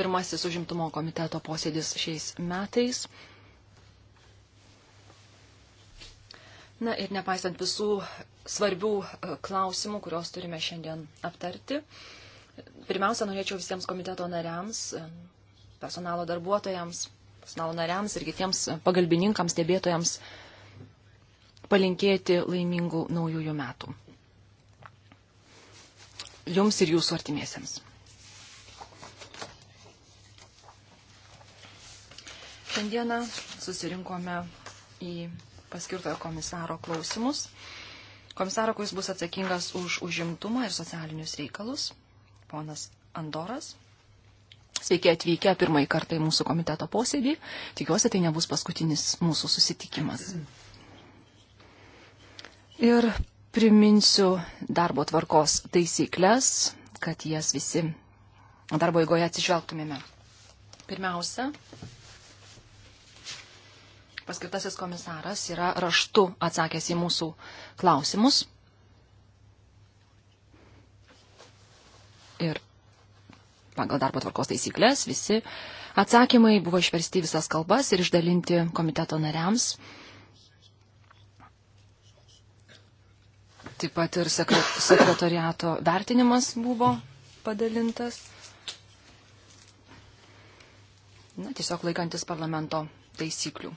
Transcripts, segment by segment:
pirmasis užimtumo komiteto posėdis šiais metais. Na ir nepaisant visų svarbių e, klausimų, kuriuos turime šiandien aptarti, pirmiausia, norėčiau visiems komiteto nariams, e, personalo darbuotojams, personalo nariams ir kitiems e, pagalbininkams, stebėtojams palinkėti laimingų naujųjų metų. Jums ir jūsų artimiesiems. Šiandieną susirinkome į paskirtojo komisaro klausimus. Komisaro, kuris bus atsakingas už užimtumą ir socialinius reikalus, ponas Andoras. Sveiki atvykę pirmąjį kartą į mūsų komiteto posėdį. Tikiuosi, tai nebus paskutinis mūsų susitikimas. Ir priminsiu darbo tvarkos taisyklės, kad jas visi darbo įgoje atsižvelgtumėme. Pirmiausia, paskirtasis komisaras yra raštu atsakęs į mūsų klausimus. Ir pagal darbo tvarkos taisyklės visi atsakymai buvo išversti visas kalbas ir išdalinti komiteto nariams. Taip pat ir sekretoriato vertinimas buvo padalintas. Na, tiesiog laikantis parlamento taisyklių.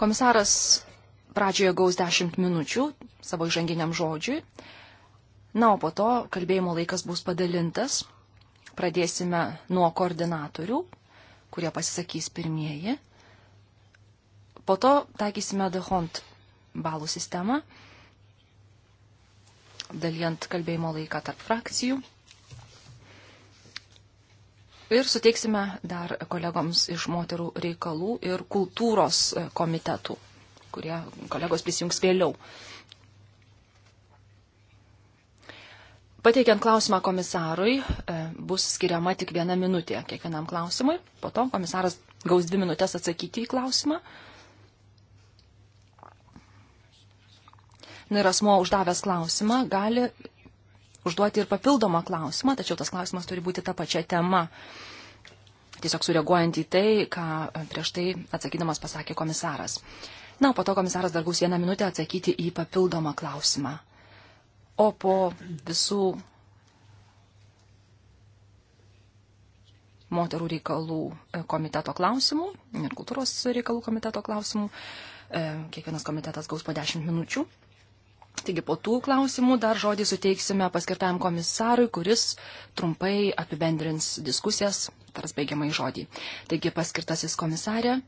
Komisaras pradžioje gaus 10 minučių savo įžanginiam žodžiui. Na, o po to kalbėjimo laikas bus padalintas. Pradėsime nuo koordinatorių, kurie pasisakys pirmieji. Po to taikysime Dehont balų sistemą, dalijant kalbėjimo laiką tarp frakcijų. Ir suteiksime dar kolegoms iš moterų reikalų ir kultūros komitetų, kurie kolegos prisijungs vėliau. Pateikiant klausimą komisarui, e, bus skiriama tik viena minutė kiekvienam klausimui. Po to komisaras gaus dvi minutės atsakyti į klausimą. Na ir asmo uždavęs klausimą gali užduoti ir papildomą klausimą, tačiau tas klausimas turi būti tą pačią temą. Tiesiog sureaguojant į tai, ką prieš tai atsakydamas pasakė komisaras. Na, po to komisaras dar gaus vieną minutę atsakyti į papildomą klausimą. O po visų moterų reikalų e, komiteto klausimų ir kultūros reikalų komiteto klausimų. E, kiekvienas komitetas gaus po 10 minučių. Taigi po tų klausimų dar žodį suteiksime paskirtam komisarui, kuris trumpai apibendrins diskusijas, tars baigiamai žodį. Taigi paskirtasis komisarė,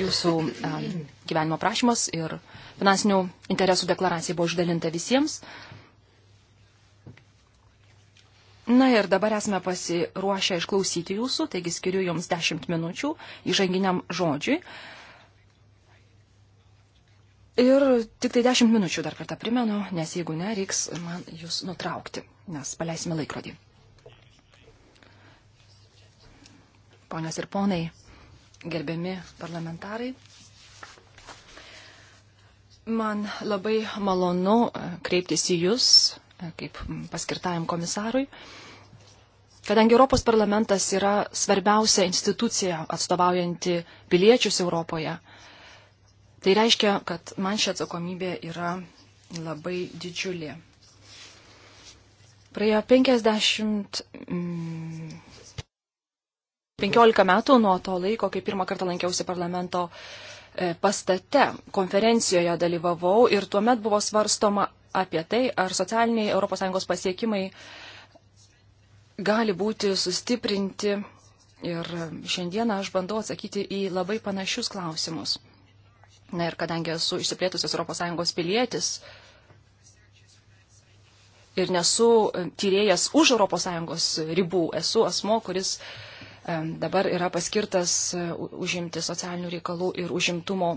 jūsų a, gyvenimo prašymas ir finansinių interesų deklaracija buvo išdalinta visiems. Na ir dabar esame pasiruošę išklausyti jūsų, taigi skiriu jums 10 minučių įžanginiam žodžiui. Ir tik tai 10 minučių dar kartą primenu, nes jeigu ne, reiks man jūs nutraukti, nes paleisime laikrodį. Ponios ir ponai, gerbiami parlamentarai, man labai malonu e, kreiptis į jūs e, kaip paskirtajam komisarui. Kadangi Europos parlamentas yra svarbiausia institucija atstovaujanti piliečius Europoje, Tai reiškia, kad man ši atsakomybė yra labai didžiulė. Praėjo 50. Mm, 15 metų nuo to laiko, kai pirmą kartą lankiausi parlamento e, pastate, konferencijoje dalyvavau ir tuomet buvo svarstoma apie tai, ar socialiniai ES pasiekimai gali būti sustiprinti. Ir šiandieną aš bandau atsakyti į labai panašius klausimus. Na ir kadangi esu išsiplėtusios ES pilietis ir nesu e, tyrėjas už ES ribų, esu asmo, kuris e, dabar yra paskirtas e, užimti socialinių reikalų ir užimtumo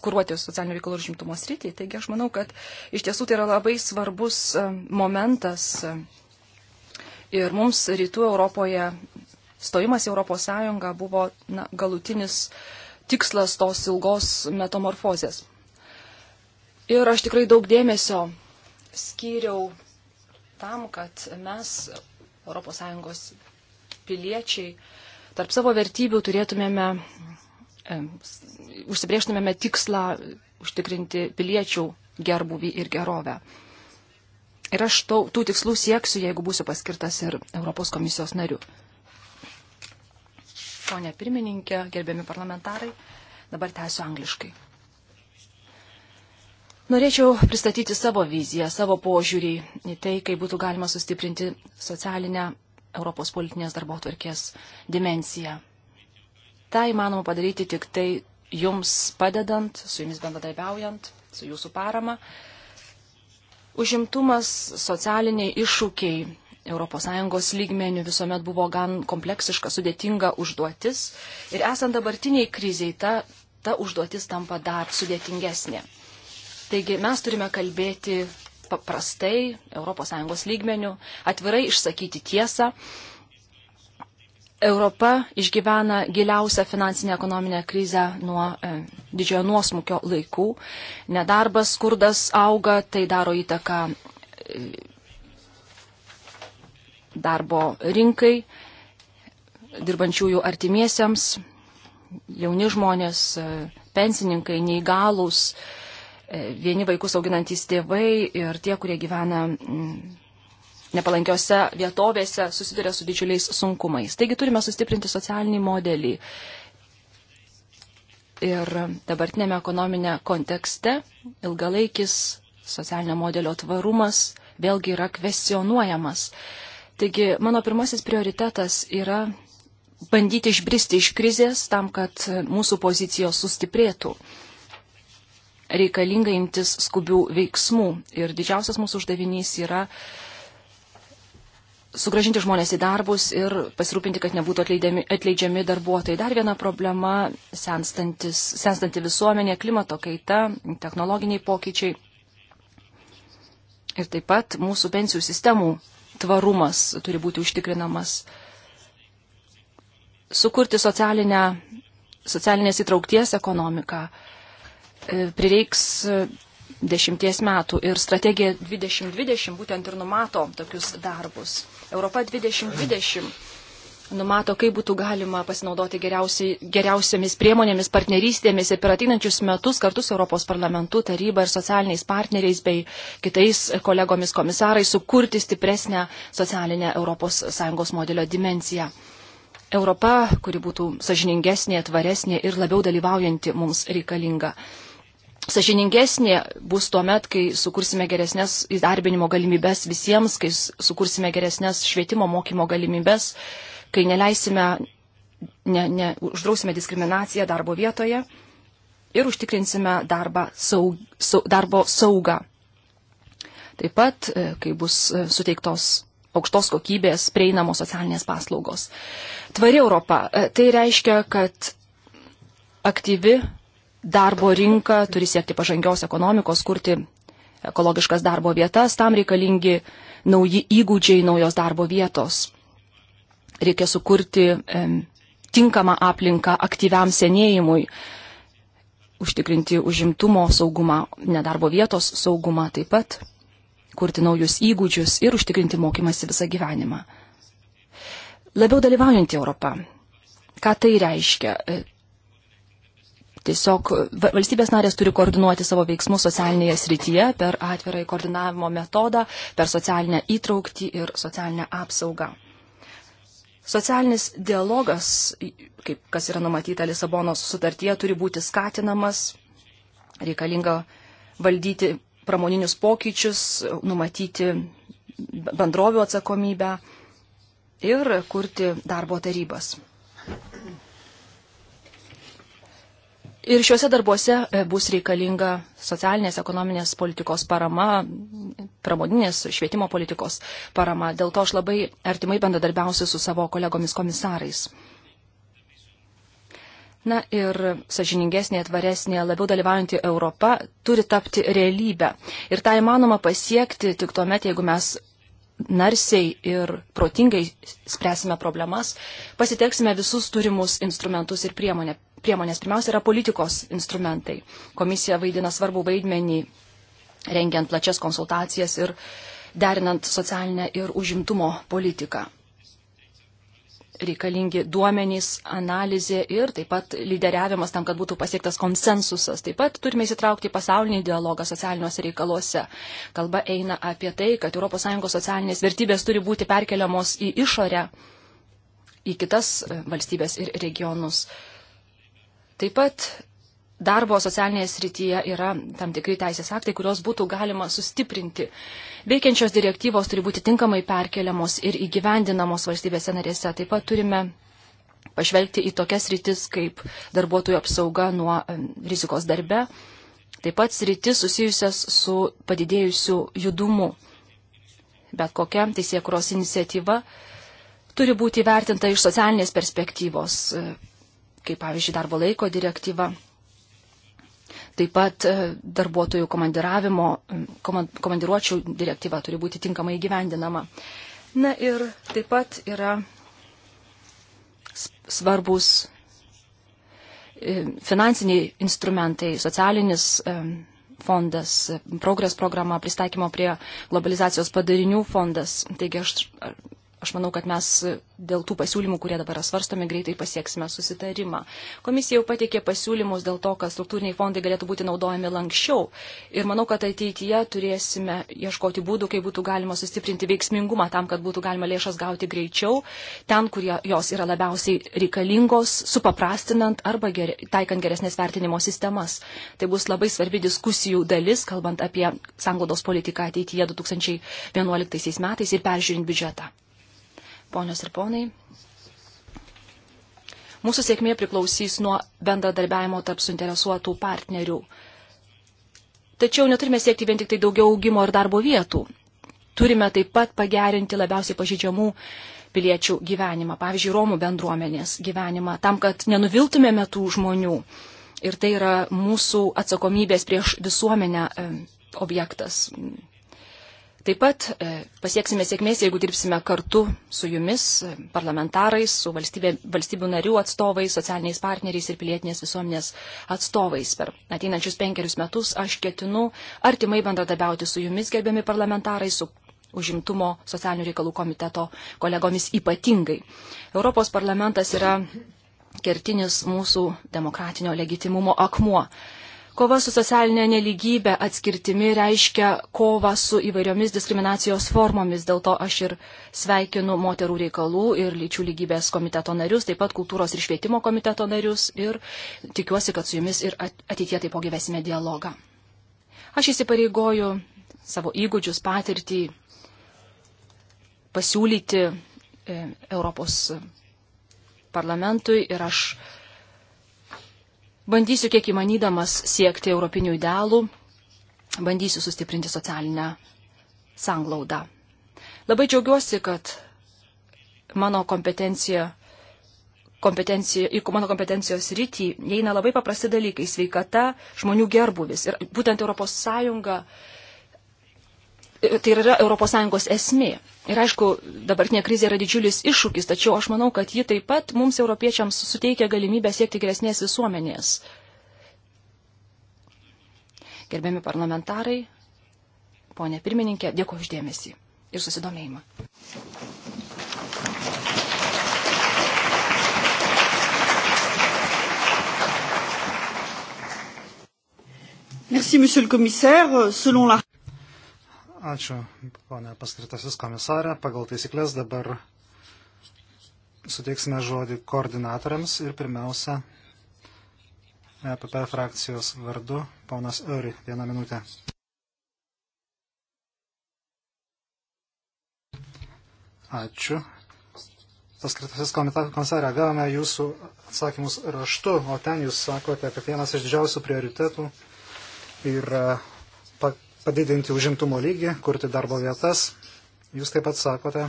kuruoti socialinių reikalų ir žimtumo sritį. Taigi aš manau, kad iš tiesų tai yra labai svarbus momentas ir mums rytų Europoje stojimas į Europos Sąjungą buvo na, galutinis uh, tikslas tos ilgos metamorfozės. Ir aš tikrai daug dėmesio skyriau tam, kad mes, ES piliečiai, tarp savo vertybių turėtumėme, e, užsibrieštumėme tikslą užtikrinti piliečių gerbuvį ir gerovę. Ir aš to, tų tikslų sieksiu, jeigu būsiu paskirtas ir Europos komisijos nariu ponė pirmininkė, gerbiami parlamentarai. Dabar tęsiu angliškai. Norėčiau pristatyti savo viziją, savo požiūrį į tai, kaip būtų galima sustiprinti socialinę Europos politinės darbo tvarkės dimenciją. Tai įmanoma padaryti tik tai jums padedant, su jumis bendradarbiaujant, su jūsų parama. Užimtumas, socialiniai iššūkiai, ES lygmenių visuomet buvo gan kompleksiška, sudėtinga užduotis. Ir esant dabartiniai kriziai, ta, ta užduotis tampa dar sudėtingesnė. Taigi mes turime kalbėti paprastai ES lygmenių, atvirai išsakyti tiesą. Europa išgyvena giliausią finansinę ekonominę krizę nuo e, didžiojo nuosmukio laikų. Nedarbas, skurdas auga, tai daro įtaką e, darbo rinkai, dirbančiųjų artimiesiems, jauni žmonės, pensininkai, neįgalūs, e, vieni vaikus auginantys tėvai ir tie, kurie gyvena mm, nepalankiose vietovėse, susiduria su didžiuliais sunkumais. Taigi turime sustiprinti socialinį modelį. Ir dabartinėme ekonominė kontekste ilgalaikis socialinio modelio tvarumas vėlgi yra kvestionuojamas. Taigi mano pirmasis prioritetas yra bandyti išbristi iš krizės tam, kad mūsų pozicijos sustiprėtų. Reikalinga imtis skubių veiksmų ir didžiausias mūsų uždavinys yra sugražinti žmonės į darbus ir pasirūpinti, kad nebūtų atleidžiami, atleidžiami darbuotojai. Dar viena problema - senstanti visuomenė, klimato kaita, technologiniai pokyčiai ir taip pat mūsų pensijų sistemų tvarumas turi būti užtikrinamas. Sukurti socialinę, socialinės įtraukties ekonomiką e, prireiks e, dešimties metų ir strategija 2020 būtent ir numato tokius darbus. Europa 2020 numato, kaip būtų galima pasinaudoti geriausiamis priemonėmis, partnerystėmis ir per ateinančius metus kartu su Europos parlamentu, taryba ir socialiniais partneriais bei kitais kolegomis komisarai sukurti stipresnę socialinę ES modelio dimenciją. Europa, kuri būtų sažiningesnė, tvaresnė ir labiau dalyvaujanti mums reikalinga. Sažiningesnė bus tuo met, kai sukursime geresnės įdarbinimo galimybės visiems, kai sukursime geresnės švietimo mokymo galimybės, uh, kai neleisime, ne, ne, uždrausime diskriminaciją darbo vietoje ir užtikrinsime darbą saug, saug, darbo saugą. Taip pat, e, kai bus e, suteiktos aukštos kokybės prieinamos socialinės paslaugos. Tvari Europa. E, tai reiškia, kad aktyvi darbo rinka turi siekti pažangios ekonomikos, kurti ekologiškas darbo vietas, tam reikalingi nauji įgūdžiai, naujos darbo vietos reikia sukurti tinkamą aplinką aktyviam senėjimui, užtikrinti užimtumo saugumą, nedarbo vietos saugumą taip pat, kurti naujus įgūdžius ir užtikrinti mokymasi visą gyvenimą. Labiau dalyvaujantį Europą. Ką tai reiškia? E, tiesiog valstybės narės turi koordinuoti savo veiksmus socialinėje srityje per atvirą koordinavimo metodą, per socialinę įtraukti ir socialinę apsaugą. Socialinis dialogas, kaip kas yra numatyta Lisabonos sutartyje, turi būti skatinamas, reikalinga valdyti pramoninius pokyčius, numatyti bendrovių atsakomybę ir kurti darbo tarybas. Ir šiuose darbuose e, bus reikalinga socialinės, ekonominės politikos parama, pramoninės švietimo politikos parama. Dėl to aš labai artimai bendradarbiausiu su savo kolegomis komisarais. Na ir sažiningesnė, tvaresnė, labiau dalyvaujanti Europa turi tapti realybę. Ir tą įmanoma pasiekti tik tuo met, jeigu mes narsiai ir protingai spręsime problemas, pasiteksime visus turimus instrumentus ir priemonę, priemonės. Pirmiausia, yra politikos instrumentai. Komisija vaidina svarbu vaidmenį, rengiant plačias konsultacijas ir derinant socialinę ir užimtumo politiką. Reikalingi duomenys, analizė ir taip pat lyderiavimas tam, kad būtų pasiektas konsensusas. Taip pat turime įsitraukti į pasaulinį dialogą socialiniuose reikaluose. Kalba eina apie tai, kad ES socialinės vertybės turi būti perkeliamos į išorę, į kitas valstybės ir regionus. Uh, Taip pat darbo socialinėje srityje yra tam tikri teisės aktai, kurios būtų galima sustiprinti. Veikiančios direktyvos turi būti tinkamai perkeliamos ir įgyvendinamos valstybėse narėse. Taip pat turime pažvelgti į tokias rytis kaip darbuotojų apsauga nuo rizikos darbe, taip pat rytis susijusias su padidėjusiu judumu. Bet kokia teisėkuros iniciatyva turi būti vertinta iš socialinės perspektyvos, kaip pavyzdžiui darbo laiko direktyva, taip pat e, darbuotojų komandiravimo, komandiruočių direktyva turi būti tinkamai įgyvendinama. Na ir taip pat yra svarbus e, finansiniai instrumentai, socialinis e, fondas, progres programa, pristaikymo prie globalizacijos padarinių fondas. Taigi aš aš manau, kad mes dėl tų pasiūlymų, kurie dabar svarstome, greitai pasieksime susitarimą. Komisija jau pateikė pasiūlymus dėl to, kad struktūriniai fondai galėtų būti naudojami lankščiau. Ir manau, kad ateityje turėsime ieškoti būdų, kaip būtų galima sustiprinti veiksmingumą tam, kad būtų galima lėšas gauti greičiau, ten, kur jos yra labiausiai reikalingos, supaprastinant arba ger taikant geresnės vertinimo sistemas. Tai bus labai svarbi diskusijų dalis, kalbant apie sanglaudos politiką ateityje 2011 metais ir peržiūrint biudžetą ponios ir ponai, mūsų sėkmė priklausys nuo bendradarbiavimo tarp suinteresuotų partnerių. Tačiau neturime siekti vien tik tai daugiau augimo ir darbo vietų. Turime taip pat pagerinti labiausiai pažydžiamų piliečių gyvenimą, pavyzdžiui, Romų bendruomenės gyvenimą, tam, kad nenuviltumėme tų žmonių. Ir tai yra mūsų atsakomybės prieš visuomenę e, objektas, Taip pat e, pasieksime sėkmės, jeigu dirbsime kartu su jumis, e, parlamentarais, su valstybė, valstybių narių atstovais, socialiniais partneriais ir pilietinės visuomenės atstovais. Per ateinančius penkerius metus aš ketinu artimai bendradabiauti su jumis, gerbiami parlamentarai, su užimtumo socialinių reikalų komiteto kolegomis ypatingai. Europos parlamentas yra kertinis mūsų demokratinio legitimumo akmuo. Kova su socialinė neligybė atskirtimi reiškia kova su įvairiomis diskriminacijos formomis, dėl to aš ir sveikinu moterų reikalų ir lyčių lygybės komiteto narius, taip pat kultūros ir švietimo komiteto narius ir tikiuosi, kad su jumis ir ateitie taipogi vesime dialogą. Aš įsipareigoju savo įgūdžius, patirtį pasiūlyti e, Europos parlamentui ir aš Bandysiu kiek įmanydamas siekti europinių idealų, bandysiu sustiprinti socialinę sanglaudą. Labai džiaugiuosi, kad mano kompetencija, kompetencija, į mano kompetencijos rytį įeina labai paprasti dalykai - sveikata, žmonių gerbuvis. Ir būtent ES tai yra ES esmė. Ir aišku, dabartinė krizė yra didžiulis iššūkis, tačiau aš manau, kad ji taip pat mums europiečiams suteikia galimybę siekti geresnės visuomenės. Gerbiami parlamentarai, ponė pirmininkė, dėkuoju uždėmesį ir susidomėjimą. Merci, monsieur le commissaire. Selon la... Ačiū, ponė paskirtasis komisarė. Pagal taisyklės dabar suteiksime žodį koordinatoriams ir pirmiausia EPP frakcijos vardu ponas Euri. Vieną minutę. Ačiū. Paskirtasis komisarė, gavome jūsų atsakymus raštu, o ten jūs sakote, kad vienas iš didžiausių prioritetų yra padidinti užimtumo lygį, kurti darbo vietas. Jūs taip pat sakote,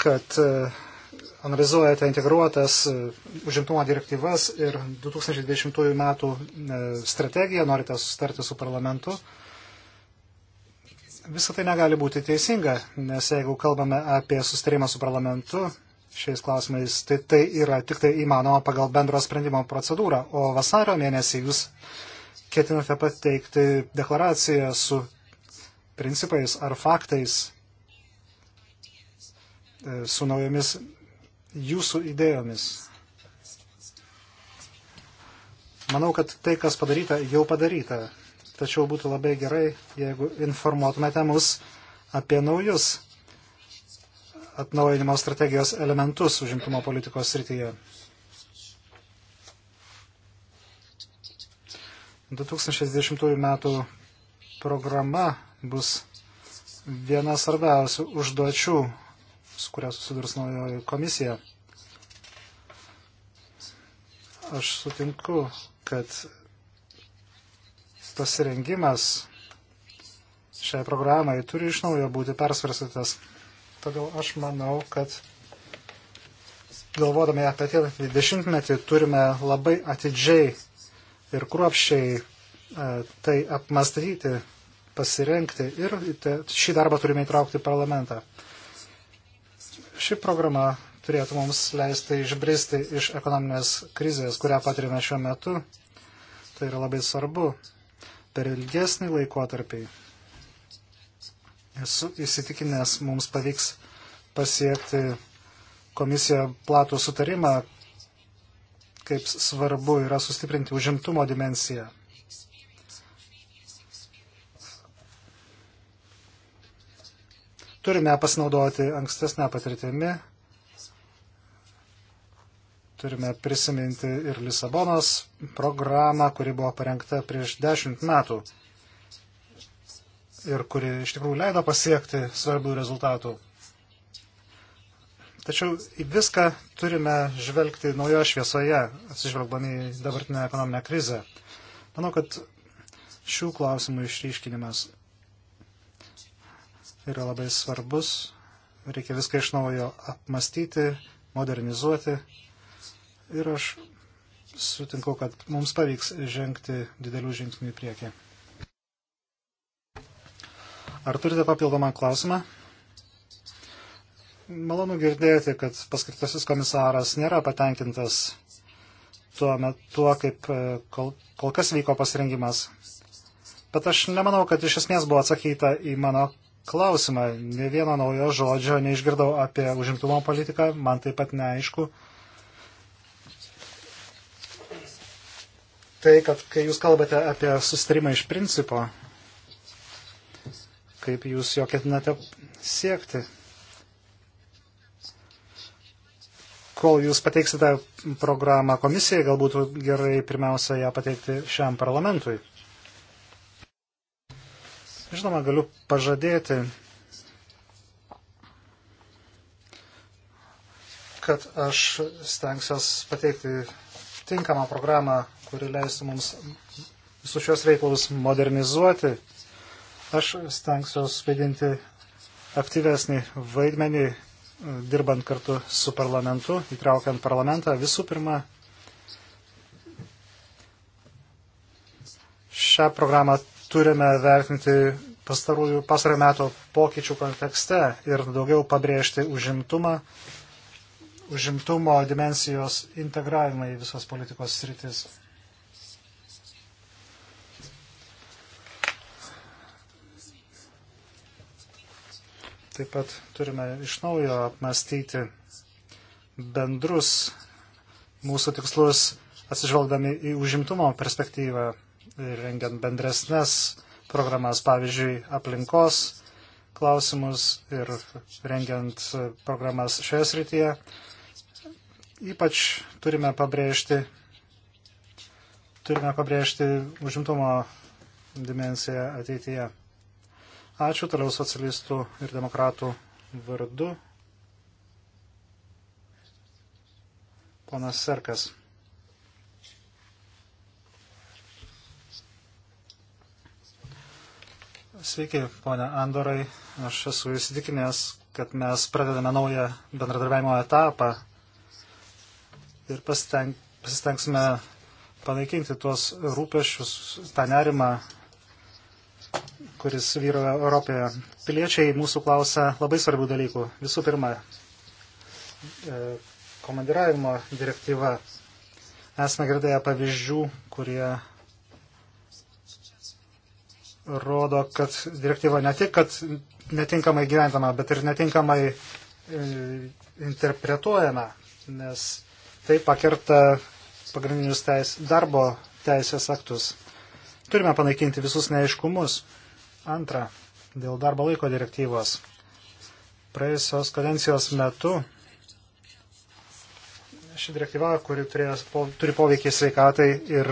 kad e, analizuojate integruotas e, užimtumo direktyvas ir 2020 metų e, strategiją, norite sustarti su parlamentu. Visą tai negali būti teisinga, nes jeigu kalbame apie sustarimą su parlamentu šiais klausimais, tai tai yra tik tai įmanoma pagal bendro sprendimo procedūrą. O vasario mėnesį jūs ketinate pateikti deklaraciją su principais ar faktais, e, su naujomis jūsų idėjomis. Manau, kad tai, kas padaryta, jau padaryta. Tačiau būtų labai gerai, jeigu informuotumėte mus apie naujus atnaujinimo strategijos elementus užimtumo politikos srityje. 2060 metų programa bus viena svarbiausių užduočių, su kuria susidurs naujoji komisija. Aš sutinku, kad pasirengimas šiai programai turi iš naujo būti persvarstytas. Todėl aš manau, kad galvodami apie 20 metį turime labai atidžiai ir kruopščiai e, tai apmastyti, pasirenkti ir šį darbą turime įtraukti parlamentą. Ši programa turėtų mums leisti išbristi iš ekonominės krizės, kurią patirime šiuo metu. Tai yra labai svarbu per ilgesnį laikotarpį. Esu įsitikinęs, mums pavyks pasiekti komisiją platų sutarimą, kaip svarbu yra sustiprinti užimtumo dimensiją. Turime pasinaudoti ankstesnę patirtimį, turime prisiminti ir Lisabonos programą, kuri buvo parengta prieš dešimt metų ir kuri iš tikrųjų leido pasiekti svarbių rezultatų. Tačiau į viską turime žvelgti naujo šviesoje, atsižvelgdami į dabartinę ekonominę krizę. Manau, kad šių klausimų išryškinimas yra labai svarbus. Reikia viską iš naujo apmastyti, modernizuoti. Ir aš sutinku, kad mums pavyks žengti didelių žingsnių į priekį. Ar turite papildomą klausimą? Malonu girdėti, kad paskirtasis komisaras nėra patenkintas tuo, tuo kaip e, kol, kol kas vyko pasirengimas. Bet aš nemanau, kad iš esmės buvo atsakyta į mano klausimą. Ne vieno naujo žodžio neišgirdau apie užimtumo politiką, man taip pat neaišku. Tai, kad kai jūs kalbate apie sustarimą iš principo, kaip jūs jo ketinate siekti. kol jūs pateiksite programą komisijai, galbūt gerai pirmiausia ją pateikti šiam parlamentui. Žinoma, galiu pažadėti, kad aš stengsiuos pateikti tinkamą programą, kuri leistų mums visus šios reikalus modernizuoti. Aš stengsiuos vaidinti aktyvesnį vaidmenį dirbant kartu su parlamentu, įtraukiant parlamentą, visų pirma, šią programą turime vertinti pastarųjų pasarojo metų pokyčių kontekste ir daugiau pabrėžti užimtumą, užimtumo dimensijos integravimą į visas politikos sritis. Taip pat turime iš naujo apmastyti bendrus mūsų tikslus, atsižvelgdami į užimtumo perspektyvą ir rengiant bendresnes programas, pavyzdžiui, aplinkos klausimus ir rengiant programas šioje srityje. Ypač turime pabrėžti, turime pabrėžti užimtumo dimensiją ateityje. Ačiū toliau socialistų ir demokratų vardu. Ponas Serkas. Sveiki, ponia Andorai. Aš esu įsitikinęs, kad mes pradedame naują bendradarbiavimo etapą ir pasiteng, pasistengsime panaikinti tuos rūpešius, tą nerimą kuris vyroja Europoje. Piliečiai mūsų klausia labai svarbių dalykų. Visų pirma, e, komandiravimo direktyva. Esame girdėję pavyzdžių, kurie rodo, kad direktyva ne tik, kad netinkamai gyventama, bet ir netinkamai e, interpretuojama, nes tai pakerta pagrindinius teis, darbo teisės aktus. Turime panaikinti visus neaiškumus Antra, dėl darbo laiko direktyvos. Praėjusios kadencijos metu ši direktyva, kuri turės, po, turi poveikį sveikatai ir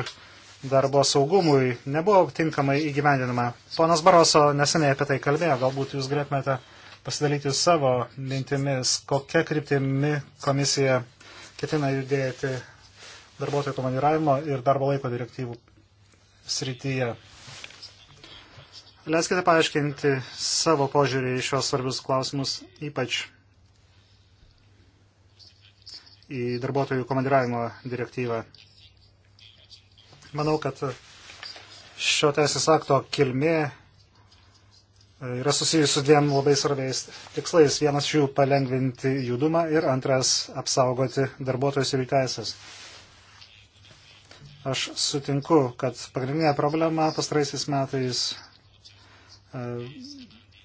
darbo saugumui, nebuvo tinkamai įgyvendinama. Ponas Baroso neseniai apie tai kalbėjo, galbūt jūs galėtumėte pasidalyti savo mintimis, kokia kryptimi komisija ketina judėti darbuotojų komandiravimo ir darbo laiko direktyvų srityje. Leiskite paaiškinti savo požiūrį į šios svarbius klausimus, ypač į darbuotojų komandiravimo direktyvą. Manau, kad šio teisės akto kilmė e, yra susijusi su dviem labai svarbiais tikslais. Vienas jų palengvinti judumą ir antras apsaugoti darbuotojus ir jų teisės. Aš sutinku, kad pagrindinė problema pastaraisiais metais E,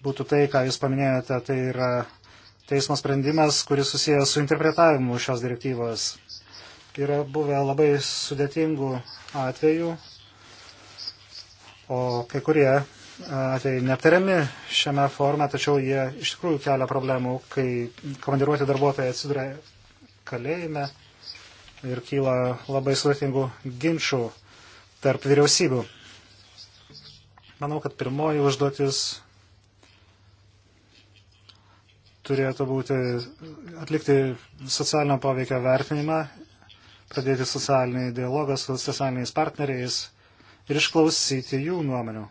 būtų tai, ką Jūs paminėjote, tai yra teismo sprendimas, kuris susijęs su interpretavimu šios direktyvos. Yra buvę labai sudėtingų atvejų, o kai kurie e, atvejai neaptariami šiame forme, tačiau jie iš tikrųjų kelia problemų, kai komandiruoti darbuotojai atsiduria kalėjime ir kyla labai sudėtingų ginčių tarp vyriausybių. Manau, kad pirmoji užduotis turėtų būti atlikti socialinio poveikio vertinimą, pradėti socialinį dialogą su socialiniais partneriais ir išklausyti jų nuomonių.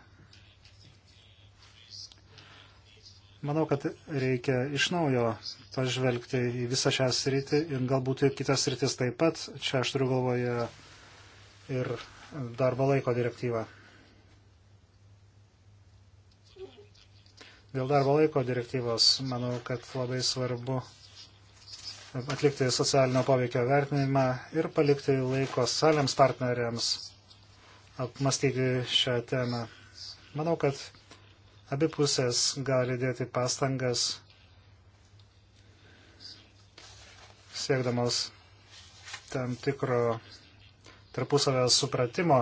Manau, kad reikia iš naujo pažvelgti į visą šią sritį ir galbūt ir kitas sritis taip pat. Čia aš turiu galvoje ir darbo laiko direktyvą. Dėl darbo laiko direktyvos manau, kad labai svarbu atlikti socialinio poveikio vertinimą ir palikti laiko socialiniams partneriams apmastyti šią temą. Manau, kad abi pusės gali dėti pastangas siekdamos tam tikro tarpusavio supratimo.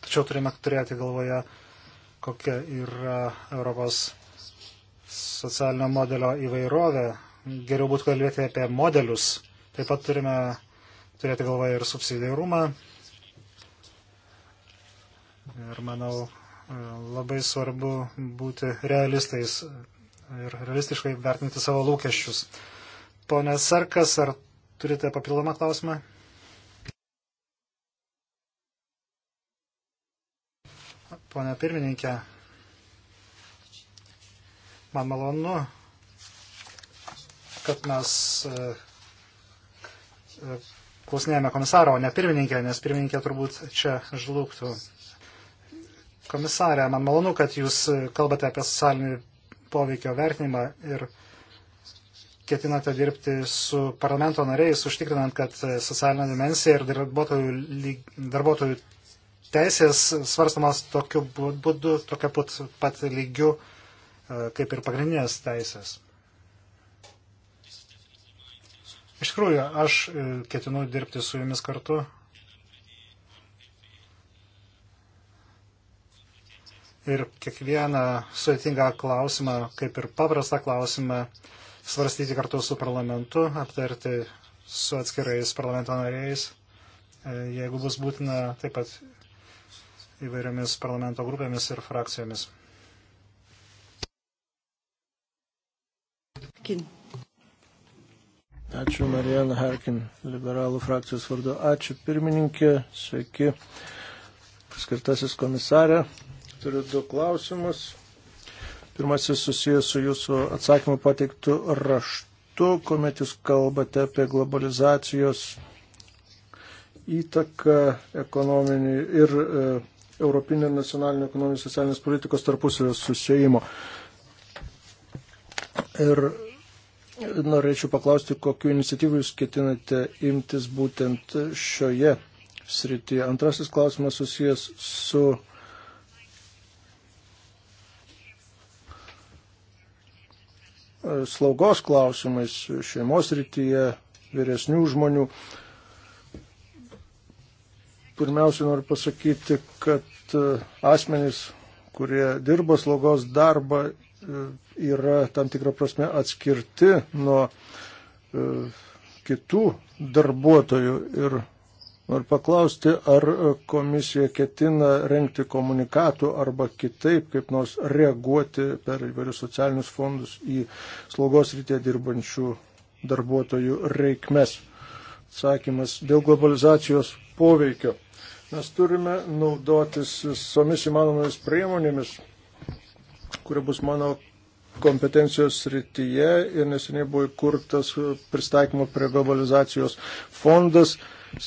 Tačiau turime turėti galvoje kokia yra Europos socialinio modelio įvairovė. Geriau būtų kalbėti apie modelius. Taip pat turime turėti galvoje ir subsidiarumą. Ir manau, labai svarbu būti realistais ir realistiškai vertinti savo lūkesčius. Pone Sarkas, ar turite papildomą klausimą? ponia pirmininkė. Man malonu, kad mes e, e, klausinėjame komisaro, o ne pirmininkė, nes pirmininkė turbūt čia žlugtų. Komisarė, man malonu, kad jūs kalbate apie socialinį poveikio vertinimą ir ketinate dirbti su parlamento nariais, užtikrinant, kad socialinė dimensija ir darbuotojų, darbuotojų teisės svarstamas tokiu būdu, tokia pat, pat lygiu e, kaip ir pagrindinės teisės. Iš tikrųjų, aš e, ketinu dirbti su jumis kartu. Ir kiekvieną sudėtingą klausimą, kaip ir paprastą klausimą, svarstyti kartu su parlamentu, aptarti su atskirais parlamento nariais, e, jeigu bus būtina taip pat įvairiomis parlamento grupėmis ir frakcijomis. Kin. Ačiū Marijan Harkin, liberalų frakcijos vardu. Ačiū pirmininkė, sveiki, paskirtasis komisarė. Turiu du klausimus. Pirmasis susijęs su jūsų atsakymu pateiktų raštu, kuomet jūs kalbate apie globalizacijos įtaką ekonominį ir e, Europinio nacionalinio ekonominės socialinės politikos tarpusavio susijimo. Ir norėčiau paklausti, kokiu iniciatyvu jūs ketinate imtis būtent šioje srityje. Antrasis klausimas susijęs su slaugos klausimais šeimos srityje, vyresnių žmonių. Uh, Pirmiausia, noriu pasakyti, kad e, asmenys, kurie dirba slaugos darbą, e, yra tam tikrą prasme atskirti nuo e, kitų darbuotojų. Ir noriu paklausti, ar komisija ketina renkti komunikatų arba kitaip, kaip nors reaguoti per įvairius socialinius fondus į slaugos rytė dirbančių darbuotojų reikmes. Sakymas dėl globalizacijos poveikio. Mes turime naudotis visomis įmanomomis priemonėmis, kurie bus mano kompetencijos srityje ir neseniai buvo įkurtas pristaikymo prie globalizacijos fondas,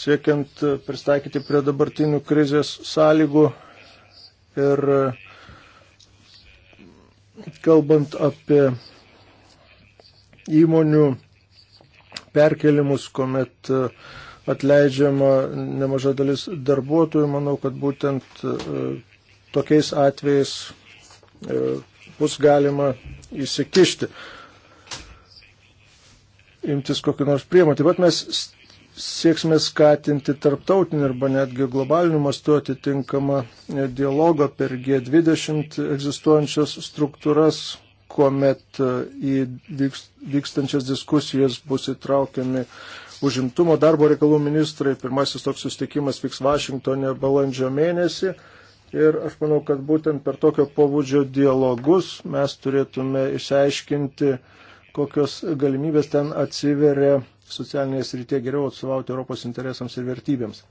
siekiant pristaikyti prie dabartinių krizės sąlygų ir kalbant apie įmonių perkelimus, kuomet uh, atleidžiama nemaža dalis darbuotojų. Manau, kad būtent e, tokiais atvejais e, bus galima įsikišti, imtis kokiu nors priemonių. Taip pat mes sieksime skatinti tarptautinį arba netgi globalinių mastų atitinkamą e, dialogą per G20 egzistuojančias struktūras, kuomet į vykstančias diskusijas bus įtraukiami užimtumo darbo reikalų ministrai. Pirmasis toks susitikimas vyks Vašingtonė balandžio mėnesį. Ir aš manau, kad būtent per tokio pobūdžio dialogus mes turėtume išsiaiškinti, kokios galimybės ten atsiveria socialinėje srityje geriau atstovauti Europos interesams ir vertybėms.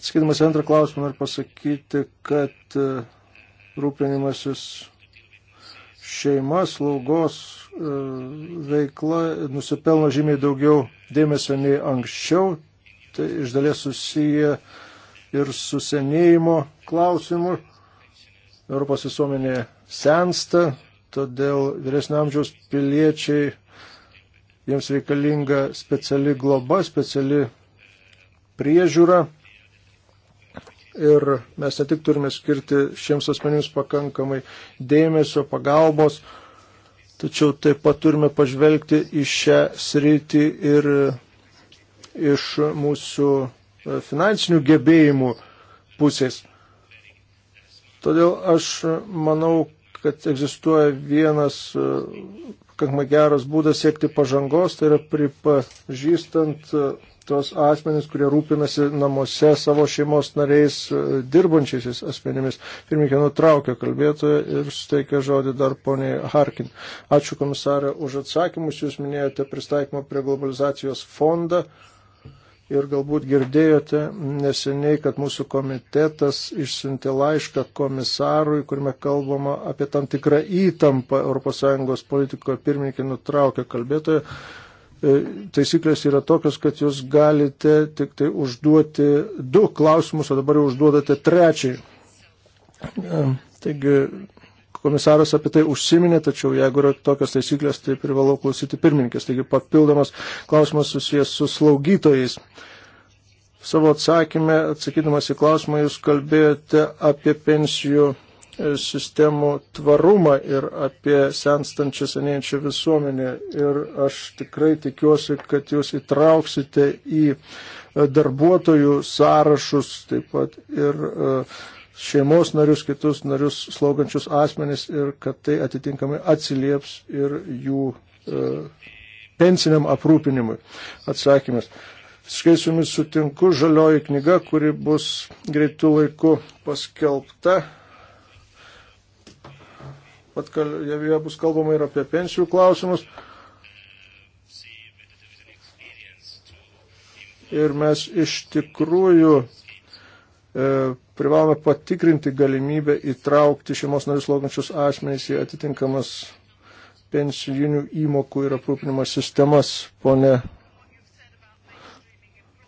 Sakydamas antrą klausimą, noriu pasakyti, kad rūpinimasis šeima, slaugos e, veikla nusipelno žymiai daugiau dėmesio nei anksčiau. Tai iš dalies susiję ir su senėjimo klausimu. Europos visuomenė sensta, todėl vyresnio amžiaus piliečiai jiems reikalinga speciali globa, speciali priežiūra. Ir mes ne tik turime skirti šiems asmenims pakankamai dėmesio, pagalbos, tačiau taip pat turime pažvelgti į šią sritį ir iš mūsų e, finansinių gebėjimų pusės. Todėl aš manau, kad egzistuoja vienas e, pakankamai geras būdas siekti pažangos, tai yra pripažįstant e, tos asmenys, kurie rūpinasi namuose savo šeimos nariais e, dirbančiais asmenimis. Pirmininkė nutraukė kalbėtoją ir suteikė žodį dar poniai Harkin. Ačiū komisarė už atsakymus. Jūs minėjote pristaikymą prie globalizacijos fondą. Ir galbūt girdėjote neseniai, kad mūsų komitetas išsiuntė laišką komisarui, kuriame kalbama apie tam tikrą įtampą ES politikoje. Pirmininkė nutraukė kalbėtoją. E, taisyklės yra tokios, kad jūs galite tik tai užduoti du klausimus, o dabar jau užduodate trečiai. E, taigi komisaras apie tai užsiminė, tačiau jeigu yra tokios taisyklės, tai privalau klausyti pirmininkės. Taigi papildomas klausimas susijęs su slaugytojais. Savo atsakymę, atsakydamas į klausimą, jūs kalbėjote apie pensijų sistemų tvarumą ir apie senstančią senėjančią visuomenę. Ir aš tikrai tikiuosi, kad jūs įtrauksite į darbuotojų sąrašus, taip pat ir e, šeimos narius, kitus narius slaugančius asmenis ir kad tai atitinkamai atsilieps ir jų e, pensiniam aprūpinimui. Atsakymas. Visiškai su jumis sutinku, žalioji knyga, kuri bus greitų laikų paskelbta, joje bus kalbama ir apie pensijų klausimus. Ir mes iš tikrųjų e, privalome patikrinti galimybę įtraukti šeimos narius laukiančius asmenys į atitinkamas pensijinių įmokų ir aprūpinimo sistemas. Pone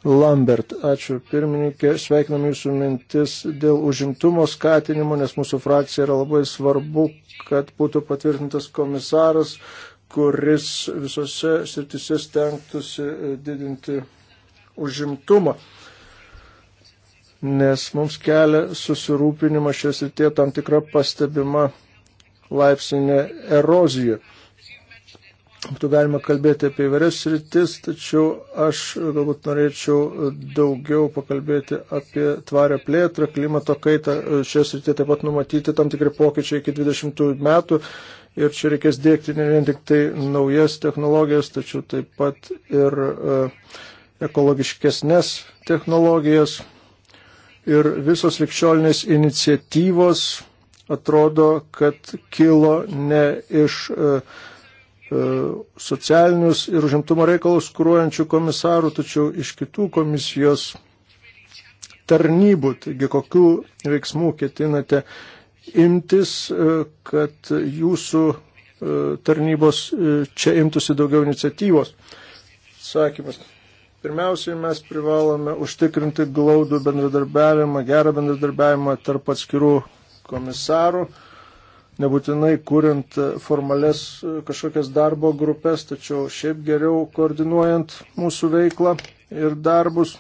Lambert. Ačiū pirmininkė, sveikinam jūsų mintis dėl užimtumo skatinimo, nes mūsų frakcija yra labai svarbu, kad būtų patvirtintas komisaras, kuris visose sritise stengtųsi e, didinti užimtumą. Nes mums kelia susirūpinimą šios ir tie tam tikra pastebima laipsnė erozija būtų galima kalbėti apie įvairias sritis, tačiau aš galbūt norėčiau daugiau pakalbėti apie tvarę plėtrą, klimato kaitą. Šioje srityje taip pat numatyti tam tikri pokyčiai iki 20 metų ir čia reikės dėkti ne vien tik tai naujas technologijas, tačiau taip pat ir e, ekologiškesnės technologijas. Ir visos likščiolinės iniciatyvos atrodo, kad kilo ne iš uh, E, socialinius ir užimtumo reikalus kūruojančių komisarų, tačiau iš kitų komisijos tarnybų. Taigi, kokių veiksmų ketinate imtis, e, kad jūsų e, tarnybos čia imtųsi daugiau iniciatyvos? Sakymas. Pirmiausiai mes privalome užtikrinti glaudų bendradarbiavimą, gerą bendradarbiavimą tarp atskirų komisarų nebūtinai kuriant e, formales e, kažkokias darbo grupės, tačiau šiaip geriau koordinuojant mūsų veiklą ir darbus.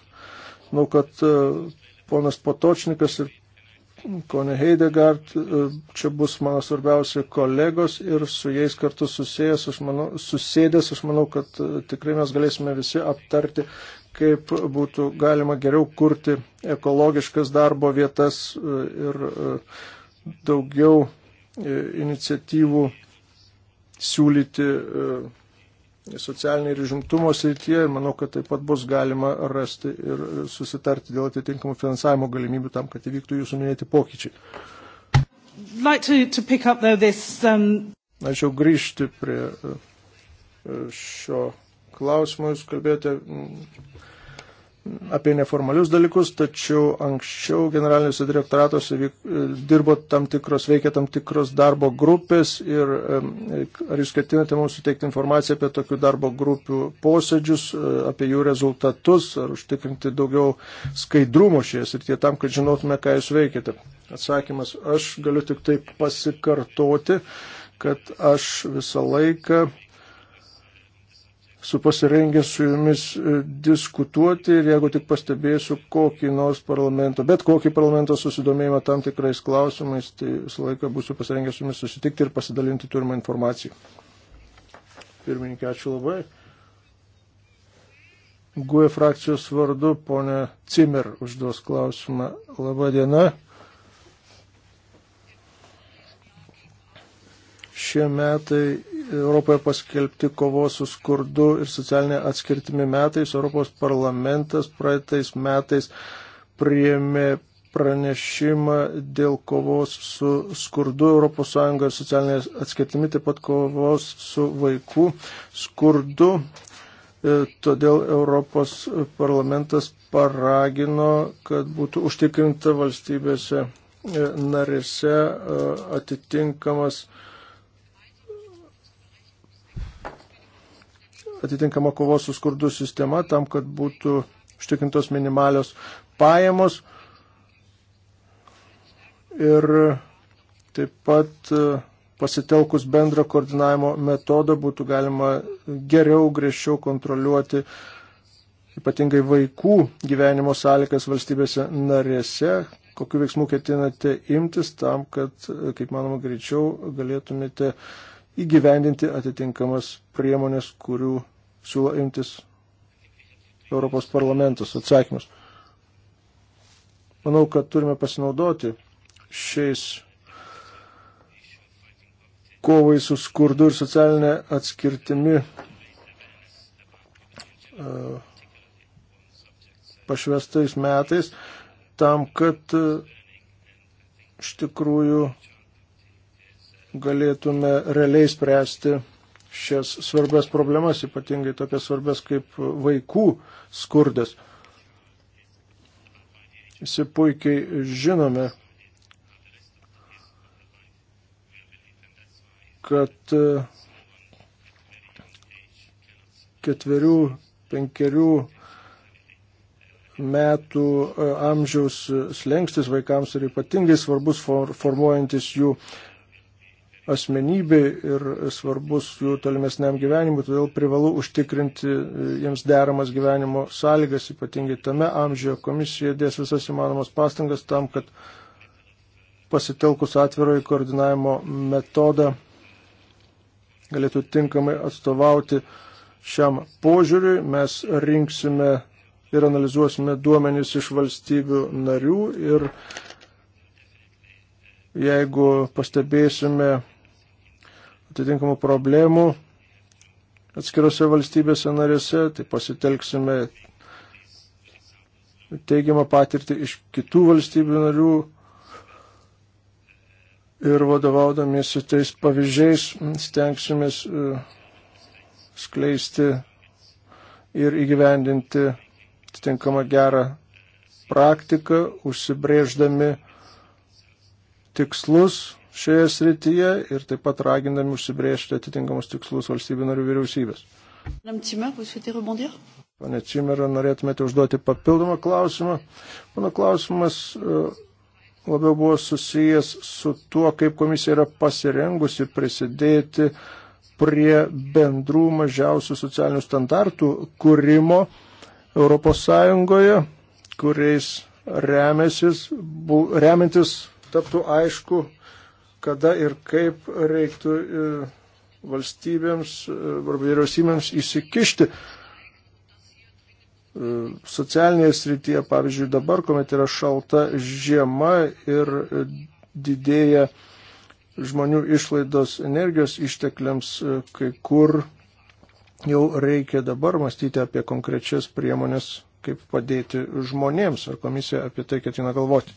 Manau, kad e, ponas Potočnikas ir Kone Heidegard, čia bus mano svarbiausi kolegos ir su jais kartu susijęs, aš manau, susėdęs, aš manau, kad tikrai mes galėsime visi aptarti, kaip būtų galima geriau kurti ekologiškas darbo vietas ir daugiau E, iniciatyvų siūlyti e, socialinė ir žimtumo srityje ir manau, kad taip pat bus galima rasti ir susitarti dėl atitinkamų finansavimo galimybių tam, kad įvyktų jūsų minėti pokyčiai. Like to, to up, though, this, um... Norėčiau grįžti prie e, šio klausimo. Jūs kalbėjote apie neformalius dalykus, tačiau anksčiau generaliniuose direktoratuose e, dirbo tam tikros, veikia tam tikros darbo grupės ir ar jūs ketinate mums suteikti informaciją apie tokių darbo grupių posėdžius, e, apie jų rezultatus, ar užtikrinti daugiau skaidrumo šies ir tie tam, kad žinotume, ką jūs veikiate. Atsakymas, aš galiu tik taip pasikartoti, kad aš visą laiką su pasirengęs su jumis e, diskutuoti ir jeigu tik pastebėsiu kokį nors parlamento, bet kokį parlamento susidomėjimą tam tikrais klausimais, tai visą laiką būsiu pasirengęs su jumis susitikti ir pasidalinti turimą informaciją. Pirmininkė, ačiū labai. GUE frakcijos vardu ponė Cimer užduos klausimą. Labą dieną. Šie metai Europoje paskelbti kovos su skurdu ir socialinė atskirtimi metais, Europos parlamentas praeitais metais priėmė pranešimą dėl kovos su skurdu ES ir socialinė atskirtimi, taip pat kovos su vaikų skurdu. E, todėl Europos parlamentas paragino, kad būtų užtikrinta valstybėse e, narėse e, atitinkamas uh, atitinkama kovos su skurdu sistema tam, kad būtų užtikrintos minimalios pajamos. Ir taip pat e, pasitelkus bendrą koordinavimo metodą būtų galima geriau, griežčiau kontroliuoti ypatingai vaikų gyvenimo sąlygas valstybėse narėse, kokiu veiksmu ketinate imtis tam, kad, kaip manoma, greičiau galėtumėte įgyvendinti atitinkamas priemonės, kurių siūlo imtis Europos parlamentas atsakymus. Manau, kad turime pasinaudoti šiais kovai su skurdu ir socialinė atskirtimi e, pašvestais metais tam, kad e, iš tikrųjų galėtume realiai spręsti šias svarbias problemas, ypatingai tokias svarbias kaip vaikų skurdas. Visi puikiai žinome, kad e, ketverių, penkerių metų e, amžiaus e, slengstis vaikams yra ypatingai svarbus formuojantis jų asmenybė ir svarbus jų tolimesniam gyvenimui, todėl privalu užtikrinti e, jiems deramas gyvenimo sąlygas, ypatingai tame amžiuje. Komisija dės visas įmanomas pastangas tam, kad pasitelkus atvirojo koordinavimo metodą galėtų tinkamai atstovauti šiam požiūriui. Mes rinksime ir analizuosime duomenys iš valstybių narių ir jeigu pastebėsime atitinkamų problemų atskirose valstybėse narėse, tai pasitelksime teigiamą patirtį iš kitų valstybių narių ir vadovaudamiesi tais pavyzdžiais stengsimės e, skleisti ir įgyvendinti atitinkamą gerą praktiką, užsibrėždami tikslus, šioje srityje ir taip pat ragindami užsibriežti atitinkamus tikslus valstybių narių vyriausybės. Pane Cimerą, norėtumėte užduoti papildomą klausimą? Mano klausimas e, labiau buvo susijęs su tuo, kaip komisija yra pasirengusi prisidėti prie bendrų mažiausių socialinių standartų kūrimo Europos Sąjungoje, kuriais remiantis taptų aišku, kada ir kaip reiktų e, valstybėms e, arba vyriausybėms įsikišti e, socialinėje srityje, pavyzdžiui, dabar, kuomet yra šalta žiema ir didėja žmonių išlaidos energijos ištekliams, kai kur jau reikia dabar mąstyti apie konkrečias priemonės, kaip padėti žmonėms, ar komisija apie tai ketina galvoti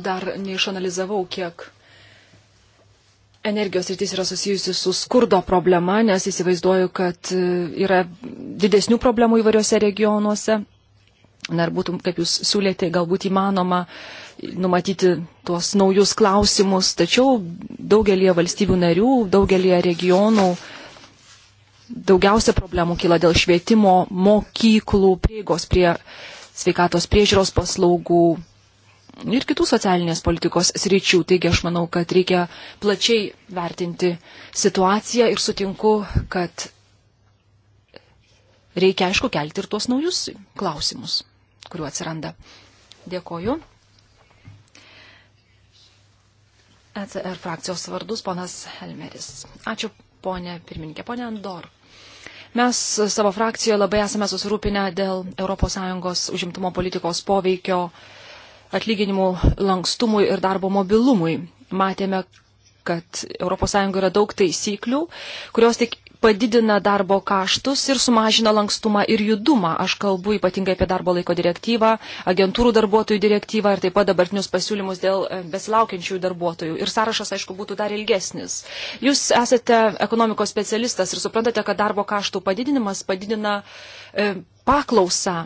dar neišanalizavau, kiek energijos rytis yra susijusi su skurdo problema, nes įsivaizduoju, kad e, yra didesnių problemų įvairiose regionuose. Na ir būtum, kaip jūs siūlėte, galbūt įmanoma numatyti tuos naujus klausimus, tačiau daugelie valstybių narių, daugelie regionų daugiausia problemų kyla dėl švietimo, mokyklų, prieigos prie sveikatos priežiūros paslaugų, ir kitų socialinės politikos sričių. Taigi aš manau, kad reikia plačiai vertinti situaciją ir sutinku, kad reikia aišku kelti ir tuos naujus klausimus, kuriuo atsiranda. Dėkoju. ECR frakcijos vardus ponas Helmeris. Ačiū ponė pirmininkė, ponė Andor. Mes savo frakcijoje labai esame susirūpinę dėl ES užimtumo politikos poveikio uh, atlyginimų lankstumui ir darbo mobilumui. Matėme, kad ES yra daug taisyklių, kurios tik padidina darbo kaštus ir sumažina lankstumą ir judumą. Aš kalbu ypatingai apie darbo laiko direktyvą, agentūrų darbuotojų direktyvą ir taip pat dabartinius pasiūlymus dėl e, besilaukiančių darbuotojų. Ir sąrašas, aišku, būtų dar ilgesnis. Jūs esate ekonomikos specialistas ir suprantate, kad darbo kaštų padidinimas padidina e, paklausą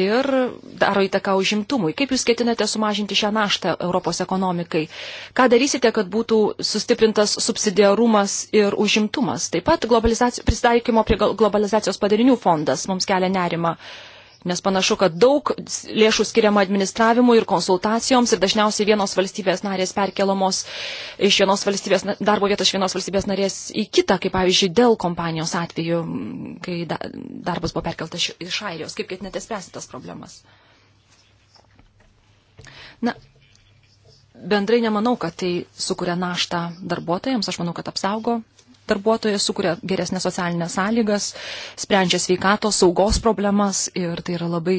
ir daro įtaką užimtumui. Kaip Jūs ketinate sumažinti šią naštą Europos ekonomikai? Ką darysite, kad būtų sustiprintas subsidiarumas ir užimtumas? Taip pat pristaikymo prie globalizacijos padarinių fondas mums kelia nerima. Uh, nes panašu, kad daug lėšų skiriama administravimui ir konsultacijoms ir dažniausiai vienos valstybės narės perkelamos iš vienos valstybės, darbo vietos iš vienos valstybės narės į kitą, kaip pavyzdžiui, dėl kompanijos atveju, kai darbas buvo perkeltas iš Airijos. Kaip ketinate spręsti tas problemas? Na, bendrai nemanau, kad tai sukuria naštą darbuotojams, aš manau, kad apsaugo darbuotojas sukuria geresnės socialinės sąlygas, sprendžia sveikatos, saugos problemas ir tai yra labai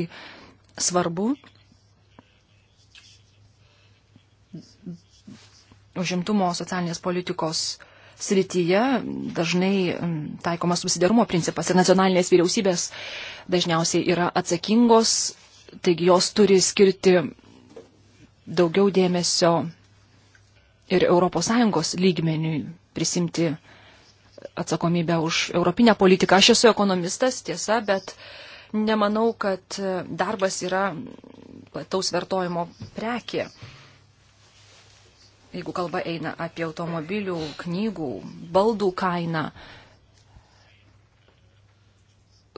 svarbu. Užimtumo socialinės politikos srityje dažnai mm, taikomas susidarumo principas ir nacionalinės vyriausybės dažniausiai yra atsakingos, taigi jos turi skirti daugiau dėmesio ir ES lygmeniui prisimti atsakomybę už europinę politiką. Aš esu ekonomistas, tiesa, bet nemanau, kad darbas yra plataus vartojimo prekė. Jeigu kalba eina apie automobilių, knygų, baldų kainą,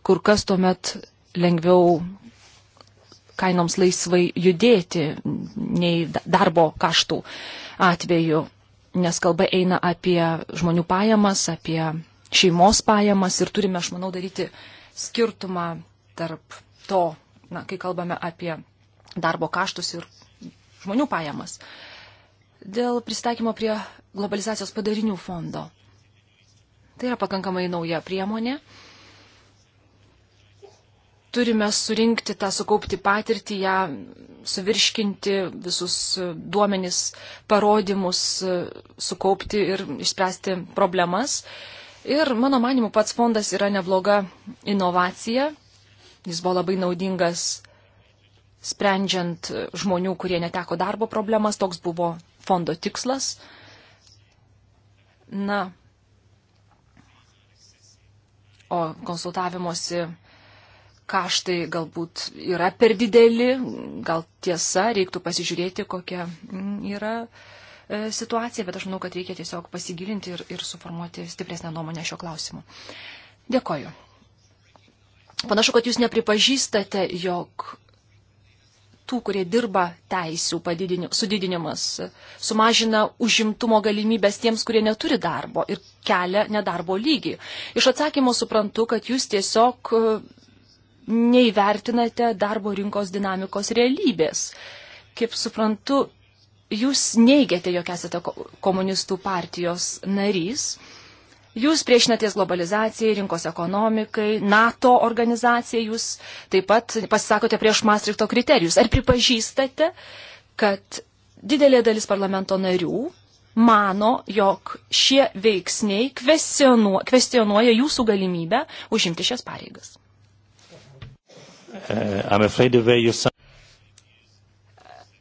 kur kas tuomet lengviau kainoms laisvai judėti nei darbo kaštų atveju nes kalba eina apie žmonių pajamas, apie šeimos pajamas ir turime, aš manau, daryti skirtumą tarp to, na, kai kalbame apie darbo kaštus ir žmonių pajamas. Dėl pristaikymo prie globalizacijos padarinių fondo. Tai yra pakankamai nauja priemonė. Uh, turime surinkti tą sukaupti patirtį, ją suvirškinti, visus duomenis, parodymus sukaupti ir išspręsti problemas. Ir mano manimu, pats fondas yra nebloga inovacija. Jis buvo labai naudingas sprendžiant žmonių, kurie neteko darbo problemas. Toks buvo fondo tikslas. Na, o konsultavimosi kaštai galbūt yra per dideli, gal tiesa, reiktų pasižiūrėti, kokia mm, yra e, situacija, bet aš manau, kad reikia tiesiog pasigilinti ir, ir suformuoti stipresnę nuomonę šio klausimu. Dėkoju. Panašu, kad jūs nepripažįstate, jog tų, kurie dirba teisų sudidinimas, sumažina užimtumo galimybės tiems, kurie neturi darbo ir kelia nedarbo lygį. Iš atsakymo suprantu, kad jūs tiesiog neįvertinate darbo rinkos dinamikos realybės. Kaip suprantu, jūs neigiate, jog esate komunistų partijos narys. Jūs priešinatės globalizacijai, rinkos ekonomikai, NATO organizacijai, jūs taip pat pasisakote prieš Maastrichto kriterijus. Ar pripažįstate, kad didelė dalis parlamento narių mano, jog šie veiksniai kvestionuoja jūsų galimybę užimti šias pareigas? uh,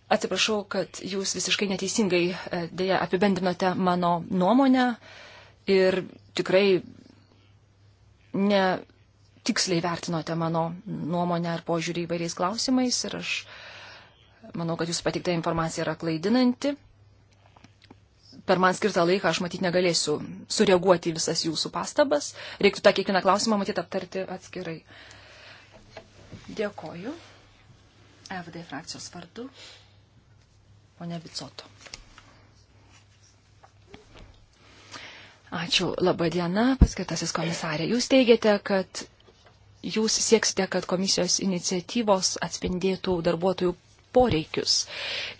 Atsiprašau, kad jūs visiškai neteisingai uh, dėja apibendrinote mano nuomonę ir tikrai netiksliai vertinote mano nuomonę ir požiūrį įvairiais klausimais ir aš manau, kad jūsų patikta informacija yra klaidinanti. Per man skirtą laiką aš matyt negalėsiu sureaguoti visas jūsų pastabas. Reiktų tą kiekvieną klausimą matyti aptarti atskirai. Uh, Dėkoju. FD frakcijos vardu. Pone Bicoto. Ačiū. Labą dieną, paskirtasis komisarė. Jūs teigiate, kad jūs sieksite, kad komisijos iniciatyvos atspindėtų darbuotojų poreikius.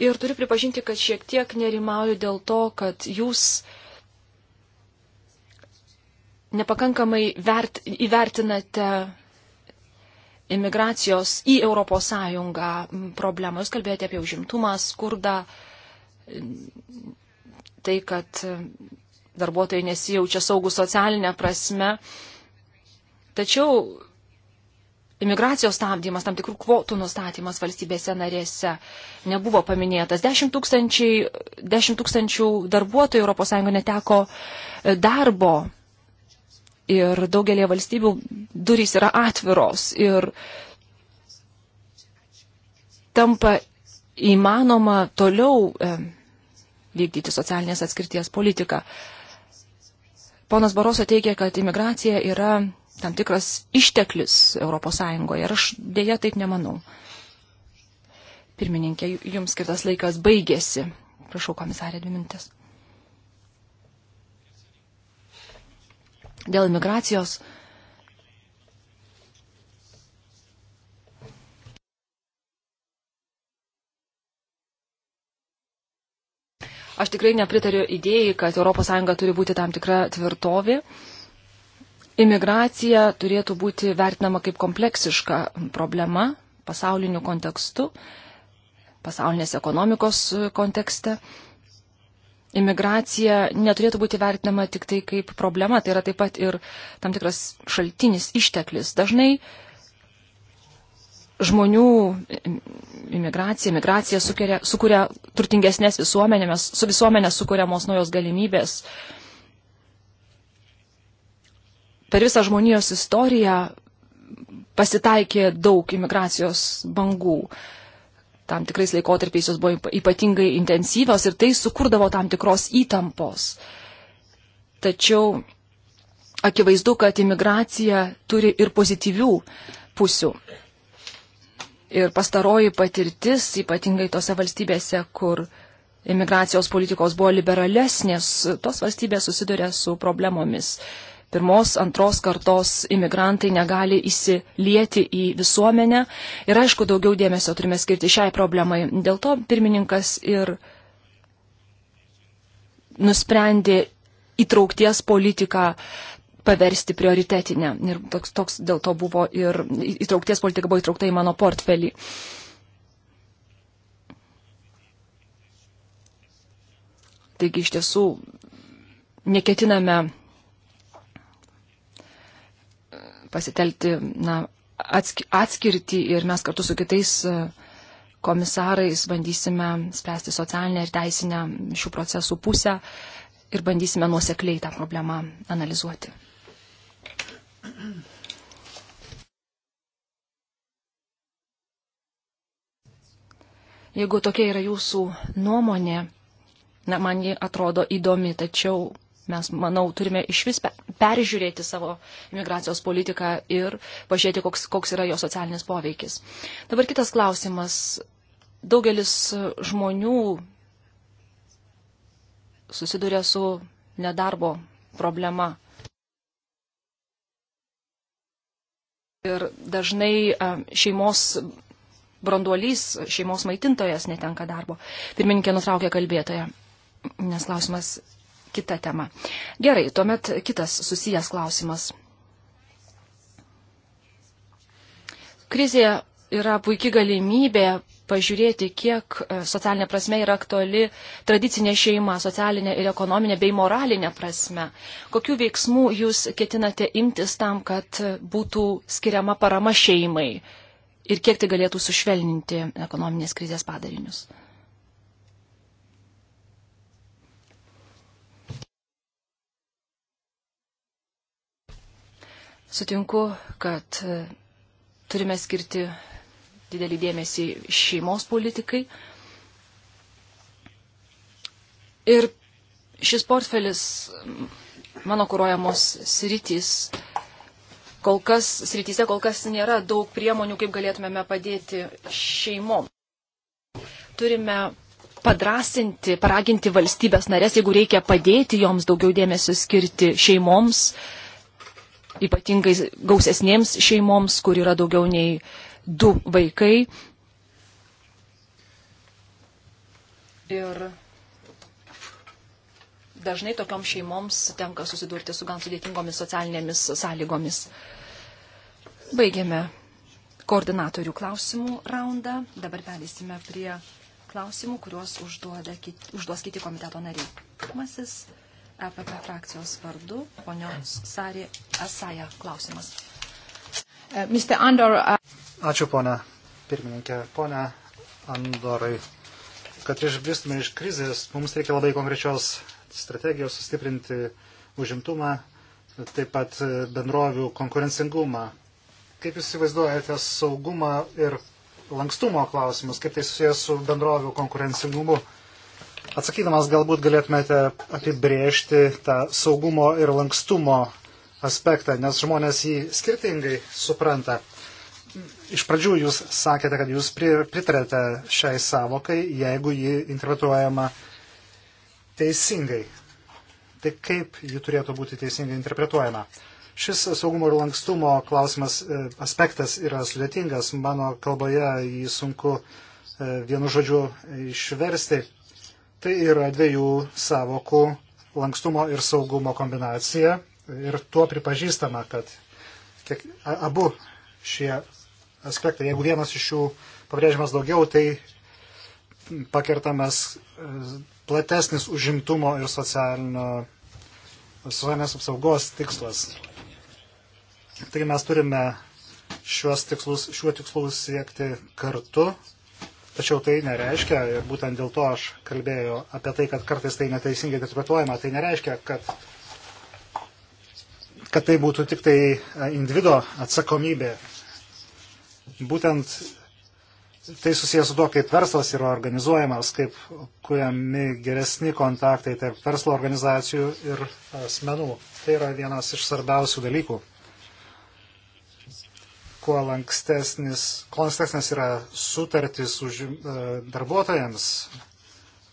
Ir turiu pripažinti, kad šiek tiek nerimauju dėl to, kad jūs nepakankamai vert, įvertinate imigracijos į ES problemą. Jūs kalbėjote apie užimtumą, skurdą, tai, kad darbuotojai nesijaučia saugų socialinę prasme. Tačiau imigracijos stabdymas, tam tikrų kvotų nustatymas valstybėse narėse nebuvo paminėtas. 10 tūkstančių, 10 tūkstančių darbuotojų ES neteko darbo ir daugelie valstybių durys yra atviros ir tampa įmanoma toliau e, vykdyti socialinės atskirties politiką. Ponas Baroso teigia, kad imigracija yra tam tikras išteklis ES ir aš dėja taip nemanau. Pirmininkė, jums skirtas laikas baigėsi. Prašau, komisarė, dvi mintis. dėl imigracijos. Aš tikrai nepritariu idėjai, kad ES turi būti tam tikra tvirtovė. Imigracija turėtų būti vertinama kaip kompleksiška problema pasauliniu kontekstu, pasaulinės ekonomikos kontekste imigracija neturėtų būti vertinama tik tai kaip problema, tai yra taip pat ir tam tikras šaltinis išteklis. Dažnai žmonių imigracija, imigracija sukuria, sukuria turtingesnės visuomenės, su visuomenė sukuriamos naujos galimybės. Per visą žmonijos istoriją pasitaikė daug imigracijos bangų. Uh, tam tikrais laikotarpiais jos buvo ypatingai intensyvios ir tai sukurdavo tam tikros įtampos. Tačiau akivaizdu, kad imigracija turi ir pozityvių pusių. Ir pastaroji patirtis, ypatingai tose valstybėse, kur imigracijos politikos buvo liberalesnės, tos valstybės susiduria su problemomis pirmos, antros kartos imigrantai negali įsilieti į visuomenę. Ir aišku, daugiau dėmesio turime skirti šiai problemai. Dėl to pirmininkas ir nusprendė įtraukties politiką paversti prioritetinę. Ir toks, toks dėl to buvo ir įtraukties politika buvo įtraukta į mano portfelį. Taigi iš tiesų neketiname pasitelti na, atskirti ir mes kartu su kitais e, komisarais bandysime spręsti socialinę ir teisinę šių procesų pusę ir bandysime nuosekliai tą problemą analizuoti. Jeigu tokia yra jūsų nuomonė, na, man ji atrodo įdomi, tačiau Mes, manau, turime iš vis peržiūrėti savo imigracijos politiką ir pažiūrėti, koks, koks yra jo socialinis poveikis. Dabar kitas klausimas. Daugelis žmonių susiduria su nedarbo problema. Ir dažnai šeimos branduolys, šeimos maitintojas netenka darbo. Pirmininkė nutraukė kalbėtoją, nes klausimas kita tema. Gerai, tuomet kitas susijęs klausimas. Krizė yra puikia galimybė pažiūrėti, kiek e, socialinė prasme yra aktuali tradicinė šeima, socialinė ir ekonominė bei moralinė prasme. Kokių veiksmų jūs ketinate imtis tam, kad būtų skiriama parama šeimai ir kiek tai galėtų sušvelninti ekonominės krizės padarinius? Sutinku, kad e, turime skirti didelį dėmesį šeimos politikai. Ir šis portfelis, mano kūruojamos sritys, kol kas, srityse kol kas nėra daug priemonių, kaip galėtumėme padėti šeimom. Turime padrasinti, paraginti valstybės narės, jeigu reikia padėti joms daugiau dėmesio skirti šeimoms, uh, ypatingai gausesnėms šeimoms, kur yra daugiau nei du vaikai. Ir dažnai tokiom šeimoms tenka susidurti su gan sudėtingomis socialinėmis sąlygomis. Baigėme koordinatorių klausimų raundą. Dabar perėsime prie klausimų, kuriuos užduos kiti komiteto nariai. Pirmasis EPP frakcijos vardu, ponios Sari Asaja klausimas. E, Mr. Andor. Ačiū, ponia pirmininkė. Pone Andorai, kad išbristume iš krizės, mums reikia labai konkrečios strategijos sustiprinti užimtumą, taip pat bendrovių konkurencingumą. Kaip Jūs įsivaizduojate saugumą ir lankstumo klausimus, kaip tai susijęs su bendrovių konkurencingumu? Atsakydamas galbūt galėtumėte apibrėžti tą saugumo ir lankstumo aspektą, nes žmonės jį skirtingai supranta. Iš pradžių jūs sakėte, kad jūs pritarėte šiai savokai, jeigu ji interpretuojama teisingai. Tai kaip ji turėtų būti teisingai interpretuojama? Šis saugumo ir lankstumo klausimas e, aspektas yra sudėtingas. Mano kalboje jį sunku e, vienu žodžiu išversti. Tai yra dviejų savokų lankstumo ir saugumo kombinacija ir tuo pripažįstama, kad kiek, abu šie aspektai, jeigu vienas iš jų pabrėžiamas daugiau, tai pakertamas e, platesnis užimtumo ir socialinio visuomenės apsaugos tikslas. Taigi mes turime šiuos tikslus, šiuo tikslus siekti kartu Tačiau tai nereiškia, ir būtent dėl to aš kalbėjau apie tai, kad kartais tai neteisingai interpretuojama, tai nereiškia, kad, kad tai būtų tik tai e, individuo atsakomybė. Būtent tai susijęs su to, kaip verslas yra organizuojamas, kaip kuriami geresni kontaktai tarp verslo organizacijų ir asmenų. Tai yra vienas iš svarbiausių dalykų kuo lankstesnis, kuo lankstesnis yra sutartis už e, darbuotojams,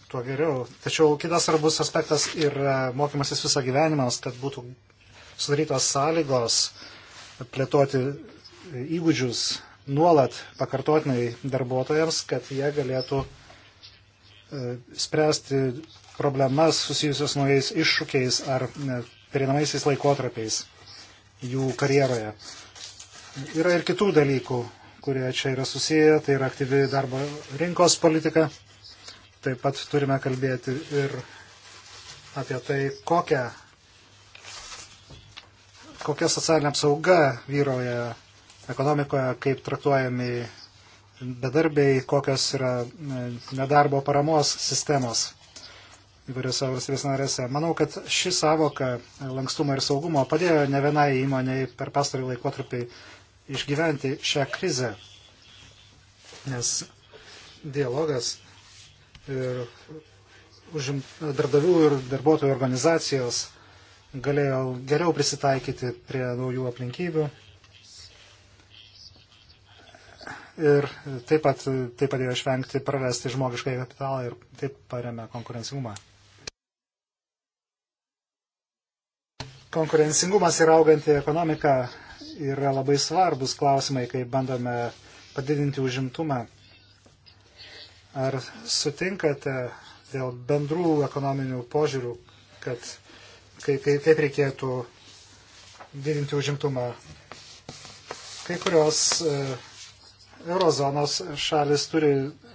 tuo geriau. Tačiau kitas svarbus aspektas yra mokymasis visą gyvenimams, kad būtų sudarytos sąlygos plėtoti įgūdžius nuolat pakartotinai darbuotojams, kad jie galėtų e, spręsti problemas susijusios naujais iššūkiais ar e, perinamaisiais laikotarpiais jų karjeroje. Yra ir kitų dalykų, kurie čia yra susiję, tai yra aktyvi darbo rinkos politika. Taip pat turime kalbėti ir apie tai, kokią, kokia socialinė apsauga vyroja ekonomikoje, kaip traktuojami bedarbiai, kokios yra e, nedarbo paramos sistemos įvairiose valstybės narėse. Manau, kad ši savoka lankstumo ir saugumo padėjo ne vienai įmoniai per pastarį laikotarpį išgyventi šią krizę, nes dialogas ir užim, darbdavių ir darbuotojų organizacijos galėjo geriau prisitaikyti prie naujų aplinkybių. Ir taip pat tai padėjo išvengti prarasti žmogiškai kapitalą ir taip paremė konkurencingumą. Konkurencingumas ir auganti ekonomika yra labai svarbus klausimai, kai bandome padidinti užimtumą. Ar sutinkate dėl bendrų ekonominių požiūrių, kad kaip, kaip, kaip reikėtų didinti užimtumą? Kai kurios e, eurozonos šalis turi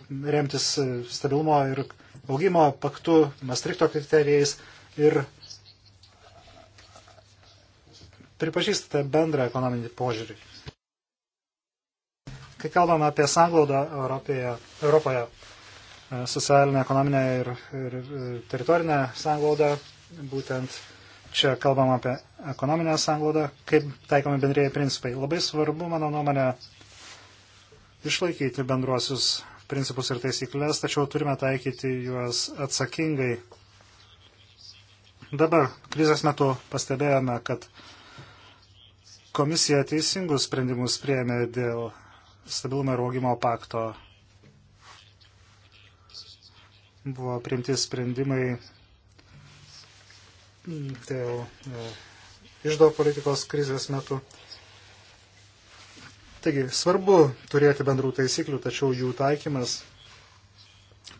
remtis stabilumo ir augimo paktu, Mastrikto kriterijais ir pripažįstate bendrą ekonominį požiūrį. Kai kalbame apie sanglaudą Europėje, Europoje, e, socialinę, ekonominę ir, ir teritorinę sanglaudą, būtent čia kalbam apie ekonominę sanglaudą, kaip taikomi bendrėjai principai. Labai svarbu, mano nuomonė, išlaikyti bendruosius principus ir taisyklės, tačiau turime taikyti juos atsakingai. Dabar krizės metu pastebėjome, kad Komisija teisingus sprendimus prieėmė dėl stabilumo ir augimo pakto. Buvo priimti sprendimai dėl e, išdo politikos krizės metu. Taigi, svarbu turėti bendrų taisyklių, tačiau jų taikymas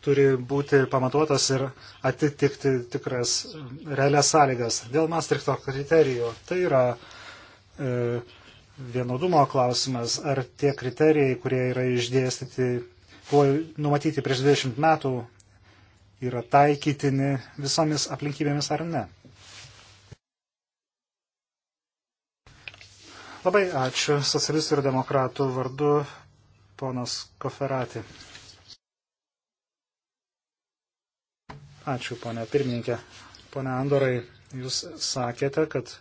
turi būti pamatuotas ir atitikti tikras realias sąlygas dėl Maastrichto kriterijų. Tai yra uh, E, vienodumo klausimas, ar tie kriterijai, kurie yra išdėstyti, buvo numatyti prieš 20 metų, yra taikytini visomis aplinkybėmis ar ne. Labai ačiū socialistų ir demokratų vardu ponas Koferati. Ačiū, ponė pirmininkė. Pone Andorai, jūs sakėte, kad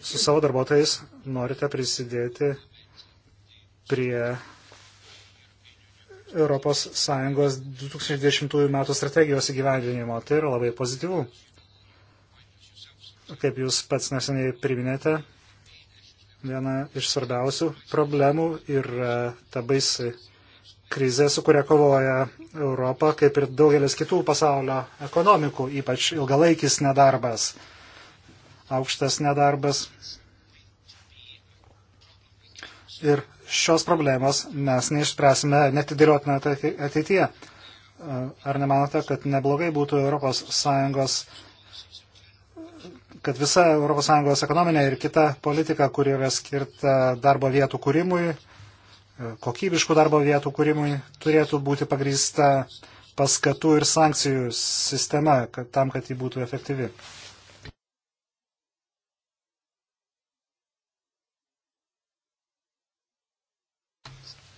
su savo darbuotojais norite prisidėti prie ES 2010 metų strategijos įgyvendinimo. Tai yra labai pozityvu. Kaip jūs pats neseniai priminėte, viena iš svarbiausių problemų yra ta baisi krizė, su kuria kovoja Europa, kaip ir daugelis kitų pasaulio ekonomikų, ypač ilgalaikis nedarbas aukštas nedarbas. Ir šios problemos mes neišspręsime netidėliotinę ateityje. Ar nemanote, kad neblogai būtų ES, kad visa ES ekonominė ir kita politika, kuri yra skirta darbo vietų kūrimui, kokybiškų darbo vietų kūrimui, turėtų būti pagrįsta paskatų ir sankcijų sistema, kad, tam, kad ji būtų efektyvi.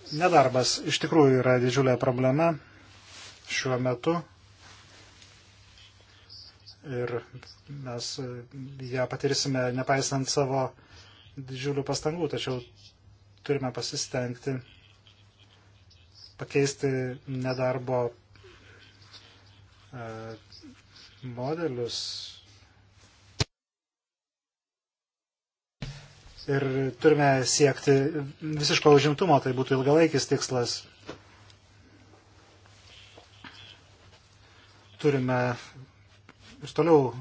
Nedarbas iš tikrųjų yra didžiulė problema šiuo metu ir mes ją patirsime nepaisant savo didžiulių pastangų, tačiau turime pasistengti pakeisti nedarbo e, modelius ir turime siekti visiško užimtumo, tai būtų ilgalaikis tikslas. Turime ir toliau e,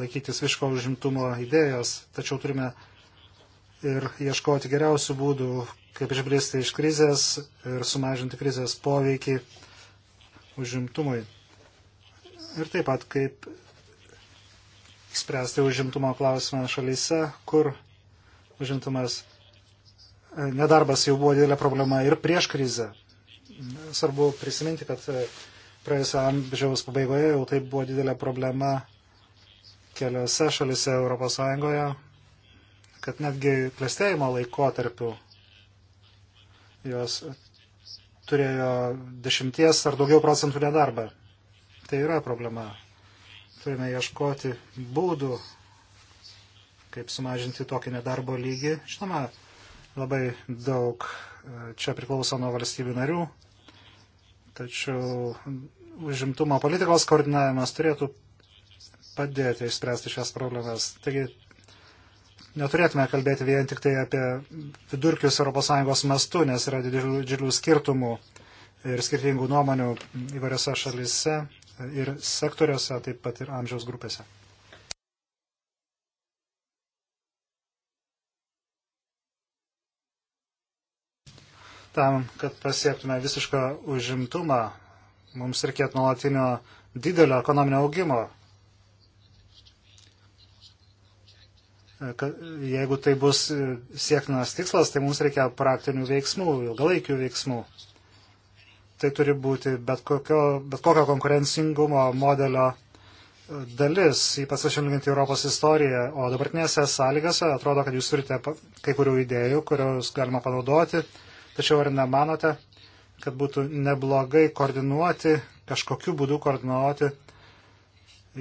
laikytis viško užimtumo idėjos, tačiau turime ir ieškoti geriausių būdų, kaip išbristi iš krizės ir sumažinti krizės poveikį užimtumui. Ir taip pat kaip spręsti užimtumo klausimą šalyse, kur užimtumas, e, nedarbas jau buvo didelė problema ir prieš krizę. Svarbu prisiminti, kad e, praėjusio amžiaus pabaigoje jau tai buvo didelė problema keliose šalise Europos Sąjungoje, kad netgi klestėjimo laikotarpiu jos turėjo dešimties ar daugiau procentų nedarbą. Tai yra problema. Turime ieškoti būdų, kaip sumažinti tokį nedarbo lygį. Žinoma, labai daug e, čia priklauso nuo valstybių narių, tačiau užimtumo politikos koordinavimas turėtų padėti išspręsti šias problemas. Taigi neturėtume kalbėti vien tik tai apie vidurkius ES mastu, nes yra didelių, didelių skirtumų ir skirtingų nuomonių įvairiose šalise ir sektoriuose, taip pat ir amžiaus grupėse. tam, kad pasiektume visišką užimtumą, mums reikėtų nuolatinio didelio ekonominio augimo. Jeigu tai bus e, siektinas tikslas, tai mums reikia praktinių veiksmų, ilgalaikių veiksmų. Tai turi būti bet kokio, bet kokio konkurencingumo modelio e, dalis, ypač ašvelgiant į Europos istoriją, o dabartinėse sąlygose atrodo, kad jūs turite kai kurių idėjų, kurios galima panaudoti Tačiau ar nemanote, kad būtų neblogai koordinuoti, kažkokiu būdu koordinuoti,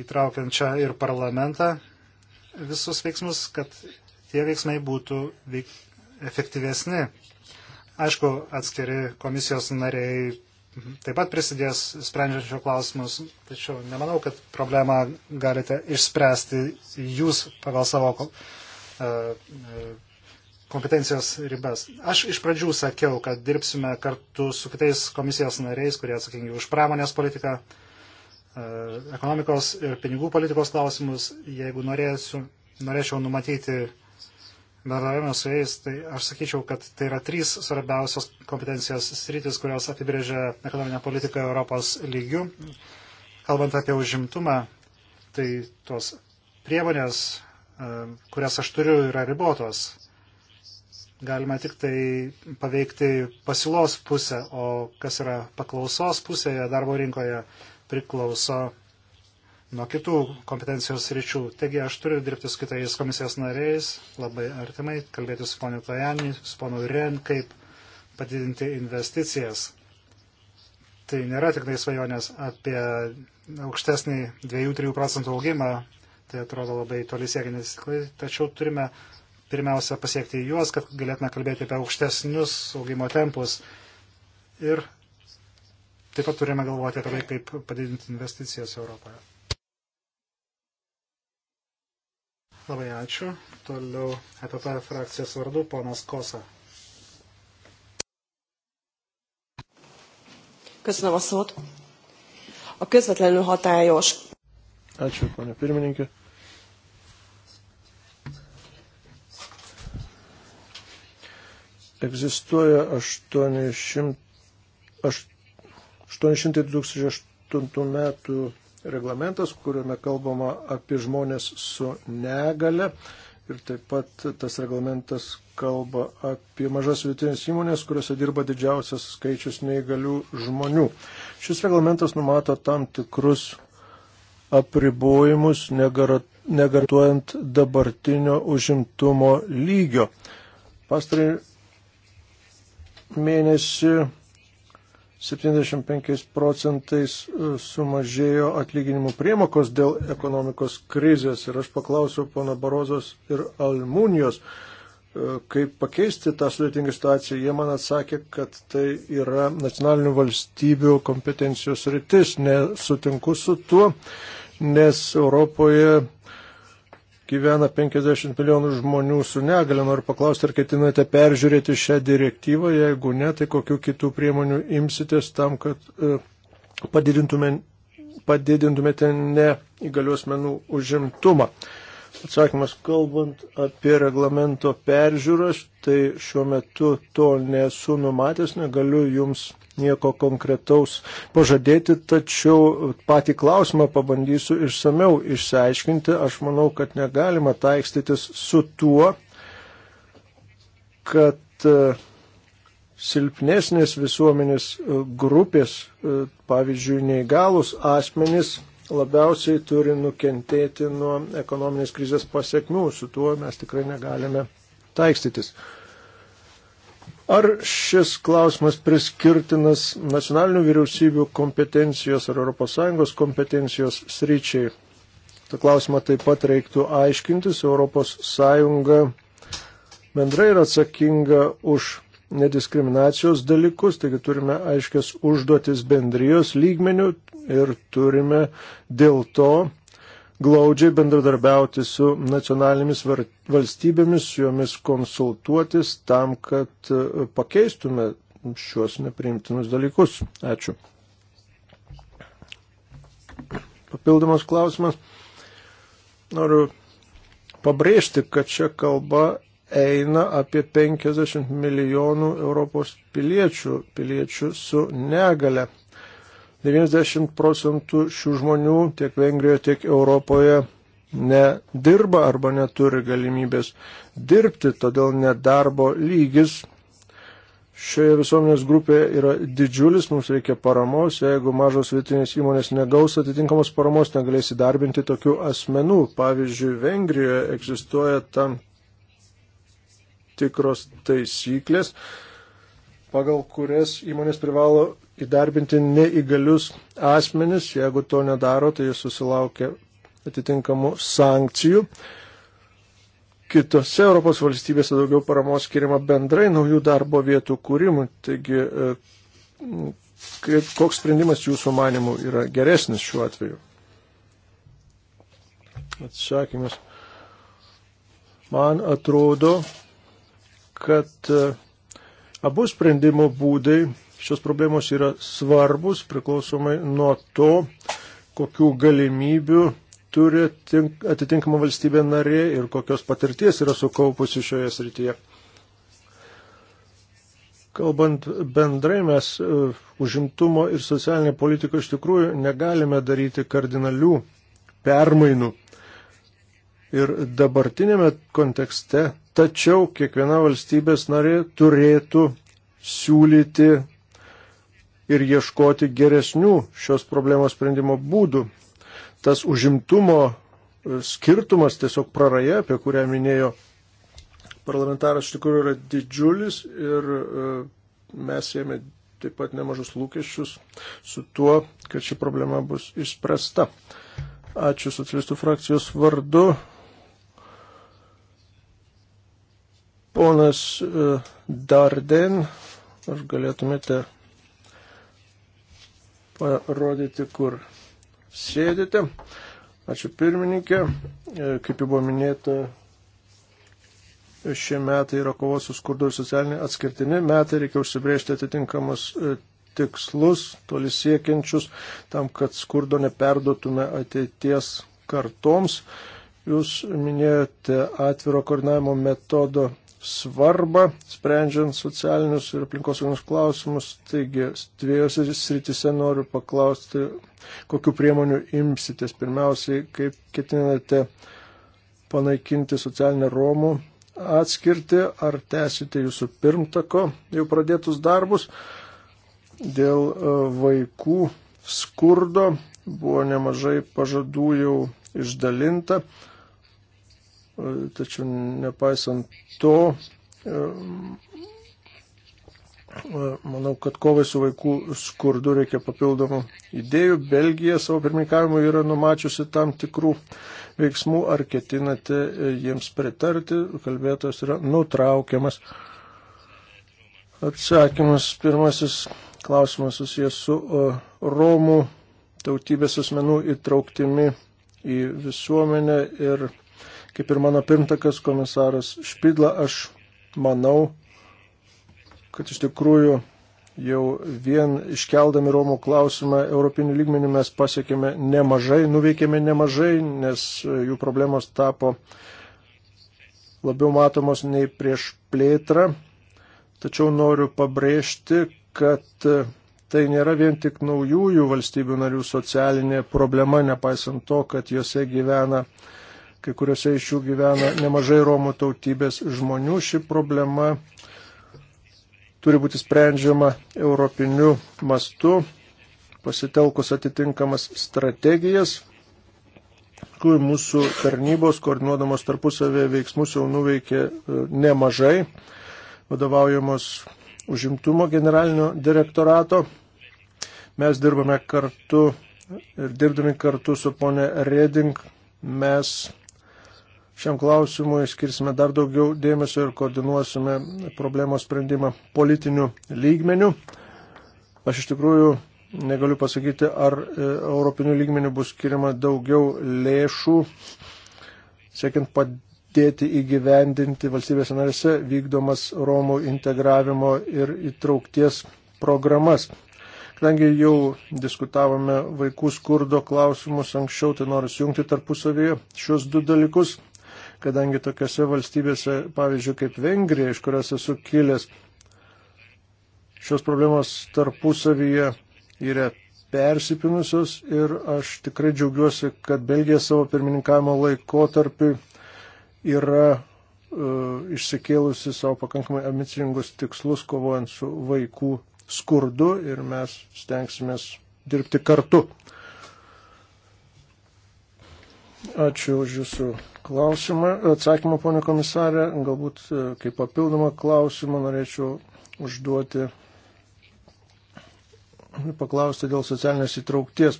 įtraukiant čia ir parlamentą, visus veiksmus, kad tie veiksmai būtų veik... efektyvesni. Aišku, atskiri komisijos nariai taip pat prisidės sprendžiančio klausimus, tačiau nemanau, kad problemą galite išspręsti jūs pagal savo uh, kompetencijos ribas. Aš iš pradžių sakiau, kad dirbsime kartu su kitais komisijos nariais, kurie atsakingi už pramonės politiką, e, ekonomikos ir pinigų politikos klausimus. Jeigu norėsiu, norėčiau numatyti bendravimą su jais, tai aš sakyčiau, kad tai yra trys svarbiausios kompetencijos sritis, kurios apibrėžia ekonominę politiką Europos lygių. Kalbant apie užimtumą, tai tos priemonės, e, kurias aš turiu, yra ribotos galima tik tai paveikti pasiūlos pusę, o kas yra paklausos pusėje darbo rinkoje priklauso nuo kitų kompetencijos ryčių. Taigi aš turiu dirbti su kitais komisijos nariais, labai artimai, kalbėti su ponu Tajani, su ponu Ren, kaip padidinti investicijas. Tai nėra tik tai svajonės apie aukštesnį 2-3 procentų augimą, tai atrodo labai toli siekiantis, tačiau turime pirmiausia pasiekti juos, kad galėtume kalbėti apie aukštesnius augimo tempus. Ir taip pat turime galvoti apie tai, kaip padidinti investicijas Europoje. Labai ačiū. Toliau EPP frakcijos vardu ponas Kosa. Köszönöm a szót. A közvetlenül hatályos. Ačiū, ponia pirmininkė. Egzistuoja 800, 800 2008 metų reglamentas, kuriame kalbama apie žmonės su negale. Ir taip pat tas reglamentas kalba apie mažas vidutinės įmonės, kuriuose dirba didžiausias skaičius neįgalių žmonių. Šis reglamentas numato tam tikrus apribojimus, negarantuojant dabartinio užimtumo lygio. Pastarai mėnesį 75 procentais e, sumažėjo atlyginimų priemokos dėl ekonomikos krizės. Ir aš paklausiau pono Barozos ir Almunijos, e, kaip pakeisti tą sudėtingą situaciją. Jie man atsakė, kad tai yra nacionalinių valstybių kompetencijos rytis. Nesutinku su tuo, nes Europoje gyvena 50 milijonų žmonių su negale. Noriu paklausti, ar ketinate peržiūrėti šią direktyvą, jeigu ne, tai kokiu kitų priemonių imsitės tam, kad e, padidintume, padidintumėte neįgalios menų užimtumą. Atsakymas, kalbant apie reglamento peržiūras, tai šiuo metu to nesu numatęs, negaliu jums nieko konkretaus pažadėti, tačiau patį klausimą pabandysiu išsameu išsiaiškinti. Aš manau, kad negalima taikstytis su tuo, kad e, silpnesnės visuomenės e, grupės, e, pavyzdžiui, neįgalus asmenys, labiausiai turi nukentėti nuo ekonominės krizės pasiekmių. Su tuo mes tikrai negalime taikstytis. Ar šis klausimas priskirtinas nacionalinių vyriausybių kompetencijos ar ES kompetencijos sryčiai? Ta klausimą taip pat reiktų aiškintis. ES bendrai yra atsakinga už nediskriminacijos dalykus, taigi turime aiškias užduotis bendrijos lygmenių ir turime dėl to glaudžiai bendradarbiauti su nacionalinėmis valstybėmis, su jomis konsultuotis tam, kad e, pakeistume šiuos nepriimtinus dalykus. Ačiū. Papildomas klausimas. Noriu pabrėžti, kad čia kalba eina apie 50 milijonų Europos piliečių, piliečių su negale. 90 procentų šių žmonių tiek Vengrijoje, tiek Europoje nedirba arba neturi galimybės dirbti, todėl nedarbo lygis šioje visuomenės grupėje yra didžiulis, mums reikia paramos, jeigu mažos vietinės įmonės negaus atitinkamos paramos, negalės įdarbinti tokių asmenų. Pavyzdžiui, Vengrijoje egzistuoja tam tikros taisyklės, pagal kurias įmonės privalo įdarbinti neįgalius asmenis. Jeigu to nedaro, tai jis susilaukia atitinkamų sankcijų. Kitose Europos valstybėse daugiau paramos skiriama bendrai naujų darbo vietų kūrimui. Taigi, e, kaip, koks sprendimas jūsų manimų yra geresnis šiuo atveju? Atsakymas. Man atrodo, kad uh, Abu sprendimo būdai šios problemos yra svarbus priklausomai nuo to, kokių galimybių turi atitinkama valstybė narė ir kokios patirties yra sukaupusi šioje srityje. Kalbant bendrai, mes e, užimtumo ir socialinė politika iš tikrųjų negalime daryti kardinalių permainų ir dabartinėme kontekste, tačiau kiekviena valstybės narė turėtų siūlyti ir ieškoti geresnių šios problemos sprendimo būdų. Tas užimtumo e, skirtumas tiesiog praraja, apie kurią minėjo parlamentaras, iš tikrųjų yra didžiulis ir e, mes jėme taip pat nemažus lūkesčius su tuo, kad ši problema bus išspręsta. Ačiū socialistų frakcijos vardu. Ponas e, Darden, ar galėtumėte parodyti, kur sėdite? Ačiū pirmininkė. E, kaip jau buvo minėta, šie metai yra kovos su skurdu ir socialinė atskirtini metai, reikia užsibriežti atitinkamus e, tikslus, toli siekiančius, tam, kad skurdo neperduotume ateities kartoms. Jūs minėjote atviro koordinavimo metodo svarbą, sprendžiant socialinius ir aplinkosauginius klausimus. Taigi, dviejose sritise noriu paklausti, kokiu priemoniu imsitės. Pirmiausiai, kaip ketinate panaikinti socialinę Romų atskirti, ar tęsite jūsų pirmtako jau pradėtus darbus dėl e, vaikų skurdo. Buvo nemažai pažadų jau išdalinta Tačiau nepaisant to, manau, kad kovai su vaikų skurdu reikia papildomų idėjų. Belgija savo pirmininkavimu yra numačiusi tam tikrų veiksmų, ar ketinate e, jiems pritarti. Kalbėtojas yra nutraukiamas. Atsakymas pirmasis klausimas susijęs su e, Romų tautybės asmenų įtrauktimi į visuomenę ir Kaip ir mano pirmtakas komisaras Špidla, aš manau, kad iš tikrųjų jau vien iškeldami Romų klausimą Europinių lygmenių mes pasiekėme nemažai, nuveikėme nemažai, nes jų problemos tapo labiau matomos nei prieš plėtrą. Tačiau noriu pabrėžti, kad tai nėra vien tik naujųjų valstybių narių socialinė problema, nepaisant to, kad juose gyvena uh, kai kuriuose iš jų gyvena nemažai Romų tautybės žmonių. Ši problema turi būti sprendžiama europiniu mastu, pasitelkus atitinkamas strategijas, kur mūsų tarnybos, koordinuodamos tarpusavėje veiksmus, jau nuveikė e, nemažai, vadovaujamos užimtumo generalinio direktorato. Mes dirbame kartu ir dirbdami kartu su ponė Reding mes Šiam klausimui skirsime dar daugiau dėmesio ir koordinuosime problemos sprendimą politiniu lygmeniu. Aš iš tikrųjų negaliu pasakyti, ar e, europiniu lygmeniu bus skiriama daugiau lėšų, siekiant padėti įgyvendinti valstybės narėse vykdomas Romų integravimo ir įtraukties programas. Kadangi jau diskutavome vaikų skurdo klausimus anksčiau, tai noriu sujungti tarpusavėje šios du dalykus kadangi tokiose valstybėse, pavyzdžiui, kaip Vengrija, iš kurios esu kilęs, šios problemos tarpusavyje yra persipinusios ir aš tikrai džiaugiuosi, kad Belgija savo pirmininkavimo laikotarpiu yra uh, išsikėlusi savo pakankamai ambicingus tikslus kovojant su vaikų skurdu ir mes stengsimės dirbti kartu. Ačiū už Jūsų klausimą, atsakymą, ponė komisarė. Galbūt e, kaip papildomą klausimą norėčiau užduoti, paklausti dėl socialinės įtraukties.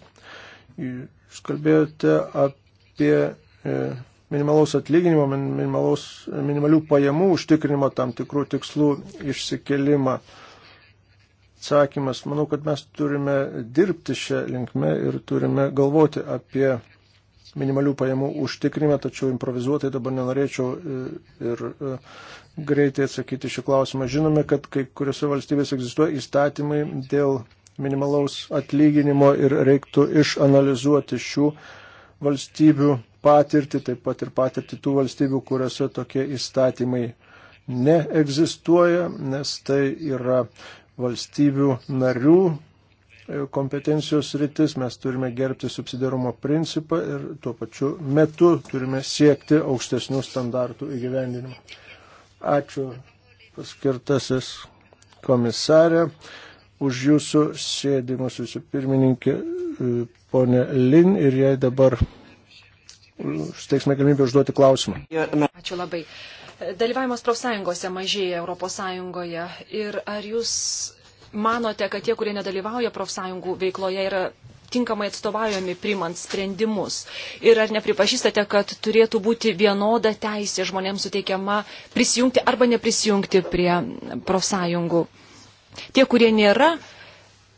Jūs kalbėjote apie e, minimalaus atlyginimo, minimalaus, minimalių pajamų užtikrinimo tam tikrų tikslų išsikelimą. Atsakymas, manau, kad mes turime dirbti šią linkmę ir turime galvoti apie minimalių pajamų užtikrinime, tačiau improvizuotai dabar nenorėčiau e, ir e, greitai atsakyti šį klausimą. Žinome, kad kai kuriuose valstybėse egzistuoja įstatymai dėl minimalaus atlyginimo ir reiktų išanalizuoti šių valstybių patirtį, taip pat ir patirtį tų valstybių, kuriuose tokie įstatymai neegzistuoja, nes tai yra valstybių narių kompetencijos rytis, mes turime gerbti subsidiarumo principą ir tuo pačiu metu turime siekti aukštesnių standartų įgyvendinimo. Ačiū paskirtasis komisarė už jūsų sėdimus, jūsų pirmininkė, e, ponė Lin ir jai dabar e, steiksime galimybę užduoti klausimą. Ačiū labai. Dalyvavimas profsąjungose mažėja Europos Sąjungoje ir ar jūs manote, kad tie, kurie nedalyvauja profsąjungų veikloje, yra tinkamai atstovaujami primant sprendimus? Ir ar nepripažįstate, kad turėtų būti vienoda teisė žmonėms suteikiama prisijungti arba neprisijungti prie profsąjungų? Tie, kurie nėra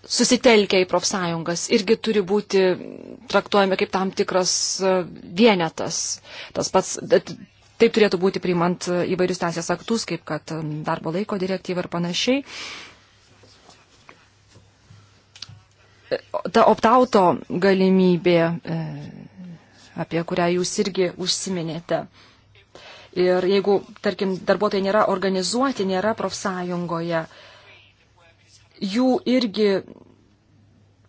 susitelkę į profsąjungas, irgi turi būti traktuojami kaip tam tikras e, vienetas. Tas pats, taip turėtų būti priimant e, įvairius teisės aktus, kaip kad e, darbo laiko direktyva ir panašiai. ta optauto galimybė, e, apie kurią jūs irgi užsiminėte. Ir jeigu, tarkim, darbuotojai nėra organizuoti, nėra profsąjungoje, jų irgi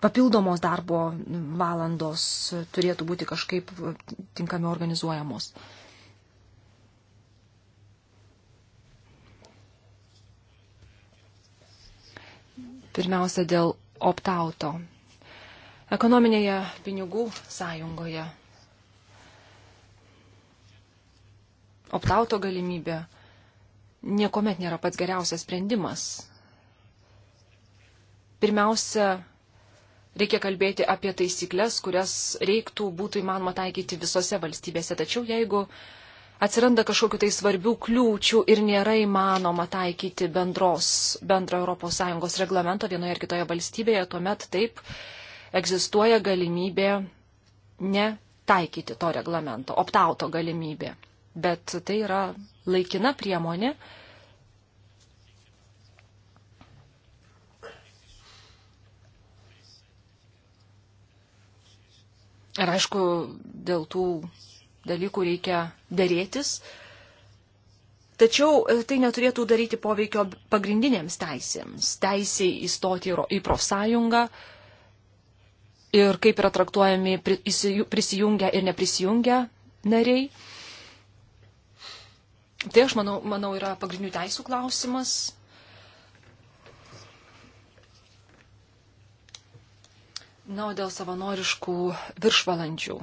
papildomos darbo valandos turėtų būti kažkaip tinkami organizuojamos. Pirmiausia, dėl optauto ekonominėje pinigų sąjungoje. Optauto galimybė niekuomet nėra pats geriausias sprendimas. Pirmiausia, reikia kalbėti apie taisyklės, kurias reiktų būtų įmanoma taikyti visose valstybėse. Tačiau jeigu atsiranda kažkokiu tai svarbių kliūčių ir nėra įmanoma taikyti bendros, bendro ES reglamento vienoje ar kitoje valstybėje, tuomet taip egzistuoja galimybė netaikyti to reglamento, optauto galimybė. Bet tai yra laikina priemonė. Ir aišku, dėl tų dalykų reikia dėrėtis. Tačiau e, tai neturėtų daryti poveikio pagrindinėms teisėms - teisiai įstoti į profsąjungą, ir kaip yra traktuojami prisijungę ir neprisijungę nariai. Tai aš manau, manau yra pagrindinių teisų klausimas. Na, o dėl savanoriškų viršvalandžių.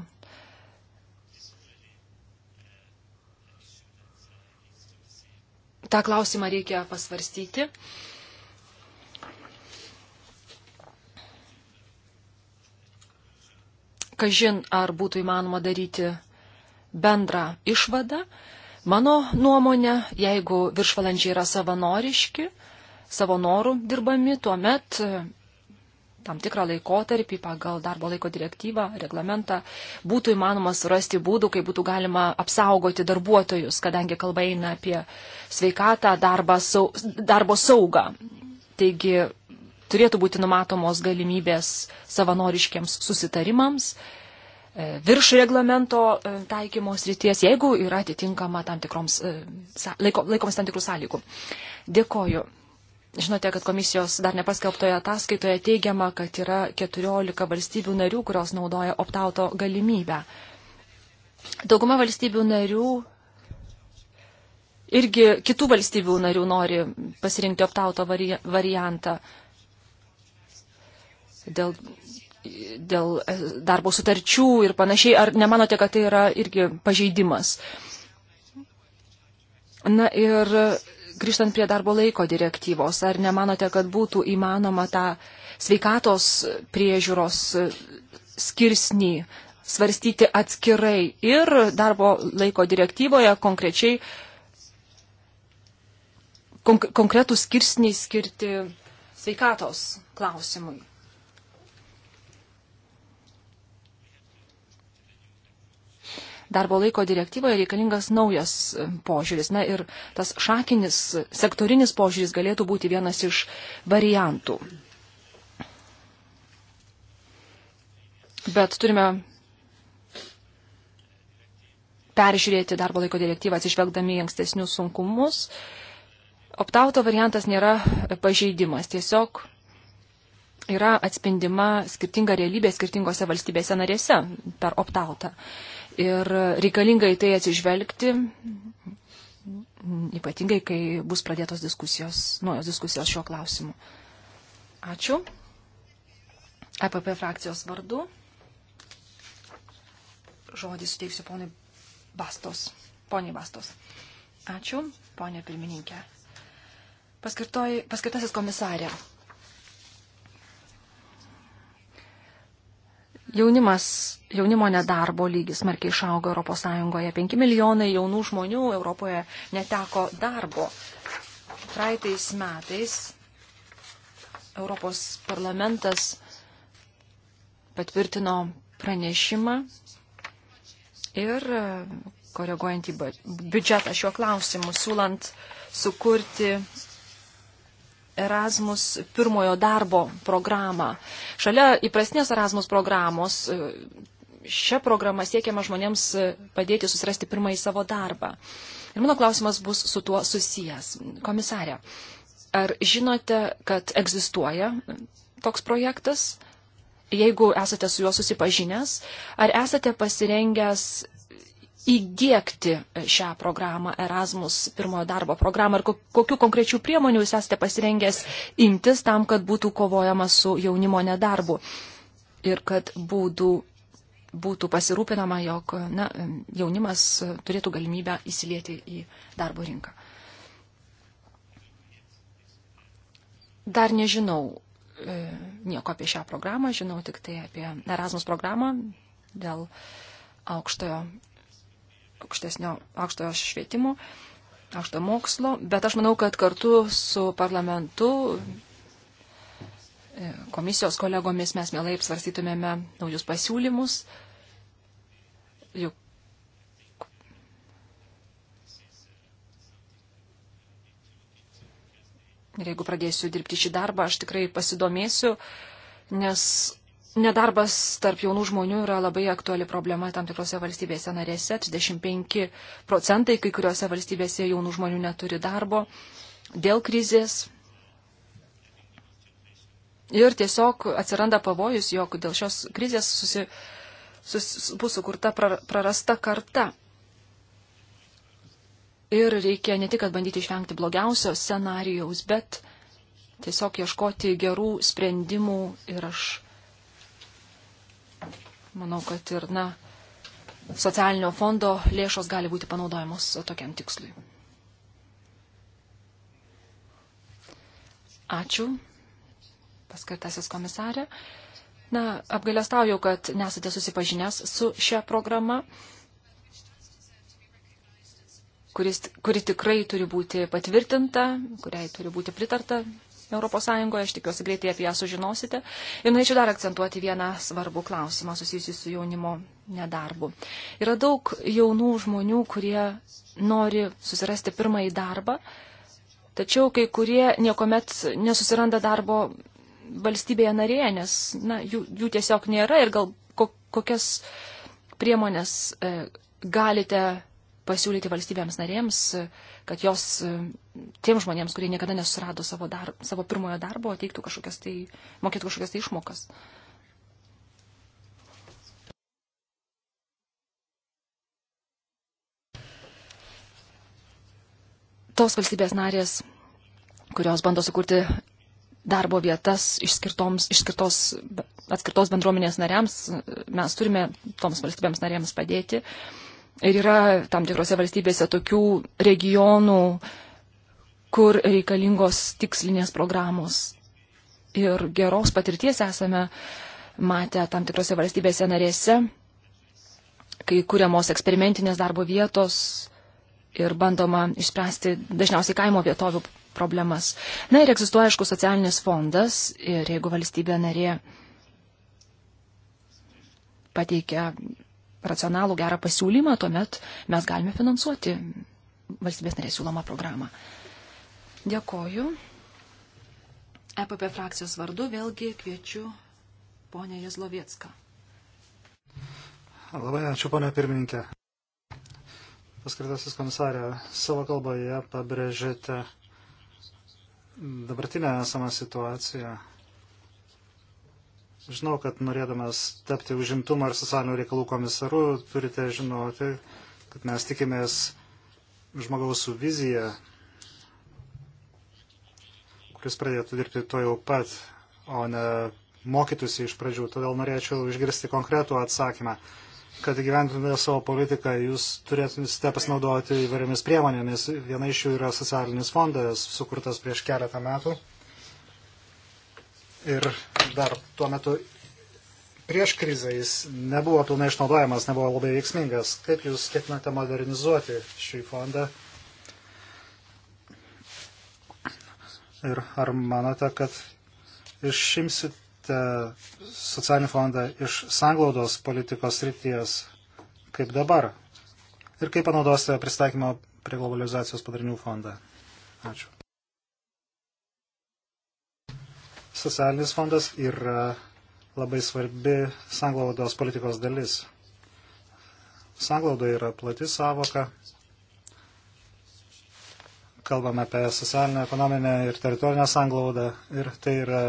Ta klausimą reikia pasvarstyti. kažin ar būtų įmanoma daryti bendrą išvadą. Mano nuomonė, jeigu viršvalandžiai yra savanoriški, savo norų dirbami, tuomet e, tam tikrą laikotarpį pagal darbo laiko direktyvą, reglamentą, būtų įmanoma surasti būdų, kaip būtų galima apsaugoti darbuotojus, kadangi kalba eina apie sveikatą, darbą, sau, darbo saugą. Taigi turėtų būti numatomos galimybės savanoriškiams susitarimams e, virš reglamento e, taikymos ryties, jeigu yra atitinkama tam tikroms, e, laiko, laikomas tam tikrų sąlygų. Dėkoju. Žinote, kad komisijos dar nepaskelbtoje ataskaitoje teigiama, kad yra 14 valstybių narių, kurios naudoja optauto galimybę. Dauguma valstybių narių irgi kitų valstybių narių nori pasirinkti optauto variantą dėl, dėl e, darbo sutarčių ir panašiai. Ar nemanote, kad tai yra irgi pažeidimas? Na ir grįžtant prie darbo laiko direktyvos, ar nemanote, kad būtų įmanoma tą sveikatos priežiūros skirsnį svarstyti atskirai ir darbo laiko direktyvoje konkrečiai konk konkretų skirsnį skirti sveikatos klausimui? darbo laiko direktyvoje reikalingas naujas e, požiūris. Na ir tas šakinis, sektorinis požiūris galėtų būti vienas iš variantų. Bet turime peržiūrėti darbo laiko direktyvą atsižvelgdami į ankstesnius sunkumus. Optauto variantas nėra pažeidimas, tiesiog yra atspindima skirtinga realybė skirtingose valstybėse narėse per optautą ir reikalinga į tai atsižvelgti, ypatingai, kai bus pradėtos diskusijos, nuojos diskusijos šiuo klausimu. Ačiū. EPP frakcijos vardu. Žodį suteiksiu ponui Bastos. Poniai Bastos. Ačiū, ponė pirmininkė. Paskirtoj, paskirtasis komisarė. Jaunimas, jaunimo nedarbo lygis smarkiai išaugo ES. 5 milijonai jaunų žmonių Europoje neteko darbo. Praeitais metais Europos parlamentas patvirtino pranešimą ir e, koreguojant į biudžetą šiuo klausimu, siūlant sukurti Erasmus pirmojo darbo programą. Šalia įprastinės Erasmus programos e, šią programą siekiama žmonėms e, padėti susirasti pirmąjį savo darbą. Ir mano klausimas bus su tuo susijęs. Komisarė, ar žinote, kad egzistuoja toks projektas? Jeigu esate su juo susipažinęs, ar esate pasirengęs įdėkti šią programą Erasmus pirmojo darbo programą ir kokiu konkrečiu priemoniu jūs esate pasirengęs imtis tam, kad būtų kovojama su jaunimo nedarbu ir kad būtų, būtų pasirūpinama, jog na, jaunimas turėtų galimybę įsilieti į darbo rinką. Dar nežinau e, nieko apie šią programą, žinau tik tai apie Erasmus programą dėl aukštojo aukštesnio, aukštojo švietimo, aukšto mokslo, bet aš manau, kad kartu su parlamentu, e, komisijos kolegomis mes mielai apsvarstytumėme naujus pasiūlymus. Juk Ir jeigu pradėsiu dirbti šį darbą, aš tikrai pasidomėsiu, nes Nedarbas tarp jaunų žmonių yra labai aktuali problema tam tikrose valstybėse narėse. 35 procentai kai kuriuose valstybėse jaunų žmonių neturi darbo dėl krizės. Ir tiesiog atsiranda pavojus, jog dėl šios krizės susi, sus, bus sukurta prarasta karta. Ir reikia ne tik bandyti išvengti blogiausio scenarijaus, bet tiesiog ieškoti gerų sprendimų ir aš manau, kad ir, na, socialinio fondo lėšos gali būti panaudojamos tokiam tikslui. Ačiū, paskirtasis komisarė. Na, apgailestauju, kad nesate susipažinęs su šia programa, kuris, kuri tikrai turi būti patvirtinta, kuriai turi būti pritarta ES, aš tikiuosi greitai apie ją sužinosite. Ir norėčiau dar akcentuoti vieną svarbų klausimą susijusį su jaunimo nedarbu. Yra daug jaunų žmonių, kurie nori susirasti pirmąjį darbą, tačiau kai kurie niekuomet nesusiranda darbo valstybėje narėje, nes na, jų, jų tiesiog nėra ir gal ko, kokias priemonės e, galite pasiūlyti valstybėms narėms, kad jos tiem žmonėms, kurie niekada nesurado savo, dar, savo pirmojo darbo, teiktų kažkokias tai, mokėtų kažkokias tai išmokas. Tos valstybės narės, kurios bando sukurti darbo vietas išskirtos, išskirtos atskirtos bendruomenės nariams, mes turime toms valstybėms narėms padėti Ir yra tam tikrose valstybėse tokių regionų, kur reikalingos tikslinės programos. Ir geros patirties esame matę tam tikrose valstybėse narėse, kai kūriamos eksperimentinės darbo vietos ir bandoma išspręsti dažniausiai kaimo vietovių problemas. Na ir egzistuoja, aišku, socialinis fondas ir jeigu valstybė narė pateikia racionalų gerą pasiūlymą, tuomet mes galime finansuoti valstybės narės siūlomą programą. Dėkoju. EPP frakcijos vardu vėlgi kviečiu ponę Jezlovietską. Labai ačiū, ponė pirmininkė. Paskirtasis komisarė, savo kalboje pabrėžėte dabartinę esamą situaciją Žinau, kad norėdamas tapti užimtumo ir socialinių reikalų komisaru, turite žinoti, kad mes tikimės žmogaus su vizija, kuris pradėtų dirbti to jau pat, o ne mokytųsi iš pradžių. Todėl norėčiau išgirsti konkretų atsakymą, kad gyventumėte savo politiką, jūs turėtumėte pasinaudoti įvairiomis priemonėmis. Viena iš jų yra socialinis fondas, sukurtas prieš keletą metų ir dar tuo metu prieš krizę jis nebuvo pilnai išnaudojamas, nebuvo labai veiksmingas. Kaip jūs ketinate modernizuoti šį fondą? Ir ar manote, kad išimsite socialinį fondą iš sanglaudos politikos ryties kaip dabar? Ir kaip panaudosite pristaikymo prie globalizacijos padarinių fondą? Ačiū. Socialinis fondas yra labai svarbi sanglaudos politikos dalis. Sanglauda yra plati savoka. Kalbame apie socialinę, ekonominę ir teritorinę sanglaudą. Ir tai yra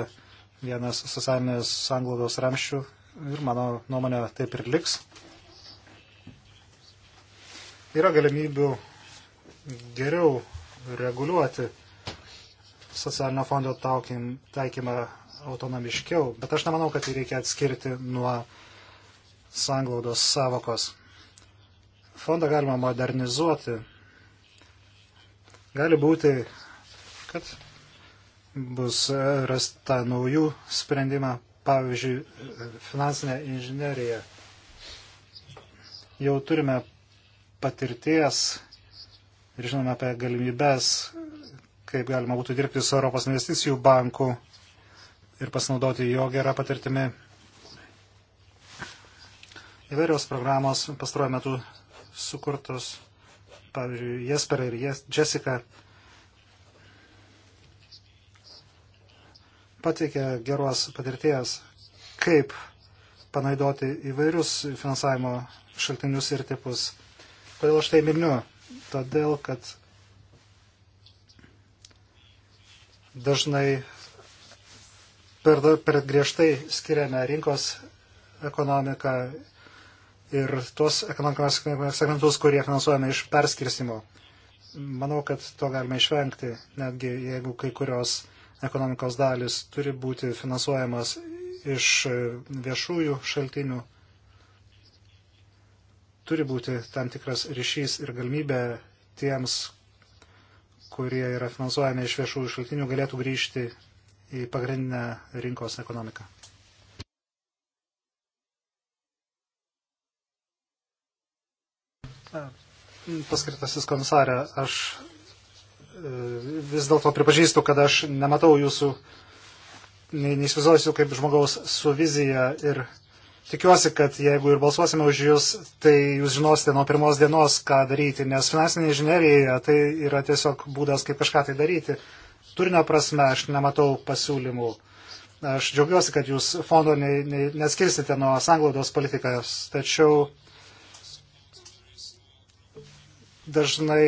vienas socialinės sanglaudos ramščių. Ir mano nuomonė taip ir liks. Yra galimybių geriau reguliuoti socialinio fondo taukim, taikymą autonomiškiau, bet aš nemanau, kad jį reikia atskirti nuo sanglaudos savokos. Fondą galima modernizuoti. Gali būti, kad bus rasta naujų sprendimą, pavyzdžiui, finansinė inžinerija. Jau turime patirties ir žinome apie galimybės kaip galima būtų dirbti su Europos investicijų banku ir pasinaudoti jo gerą patirtimį. Įvairios programos pastaruoju metu sukurtos, pavyzdžiui, Jesper ir Jessica pateikė geros patirties, kaip panaudoti įvairius finansavimo šaltinius ir tipus. Kodėl aš tai miniu? Todėl, kad dažnai per, per griežtai skiriame rinkos ekonomiką ir tuos ekonomikos segmentus, kurie finansuojame iš perskirstimo. Manau, kad to galime išvengti, netgi jeigu kai kurios ekonomikos dalis turi būti finansuojamas iš viešųjų šaltinių. Turi būti tam tikras ryšys ir galimybė tiems, kurie yra finansuojami iš viešųjų šaltinių, galėtų grįžti į pagrindinę rinkos ekonomiką. Paskirtasis komisarė, aš e, vis dėlto pripažįstu, kad aš nematau jūsų, neįsivaizduosiu kaip žmogaus su vizija ir Tikiuosi, kad jeigu ir balsuosime už jūs, tai jūs žinosite nuo pirmos dienos, ką daryti, nes finansinė inžinierija tai yra tiesiog būdas, kaip kažką tai daryti. Turinio prasme aš nematau pasiūlymų. Aš džiaugiuosi, kad jūs fondo ne, ne, neskirsite nuo sanglaudos politikos, tačiau dažnai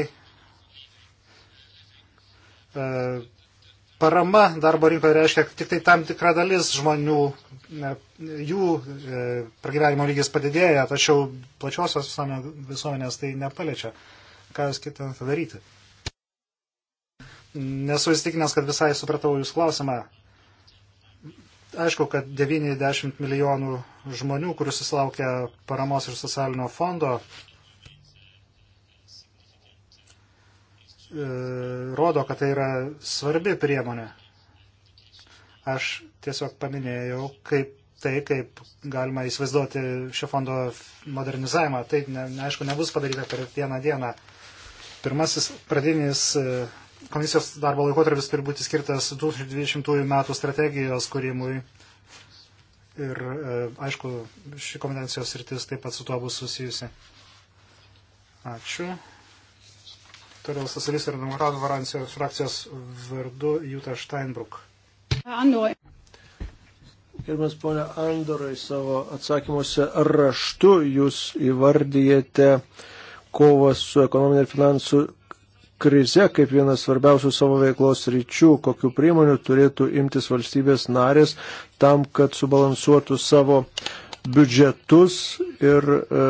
uh, parama darbo rinkoje reiškia tik tai tam tikra dalis žmonių, jų e, pragyvenimo lygis padidėja, tačiau plačiosios visuomenės tai nepaliečia. Ką jūs ketinate daryti? Nesu įstikinęs, kad visai supratau jūs klausimą. Aišku, kad 90 milijonų žmonių, kuris susilaukia paramos ir socialinio fondo, E, rodo, kad tai yra svarbi priemonė. Aš tiesiog paminėjau, kaip tai, kaip galima įsivaizduoti šio fondo modernizavimą. Tai, ne, aišku, nebus padaryta per vieną dieną. Pirmasis pradinis e, komisijos darbo laikotarpis turi būti skirtas 2020 metų strategijos kūrimui. Ir, e, aišku, ši kompetencijos rytis taip pat su tuo bus susijusi. Ačiū. Toliau socialistų ir demokratų varancijos frakcijos vardu Jūta Steinbruk. Andoj. Gerbiamas ponia Andorai, savo atsakymuose raštu jūs įvardyjate kovą su ekonominė ir finansų krize kaip vienas svarbiausių savo veiklos ryčių, kokiu priemoniu turėtų imtis valstybės narės tam, kad subalansuotų savo biudžetus ir e,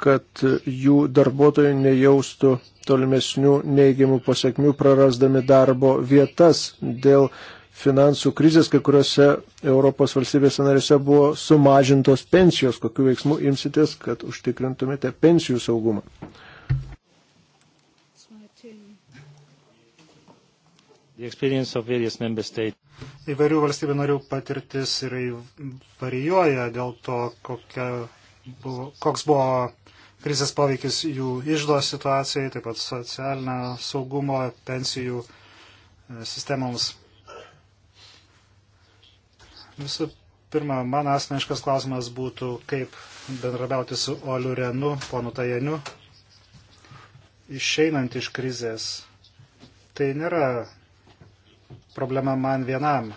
kad jų darbuotojai nejaustų tolimesnių neigiamų pasiekmių prarasdami darbo vietas dėl finansų krizės, kai kuriuose Europos valstybėse narėse buvo sumažintos pensijos. Kokiu veiksmu imsitės, kad užtikrintumėte pensijų saugumą? Įvairių valstybių narių patirtis ir varijuoja dėl to, kokia buvo, koks buvo krizės poveikis jų išdo situacijai, taip pat socialinio saugumo, pensijų e, sistemoms. Visų pirma, man asmeniškas klausimas būtų, kaip bendrabiauti su Oliu Renu, ponu Tajaniu, išeinant iš krizės. Tai nėra problema man vienam.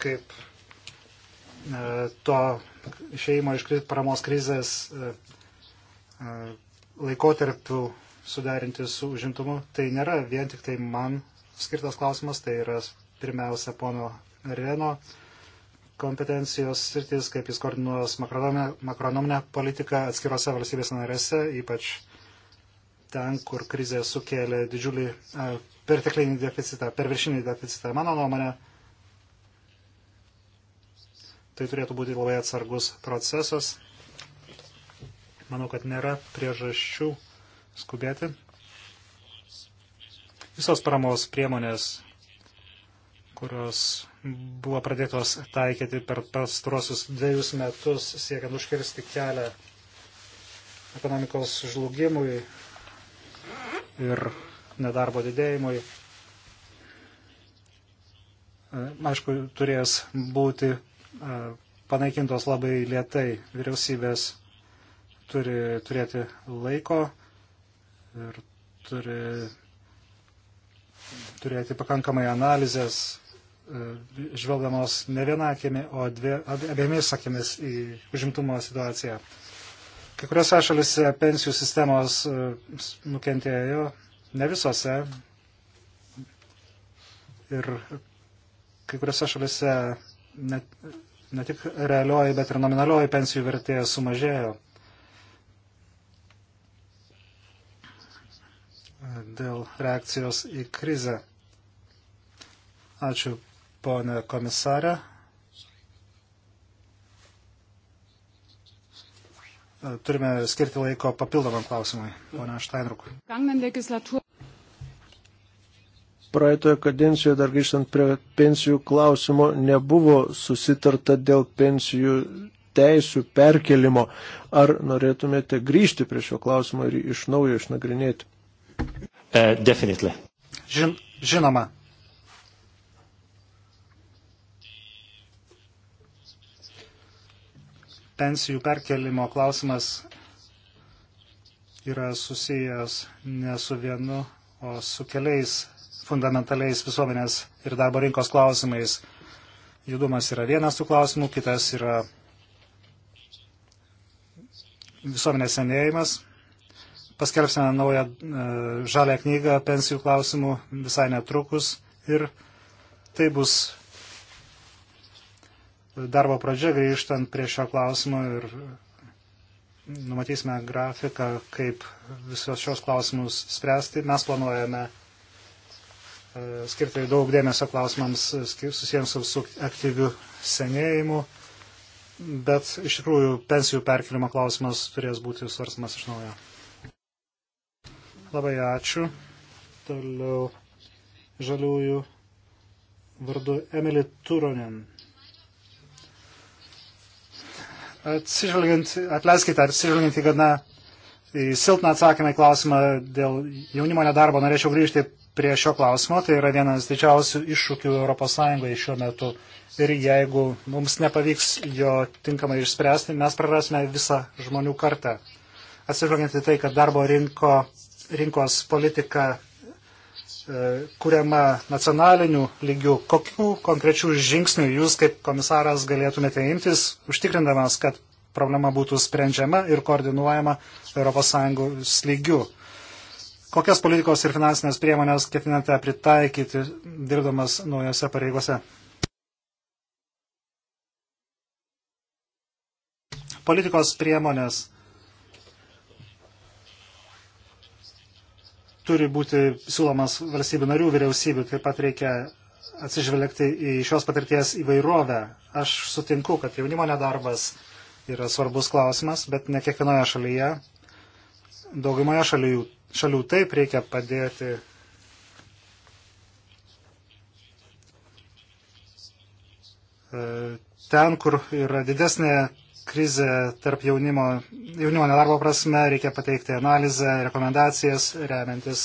Kaip E, to išeimo iš paramos krizės e, e, laikotarpių suderinti su užimtumu, tai nėra vien tik tai man skirtas klausimas, tai yra pirmiausia pono Reno kompetencijos sritis, kaip jis koordinuos makronominę politiką atskirose valstybės narėse, ypač ten, kur krizė sukėlė didžiulį perteklinį deficitą, perviršinį deficitą. Mano nuomonė, tai turėtų būti labai atsargus procesas. Manau, kad nėra priežasčių skubėti. Visos paramos priemonės, kurios buvo pradėtos taikyti per pastarosius dviejus metus, siekiant užkirsti kelią ekonomikos žlugimui ir nedarbo didėjimui, e, aišku, turės būti E, panaikintos labai lietai. Vyriausybės turi turėti laiko ir turi turėti pakankamai analizės, e, žvelgdamos ne vieną akimi, o dvie, abiemis akimis į užimtumo situaciją. Kai kuriuose šalise pensijų sistemos e, nukentėjo, ne visose. Ir kai kuriuose šalise ne, ne tik realioji, bet ir nominalioji pensijų vertė sumažėjo. dėl reakcijos į krizę. Ačiū, ponė komisarė. Turime skirti laiko papildomam klausimui, ponia Štainrukui praeitoje kadencijoje, dar grįžtant prie pensijų klausimo, nebuvo susitarta dėl pensijų teisų perkelimo. Ar norėtumėte grįžti prie šio klausimo ir iš naujo išnagrinėti? Uh, definitely. Žin, žinoma. Pensijų perkelimo klausimas yra susijęs ne su vienu, o su keliais fundamentaliais visuomenės ir darbo rinkos klausimais. Judumas yra vienas tų klausimų, kitas yra visuomenės senėjimas. Paskelbsime naują e, žalę knygą pensijų klausimų visai netrukus ir tai bus darbo pradžia grįžtant prie šio klausimo ir numatysime grafiką, kaip visos šios klausimus spręsti. Mes planuojame E, skirti daug dėmesio klausimams susijęms su aktyviu senėjimu, bet iš tikrųjų pensijų perkelimo klausimas turės būti svarstamas iš naujo. Labai ačiū. Toliau žaliųjų vardu Emily Turonen. Atsižvelgiant, atleiskite, atsižvelgiant į gana į silpną atsakymą į klausimą dėl jaunimo nedarbo, norėčiau grįžti prie šio klausimo, tai yra vienas didžiausių iššūkių ES šiuo metu. Ir jeigu mums nepavyks jo tinkamai išspręsti, mes prarasime visą žmonių kartą. Atsižvelgiant į tai, kad darbo rinko, rinkos politika e, kuriama nacionaliniu lygiu, kokių konkrečių žingsnių jūs kaip komisaras galėtumėte imtis, užtikrindamas, kad problema būtų sprendžiama ir koordinuojama ES lygiu. Kokias politikos ir finansinės priemonės ketinate pritaikyti, dirbdamas naujose pareigose? Politikos priemonės turi būti siūlomas valstybių narių vyriausybių, taip pat reikia atsižvelgti į šios patirties įvairovę. Aš sutinku, kad jaunimo nedarbas yra svarbus klausimas, bet ne kiekvienoje šalyje daugumoje šalių šalių taip reikia padėti. E, ten, kur yra didesnė krizė tarp jaunimo, jaunimo nedarbo prasme, reikia pateikti analizę, rekomendacijas, remiantis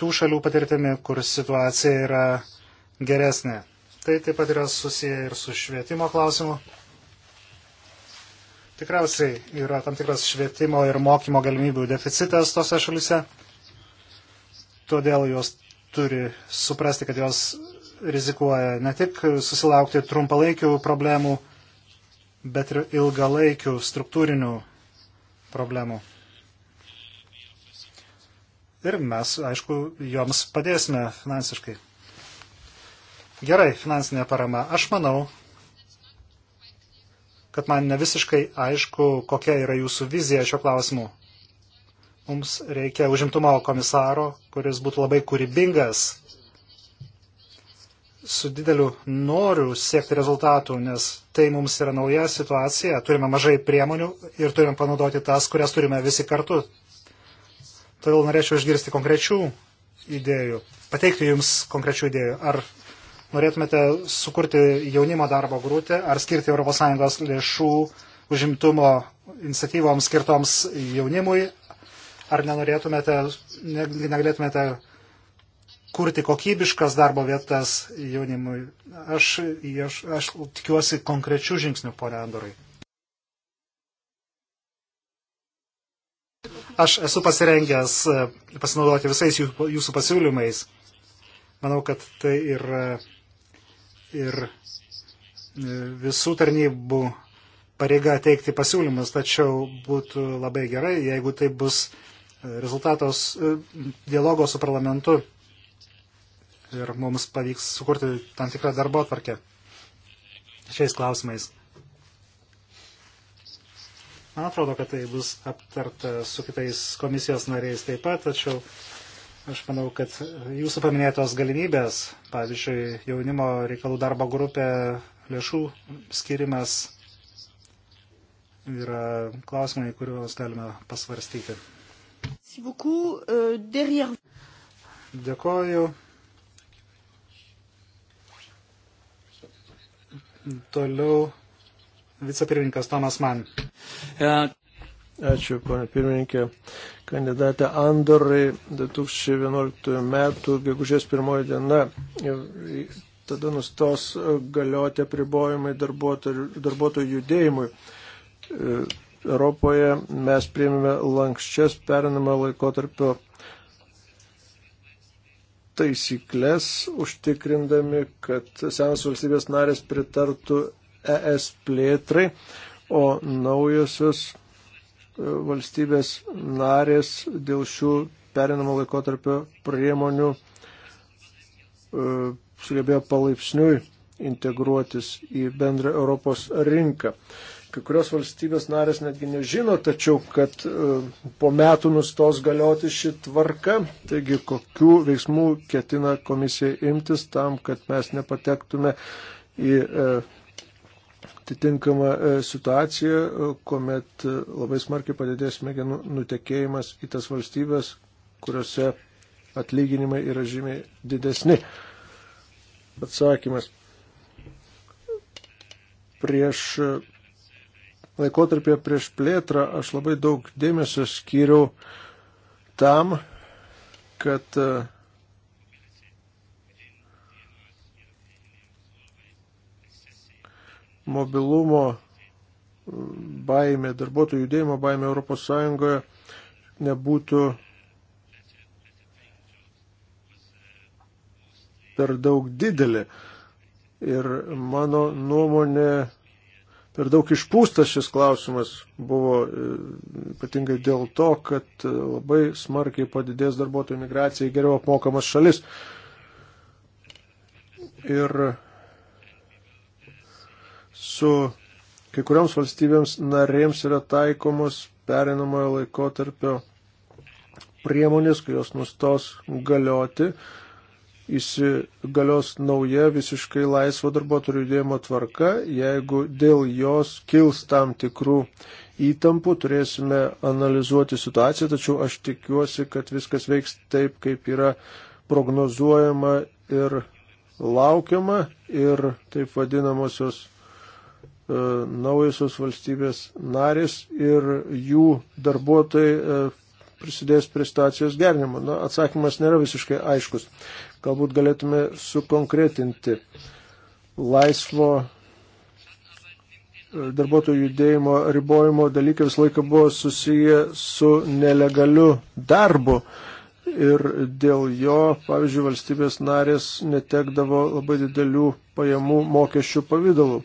tų šalių patirtimi, kur situacija yra geresnė. Tai taip pat yra susiję ir su švietimo klausimu. Tikriausiai yra tam tikras švietimo ir mokymo galimybių deficitas tose šalise, todėl jos turi suprasti, kad jos rizikuoja ne tik susilaukti trumpalaikių problemų, bet ir ilgalaikių struktūrinių problemų. Ir mes, aišku, joms padėsime finansiškai. Gerai, finansinė parama. Aš manau, kad man ne visiškai aišku, kokia yra jūsų vizija šio klausimu. Mums reikia užimtumo komisaro, kuris būtų labai kūrybingas, su dideliu noriu siekti rezultatų, nes tai mums yra nauja situacija, turime mažai priemonių ir turime panaudoti tas, kurias turime visi kartu. Todėl norėčiau išgirsti konkrečių idėjų, pateikti jums konkrečių idėjų. Ar norėtumėte sukurti jaunimo darbo grupę ar skirti ES lėšų užimtumo iniciatyvoms skirtoms jaunimui, ar nenorėtumėte, negalėtumėte kurti kokybiškas darbo vietas jaunimui. Aš, aš, aš tikiuosi konkrečių žingsnių, ponia Andorai. Aš esu pasirengęs e, pasinaudoti visais jūsų pasiūlymais. Manau, kad tai yra ir e, visų tarnybų pareiga teikti pasiūlymus, tačiau būtų labai gerai, jeigu tai bus e, rezultatos e, dialogo su parlamentu ir mums pavyks sukurti tam tikrą darbo atvarkę šiais klausimais. Man atrodo, kad tai bus aptarta su kitais komisijos nariais taip pat, tačiau Aš manau, kad jūsų paminėtos galimybės, pavyzdžiui, jaunimo reikalų darbo grupė lėšų skirimas yra klausimai, kuriuos galime pasvarstyti. Euh, Dėkoju. Toliau vicepirmininkas Tomas Mann. Ačiū, ponė pirmininkė. Kandidatė Andorai 2011 metų, gegužės pirmoji diena, tada nustos galioti apribojimai darbuotojų judėjimui. E, Europoje mes priėmėme lankščias perinamą laikotarpio taisyklės, užtikrindami, kad senos valstybės narės pritartų ES plėtrai, o naujosios E, valstybės narės dėl šių perinamo laikotarpio priemonių e, sugebėjo palaipsniui integruotis į bendrą Europos rinką. Kai kurios valstybės narės netgi nežino, tačiau, kad e, po metų nustos galioti ši tvarka, taigi kokių veiksmų ketina komisija imtis tam, kad mes nepatektume į atitinkama e, situacija, e, kuomet e, labai smarkiai padidės smegenų nutekėjimas į tas valstybės, kuriuose atlyginimai yra žymiai didesni. Atsakymas. Prieš laikotarpį prieš plėtrą aš labai daug dėmesio skyriau tam, kad mobilumo baimė, darbuotojų judėjimo baimė Europos Sąjungoje nebūtų per daug didelė. Ir mano nuomonė, per daug išpūstas šis klausimas buvo e, ypatingai dėl to, kad e, labai smarkiai padidės darbuotojų migracija į geriau apmokamas šalis. Ir su kai kurioms valstybėms narėms yra taikomos perinamojo laikotarpio priemonės, kai jos nustos galioti, įsigalios nauja visiškai laisvo darbuotojų judėjimo tvarka, jeigu dėl jos kils tam tikrų įtampų, turėsime analizuoti situaciją, tačiau aš tikiuosi, kad viskas veiks taip, kaip yra prognozuojama ir laukiama ir taip vadinamosios E, naujosios valstybės narės ir jų darbuotojai e, prisidės prie stacijos gerinimo? Na, atsakymas nėra visiškai aiškus. Galbūt galėtume sukonkretinti laisvo e, darbuotojų judėjimo ribojimo dalykai visą laiką buvo susiję su nelegaliu darbu. Ir dėl jo, pavyzdžiui, valstybės narės netekdavo labai didelių pajamų mokesčių pavydalų.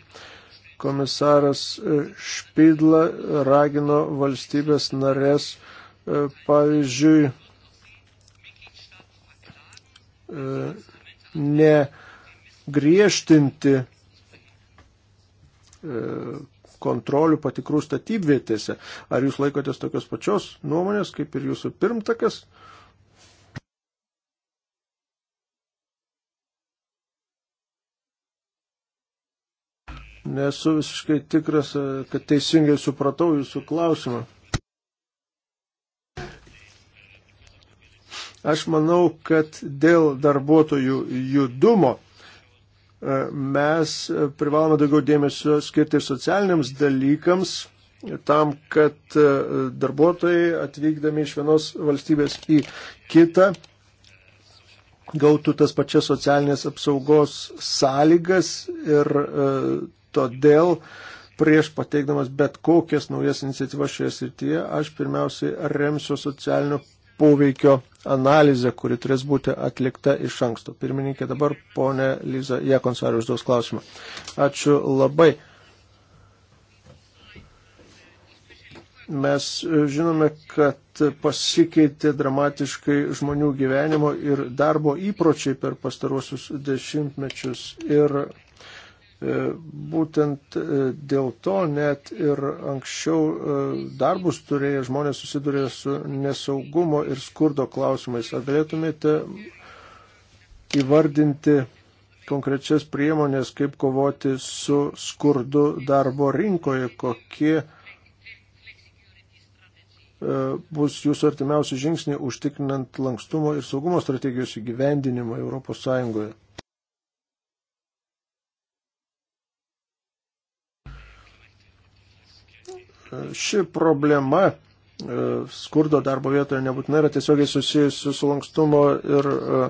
Komisaras e, Špidla ragino valstybės narės, e, pavyzdžiui, e, ne griežtinti kontrolių patikrų statybvietėse. Ar jūs laikotės tokios pačios nuomonės kaip ir jūsų pirmtakas? nesu visiškai tikras, kad teisingai supratau jūsų klausimą. Aš manau, kad dėl darbuotojų judumo e, mes privalome daugiau dėmesio skirti socialiniams dalykams, tam, kad e, darbuotojai atvykdami iš vienos valstybės į kitą gautų tas pačias socialinės apsaugos sąlygas ir e, Todėl prieš pateikdamas bet kokias naujas iniciatyvas šioje srityje, aš pirmiausiai remsiu socialinio poveikio analizę, kuri turės būti atlikta iš anksto. Pirmininkė, dabar ponė Liza Jekonsarė užduos klausimą. Ačiū labai. Mes žinome, kad pasikeitė dramatiškai žmonių gyvenimo ir darbo įpročiai per pastaruosius dešimtmečius ir E, būtent e, dėl to net ir anksčiau e, darbus turėję žmonės susidurė su nesaugumo ir skurdo klausimais. Ar galėtumėte įvardinti konkrečias priemonės, kaip kovoti su skurdu darbo rinkoje, kokie bus jūsų artimiausi žingsniai užtikrinant lankstumo ir saugumo strategijos įgyvendinimą Europos Sąjungoje? Ši problema e, skurdo darbo vietoje nebūtinai yra tiesiogiai susijusi su lankstumo ir e,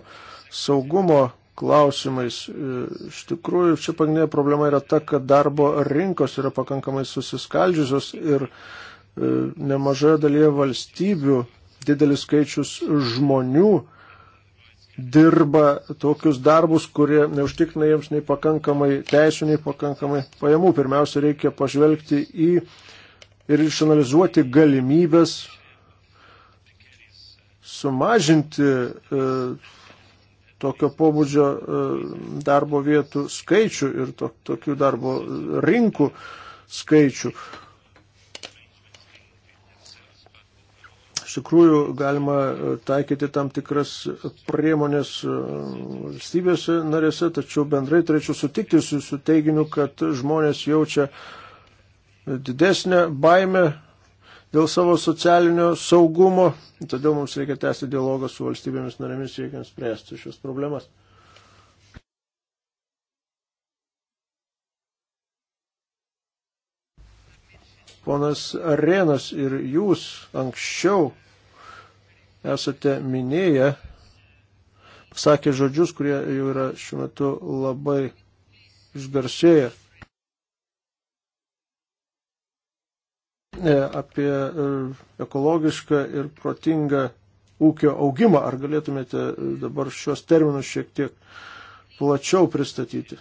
saugumo klausimais. E, iš tikrųjų, čia pagrindinė problema yra ta, kad darbo rinkos yra pakankamai susiskaldžiusios ir nemažoje dalyje valstybių didelis skaičius žmonių dirba tokius darbus, kurie neužtikrina jiems nei pakankamai teisų, nei pakankamai pajamų. Pirmiausia, reikia pažvelgti į uh, ir išanalizuoti galimybės sumažinti e, tokio pobūdžio e, darbo vietų skaičių ir to, tokių darbo rinkų skaičių. Iš tikrųjų, galima e, taikyti tam tikras priemonės e, valstybėse narėse, tačiau bendrai turėčiau sutikti su, su teiginiu, kad žmonės jaučia e, didesnę baimę dėl savo socialinio saugumo, todėl mums reikia tęsti dialogą su valstybėmis narėmis, siekiant spręsti šios problemas. Ponas Arenas ir jūs anksčiau esate minėję, pasakė žodžius, kurie jau yra šiuo metu labai išgarsėję. apie e, ekologišką ir protingą ūkio augimą. Ar galėtumėte e, dabar šios terminus šiek tiek plačiau pristatyti?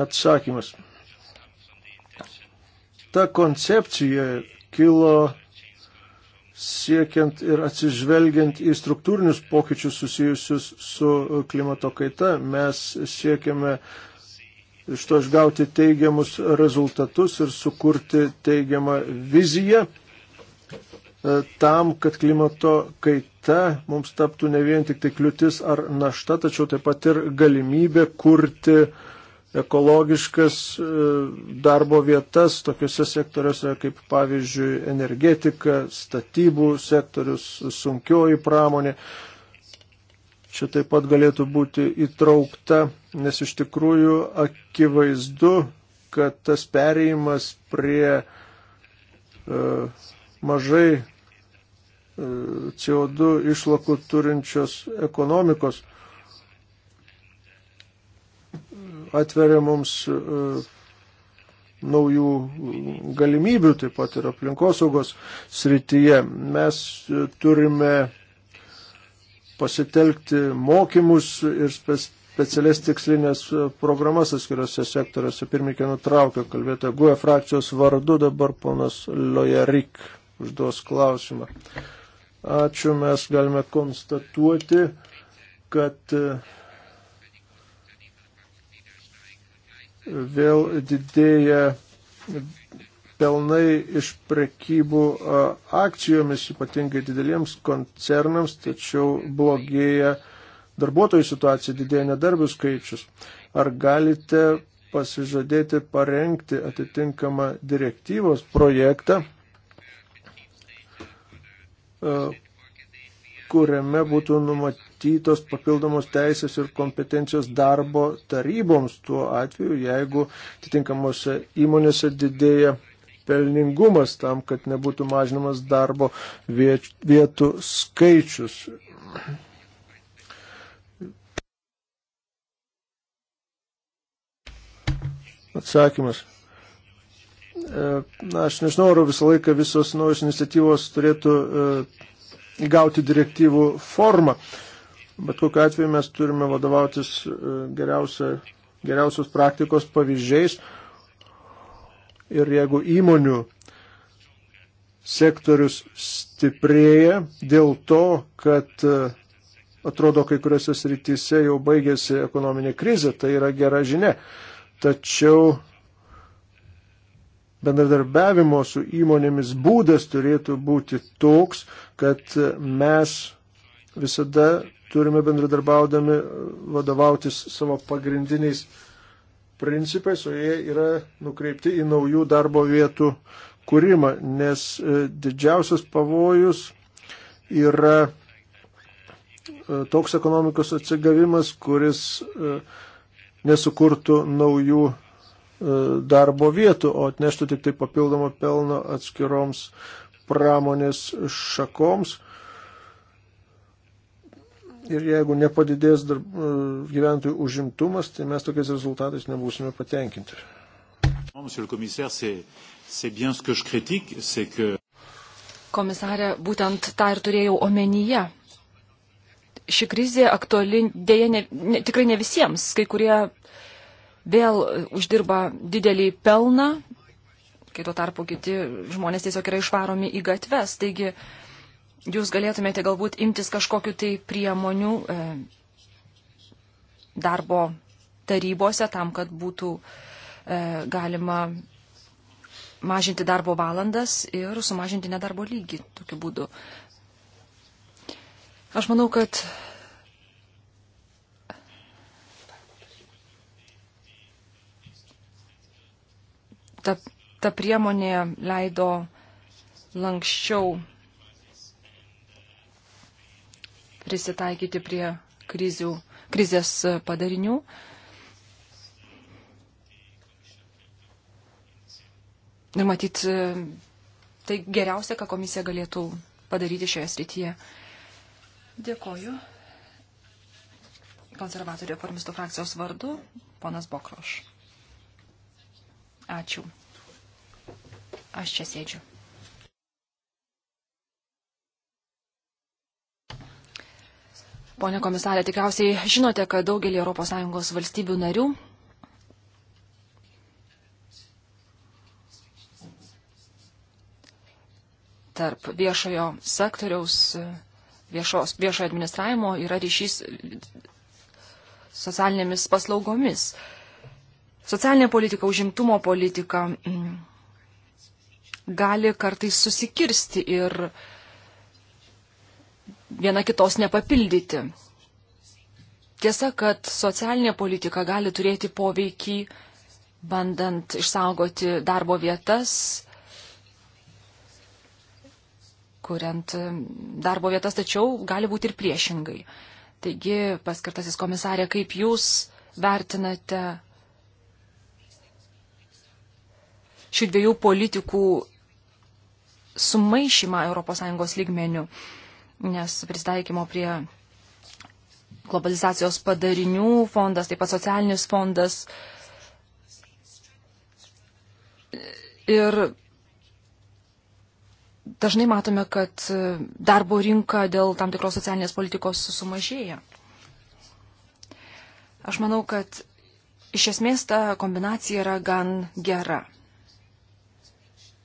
Atsakymas. Ta koncepcija kilo siekiant ir atsižvelgiant į struktūrinius pokyčius susijusius su klimato kaita. Mes siekiame uh, iš to išgauti teigiamus rezultatus ir sukurti teigiamą viziją e, tam, kad klimato kaita mums taptų ne vien tik tai kliūtis ar našta, tačiau taip pat ir galimybė kurti ekologiškas e, darbo vietas tokiuose sektoriuose, kaip pavyzdžiui energetika, statybų sektorius, sunkioji pramonė čia taip pat galėtų būti įtraukta, nes iš tikrųjų akivaizdu, kad tas pereimas prie uh, mažai uh, e, CO2 išlakų turinčios ekonomikos atveria mums uh, naujų galimybių, taip pat ir aplinkosaugos srityje. Mes turime pasitelkti mokymus ir specialias tikslinės e, programas atskiriuose sektoriuose. Pirmininkė nutraukė kalbėtą GUE frakcijos vardu, dabar ponas Lojarik užduos klausimą. Ačiū, mes galime konstatuoti, kad e, vėl didėja pelnai iš prekybų akcijomis, ypatingai dideliems koncernams, tačiau blogėja darbuotojų situacija, didėja nedarbių skaičius. Ar galite pasižadėti parengti atitinkamą direktyvos projektą, kuriame būtų numatytos papildomos teisės ir kompetencijos darbo taryboms tuo atveju, jeigu atitinkamose įmonėse didėja pelningumas tam, kad nebūtų mažinamas darbo vietų skaičius. Atsakymas. E, na, aš nežinau, ar visą laiką visos naujos iniciatyvos turėtų įgauti e, direktyvų formą, bet kokiu atveju mes turime vadovautis e, geriausia, geriausios praktikos pavyzdžiais, ir jeigu įmonių sektorius stiprėja dėl to, kad e, atrodo kai kuriuose srityse jau baigėsi ekonominė krizė, tai yra gera žinia. Tačiau bendradarbiavimo su įmonėmis būdas turėtų būti toks, kad mes visada turime bendradarbiaudami vadovautis savo pagrindiniais principais, o jie yra nukreipti į naujų darbo vietų kūrimą, nes e, didžiausias pavojus yra e, toks ekonomikos atsigavimas, kuris e, nesukurtų naujų darbo vietų, o atneštų tik tai papildomą pelną atskiroms pramonės šakoms ir jeigu nepadidės darb, e, gyventojų užimtumas, tai mes tokiais rezultatais nebūsime patenkinti. Komisarė, būtent tą ir turėjau omenyje. Ši krizė aktuali dėja ne, ne, tikrai ne visiems, kai kurie vėl uždirba didelį pelną, kai tuo tarpu kiti žmonės tiesiog yra išvaromi į gatves. Taigi, uh, jūs galėtumėte galbūt imtis kažkokiu tai priemonių e, darbo tarybose tam, kad būtų e, galima mažinti darbo valandas ir sumažinti nedarbo lygį tokiu būdu. Aš manau, kad ta, ta priemonė leido lankščiau prisitaikyti prie krizių, krizės padarinių. Ir matyt, tai geriausia, ką komisija galėtų padaryti šioje srityje. Dėkoju. Konservatorių reformistų frakcijos vardu, ponas Bokroš. Ačiū. Aš čia sėdžiu. Pone komisarė, tikriausiai žinote, kad daugelį ES valstybių narių tarp viešojo sektoriaus, viešos, viešojo administravimo yra ryšys socialinėmis paslaugomis. Socialinė politika, užimtumo politika mm, gali kartais susikirsti ir uh, viena kitos nepapildyti. Tiesa, kad socialinė politika gali turėti poveikį, bandant išsaugoti darbo vietas, kuriant darbo vietas, tačiau gali būti ir priešingai. Taigi, paskirtasis komisarė, kaip jūs vertinate šių dviejų politikų sumaišymą ES lygmenių? nes pristaikymo prie globalizacijos padarinių fondas, taip pat socialinis fondas. Ir dažnai matome, kad darbo rinka dėl tam tikros socialinės politikos sumažėja. Aš manau, kad iš esmės ta kombinacija yra gan gera.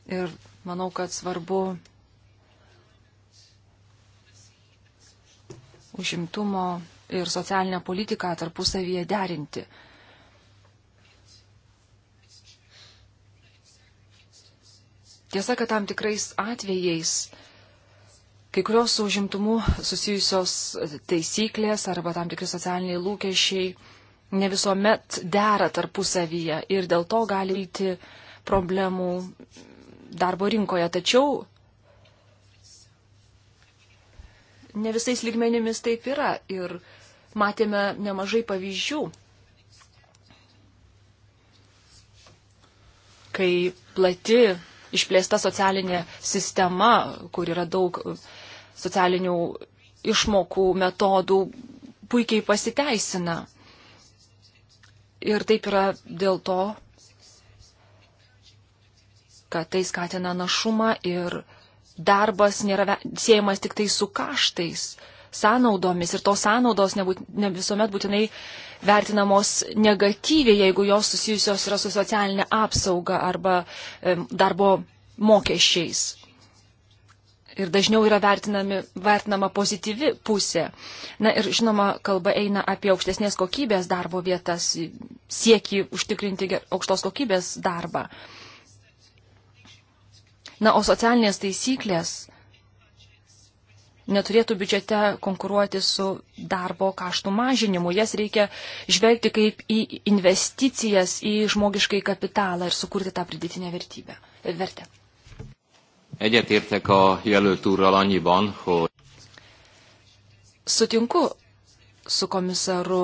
Ir manau, kad svarbu užimtumo ir socialinę politiką tarpusavyje derinti. Tiesa, kad tam tikrais atvejais kai kurios su užimtumu susijusios taisyklės arba tam tikri socialiniai lūkesčiai ne visuomet dera tarpusavyje ir dėl to gali kilti problemų darbo rinkoje. Tačiau ne visais lygmenimis taip yra ir matėme nemažai pavyzdžių, kai plati išplėsta socialinė sistema, kur yra daug socialinių išmokų metodų, puikiai pasiteisina. Ir taip yra dėl to, kad tai skatina našumą ir darbas nėra siejamas tik tai su kaštais, sąnaudomis ir tos sąnaudos nebūt, ne visuomet būtinai vertinamos negatyviai, jeigu jos susijusios yra su socialinė apsauga arba darbo mokesčiais. Ir dažniau yra vertinama pozityvi pusė. Na ir žinoma, kalba eina apie aukštesnės kokybės darbo vietas, sieki užtikrinti aukštos kokybės darbą. Uh, Na, o socialinės taisyklės neturėtų biudžete konkuruoti su darbo kaštų mažinimu. Jas reikia žvelgti kaip į investicijas į žmogiškai kapitalą ir sukurti tą pridėtinę vertybę, e, vertę. Egyetértek a jelölt úrral annyiban, hogy... Sutinku su komisaru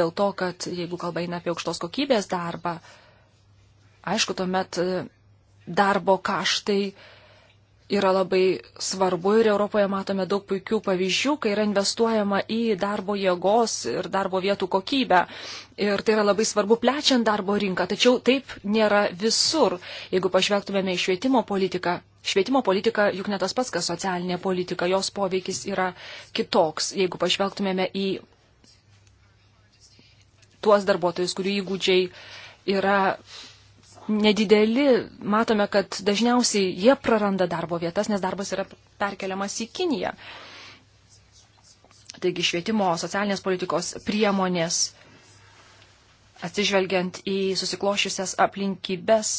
dėl to, kad jeigu kalba eina apie aukštos kokybės darbą, aišku, tuomet e, darbo kaštai yra labai svarbu ir Europoje matome daug puikių pavyzdžių, kai yra investuojama į darbo jėgos ir darbo vietų kokybę. Ir tai yra labai svarbu plečiant darbo rinką, tačiau taip nėra visur. Jeigu pažvelgtumėme į švietimo politiką, švietimo politika juk ne tas pats, kas socialinė politika, jos poveikis yra kitoks. Jeigu pažvelgtumėme į tuos darbuotojus, kurių įgūdžiai yra nedideli, matome, kad dažniausiai jie praranda darbo vietas, nes darbas yra perkeliamas į Kiniją. Taigi švietimo socialinės politikos priemonės, atsižvelgiant į susiklošiusias aplinkybės,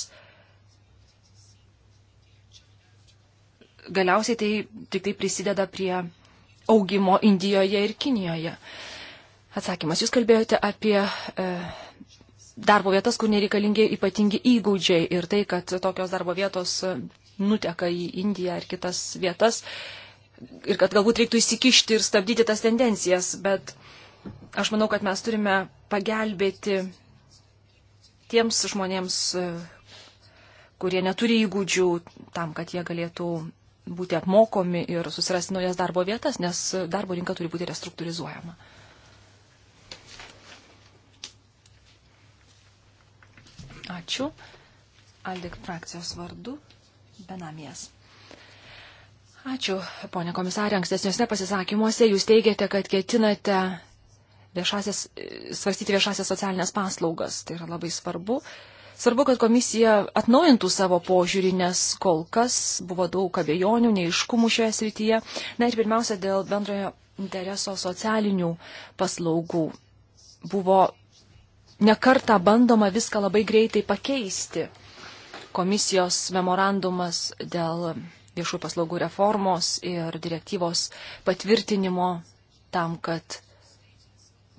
galiausiai tai tik tai prisideda prie augimo Indijoje ir Kinijoje. Atsakymas, jūs kalbėjote apie e, darbo vietas, kur nereikalingi ypatingi įgūdžiai ir tai, kad tokios darbo vietos nuteka į Indiją ar kitas vietas ir kad galbūt reiktų įsikišti ir stabdyti tas tendencijas, bet aš manau, kad mes turime pagelbėti tiems žmonėms, kurie neturi įgūdžių tam, kad jie galėtų būti apmokomi ir susirasti naujas darbo vietas, nes darbo rinka turi būti restruktūrizuojama. Ačiū. Aldik frakcijos vardu Benamies. Ačiū, ponė komisarė. Ankstesniuose pasisakymuose jūs teigiate, kad ketinate viešasis, svarstyti viešasias socialinės paslaugas. Tai yra labai svarbu. Svarbu, kad komisija atnaujintų savo požiūrį, nes kol kas buvo daug abejonių, neiškumų šioje srityje. Na ir pirmiausia, dėl bendrojo intereso socialinių paslaugų buvo nekarta bandoma viską labai greitai pakeisti. Komisijos memorandumas dėl viešų paslaugų reformos ir direktyvos patvirtinimo tam, kad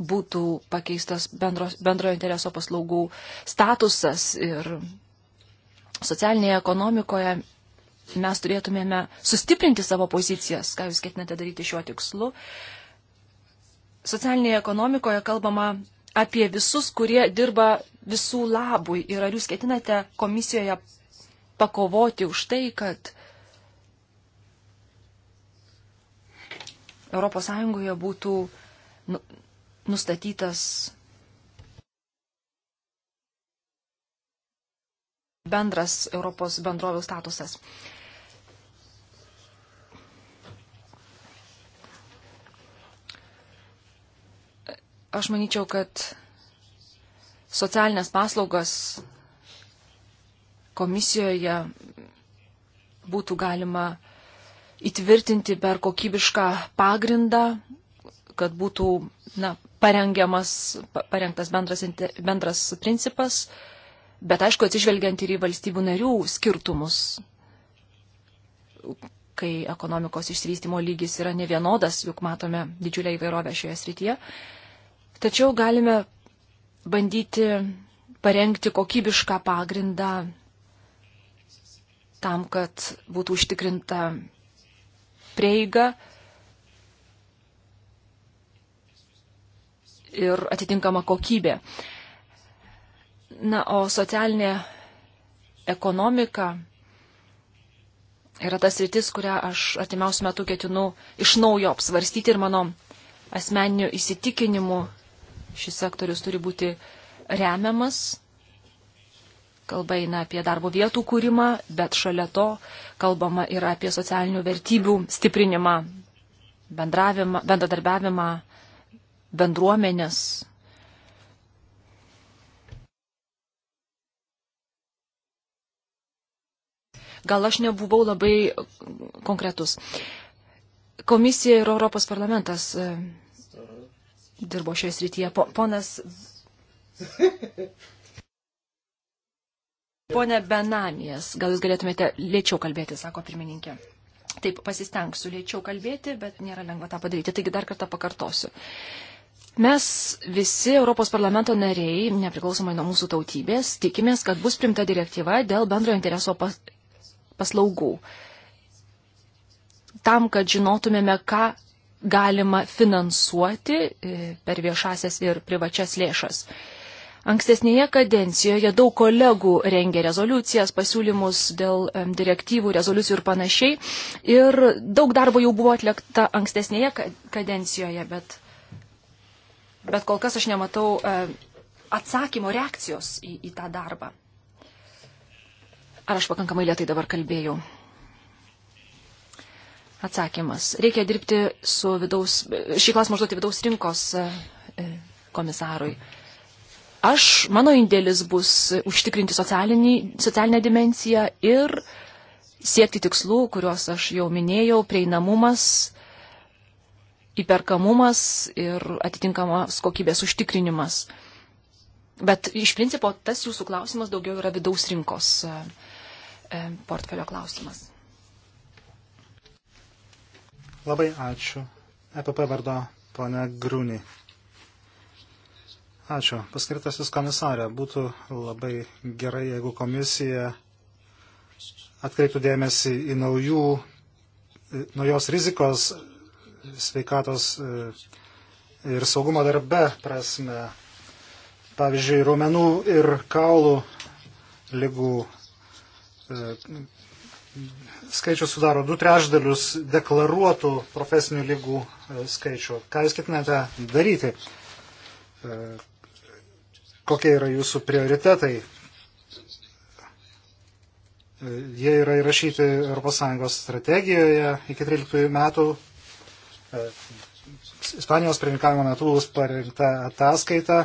būtų pakeistas bendro, bendrojo intereso paslaugų statusas ir socialinėje ekonomikoje mes turėtumėme sustiprinti savo pozicijas, ką jūs ketinate daryti šiuo tikslu. Socialinėje ekonomikoje kalbama apie visus, kurie dirba visų labui. Ir ar jūs ketinate komisijoje pakovoti už tai, kad ES būtų nu, nustatytas bendras Europos bendrovių statusas. Aš manyčiau, kad socialinės paslaugas komisijoje būtų galima įtvirtinti per kokybišką pagrindą, kad būtų na, parengiamas, parengtas bendras, bendras principas, bet aišku, atsižvelgiant ir į valstybių narių skirtumus, kai ekonomikos išsivystymo lygis yra nevienodas, juk matome didžiulę įvairovę šioje srityje. Uh, Tačiau galime bandyti parengti kokybišką pagrindą tam, kad būtų užtikrinta prieiga ir atitinkama kokybė. Na, o socialinė ekonomika yra tas rytis, kurią aš artimiausiu metu ketinu iš naujo apsvarstyti ir mano asmeniniu įsitikinimu šis sektorius turi būti remiamas. Kalba eina apie darbo vietų kūrimą, bet šalia to kalbama ir apie socialinių vertybių stiprinimą, bendradarbiavimą, bendruomenės gal aš nebuvau labai konkretus. Komisija ir Europos parlamentas dirbo šioje srityje. Po, ponas. Pone Benamijas, gal jūs galėtumėte lėčiau kalbėti, sako pirmininkė. Taip, pasistengsiu lėčiau kalbėti, bet nėra lengva tą padaryti. Taigi dar kartą pakartosiu. Mes visi Europos parlamento nariai, nepriklausomai nuo mūsų tautybės, tikimės, kad bus primta direktyva dėl bendrojo intereso pas, paslaugų. Tam, kad žinotumėme, ką galima finansuoti e, per viešasias ir privačias lėšas. Ankstesnėje kadencijoje daug kolegų rengė rezoliucijas, pasiūlymus dėl direktyvų, rezoliucijų ir panašiai. Ir daug darbo jau buvo atlikta ankstesnėje kadencijoje, bet, bet kol kas aš nematau e, atsakymo reakcijos į, į tą darbą. Ar aš pakankamai lietai dabar kalbėjau? Atsakymas. Reikia dirbti su vidaus, šį klausimą užduoti vidaus rinkos e, e, komisarui. Aš, mano indėlis bus užtikrinti socialinę dimenciją ir siekti tikslų, kuriuos aš jau minėjau, prieinamumas, įperkamumas ir atitinkamas kokybės užtikrinimas. Bet iš principo tas jūsų klausimas daugiau yra vidaus rinkos e, portfelio klausimas. Labai ačiū. EPP vardo ponia Grūni. Ačiū. Paskirtasis komisarė, būtų labai gerai, jeigu komisija atkreiptų dėmesį į naujų, naujos rizikos sveikatos e, ir saugumo darbe prasme. Pavyzdžiui, raumenų ir kaulų lygų e, skaičius sudaro du trešdalius deklaruotų profesinių lygų e, skaičių. Ką jūs ketinate daryti? E, kokie yra jūsų prioritetai? E, jie yra įrašyti ES strategijoje iki 13 metų. Ispanijos pirmininkavimo metu bus parengta ataskaita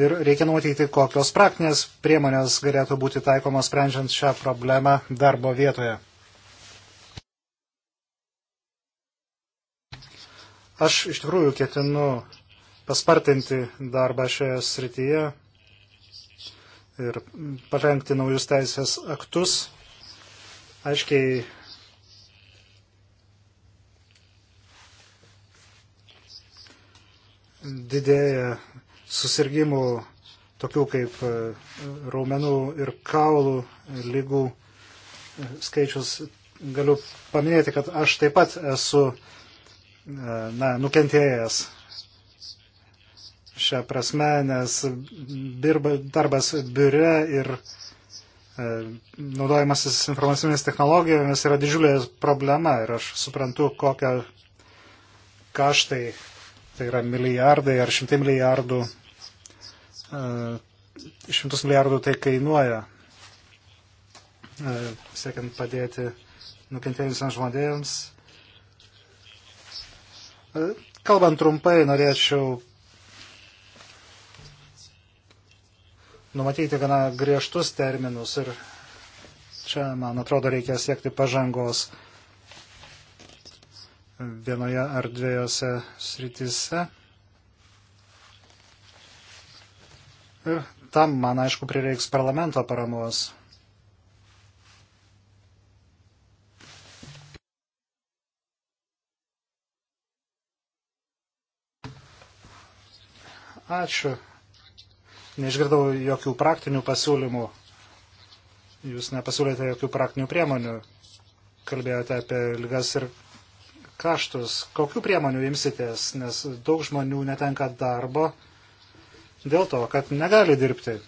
ir reikia numatyti, kokios praktinės priemonės galėtų būti taikomas sprendžiant šią problemą darbo vietoje. Aš iš tikrųjų ketinu paspartinti darbą šioje srityje ir parengti naujus teisės aktus, aiškiai didėja susirgymų tokių kaip e, raumenų ir kaulų lygų e, skaičius. Galiu paminėti, kad aš taip pat esu na, nukentėjęs šią prasme, nes dirba, darbas biure ir e, naudojimasis informacinėmis technologijomis yra didžiulė problema ir aš suprantu, kokią kaštai, tai yra milijardai ar šimtai milijardų, e, šimtus milijardų tai kainuoja, e, siekiant padėti nukentėjusiems žmonėms Kalbant trumpai, norėčiau numatyti gana griežtus terminus ir čia, man atrodo, reikia siekti pažangos vienoje ar dviejose sritise. Ir tam man, aišku, prireiks parlamento paramos. Ačiū. Neišgirdau jokių praktinių pasiūlymų. Jūs nepasiūlėte jokių praktinių priemonių. Kalbėjote apie lygas ir kaštus. Kokių priemonių imsitės, nes daug žmonių netenka darbo dėl to, kad negali dirbti.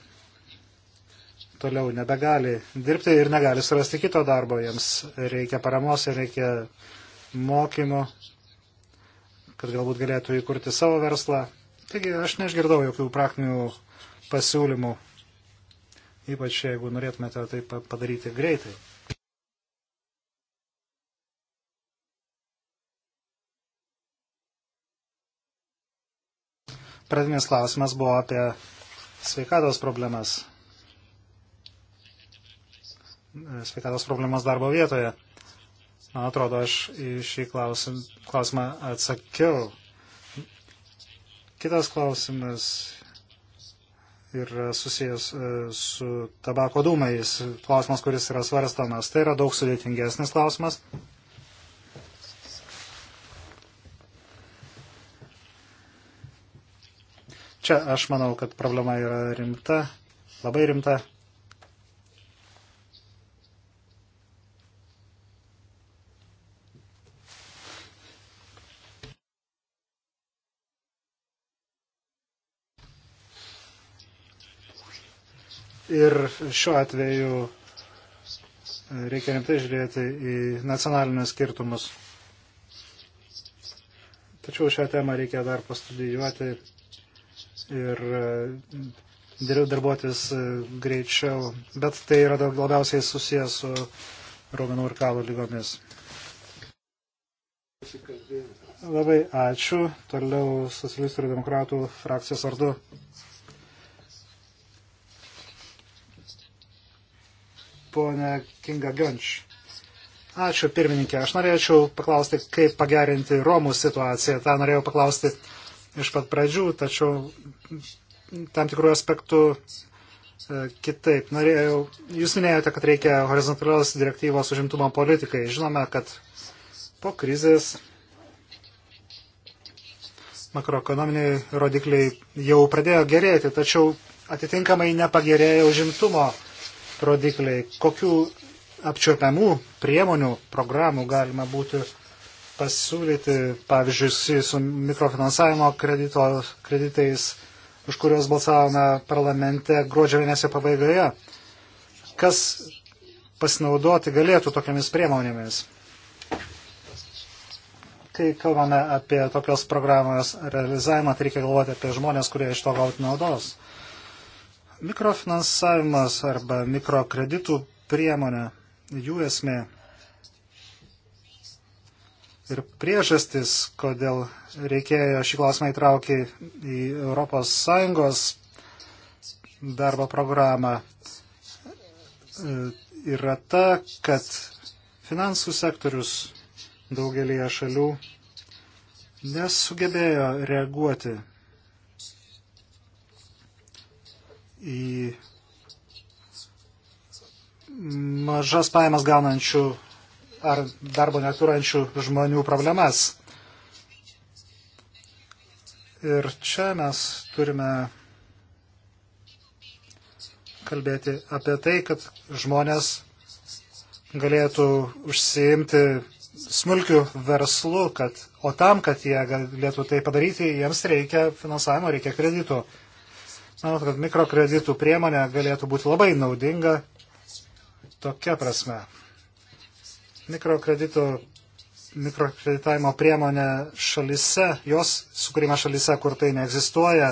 Toliau nebegali dirbti ir negali surasti kito darbo. Jiems reikia paramos ir reikia mokymo, kad galbūt galėtų įkurti savo verslą. Taigi aš neišgirdau jokių praktinių pasiūlymų, ypač jeigu norėtumėte tai padaryti greitai. Pradinis klausimas buvo apie sveikatos problemas. Sveikatos problemas darbo vietoje. Man atrodo, aš į šį klausimą atsakiau. Kitas klausimas yra susijęs e, su tabako dūmais. Klausimas, kuris yra svarstamas. Tai yra daug sudėtingesnis klausimas. Čia aš manau, kad problema yra rimta, labai rimta. Ir šiuo atveju reikia rimtai žiūrėti į nacionalinius skirtumus. Tačiau šią temą reikia dar pastudijuoti ir e, darbuotis e, greičiau, bet tai yra daug labiausiai susijęs su raumenų ir kalų lygomis. Labai ačiū. Toliau socialistų ir demokratų frakcijos vardu ponę Kinga Gönč. Ačiū pirmininkė. Aš norėčiau paklausti, kaip pagerinti Romų situaciją. Ta norėjau paklausti iš pat pradžių, tačiau tam tikrų aspektų e, kitaip. Norėjau, jūs minėjote, kad reikia horizontalios direktyvos užimtumo politikai. Žinome, kad po krizės makroekonominiai rodikliai jau pradėjo gerėti, tačiau atitinkamai nepagerėjo užimtumo rodikliai, kokių apčiopiamų priemonių, programų galima būtų pasiūlyti, pavyzdžiui, su mikrofinansavimo kredito, kreditais, už kuriuos balsavome parlamente gruodžio mėnesio pabaigoje. Kas pasinaudoti galėtų tokiamis priemonėmis? Kai kalbame apie tokios programos realizavimą, tai reikia galvoti apie žmonės, kurie iš to gauti naudos. Mikrofinansavimas arba mikrokreditų priemonė, jų esmė ir priežastis, kodėl reikėjo šį klausimą įtraukti į ES darbo programą, e, yra ta, kad finansų sektorius daugelįje šalių nesugebėjo reaguoti į mažas pajamas gaunančių ar darbo neturančių žmonių problemas. Ir čia mes turime kalbėti apie tai, kad žmonės galėtų užsiimti smulkių verslų, kad, o tam, kad jie galėtų tai padaryti, jiems reikia finansavimo, reikia kreditų. Manau, kad mikrokreditų priemonė galėtų būti labai naudinga tokia prasme. Mikrokreditų, mikrokreditavimo priemonė šalise, jos sukūrimas šalise, kur tai neegzistuoja,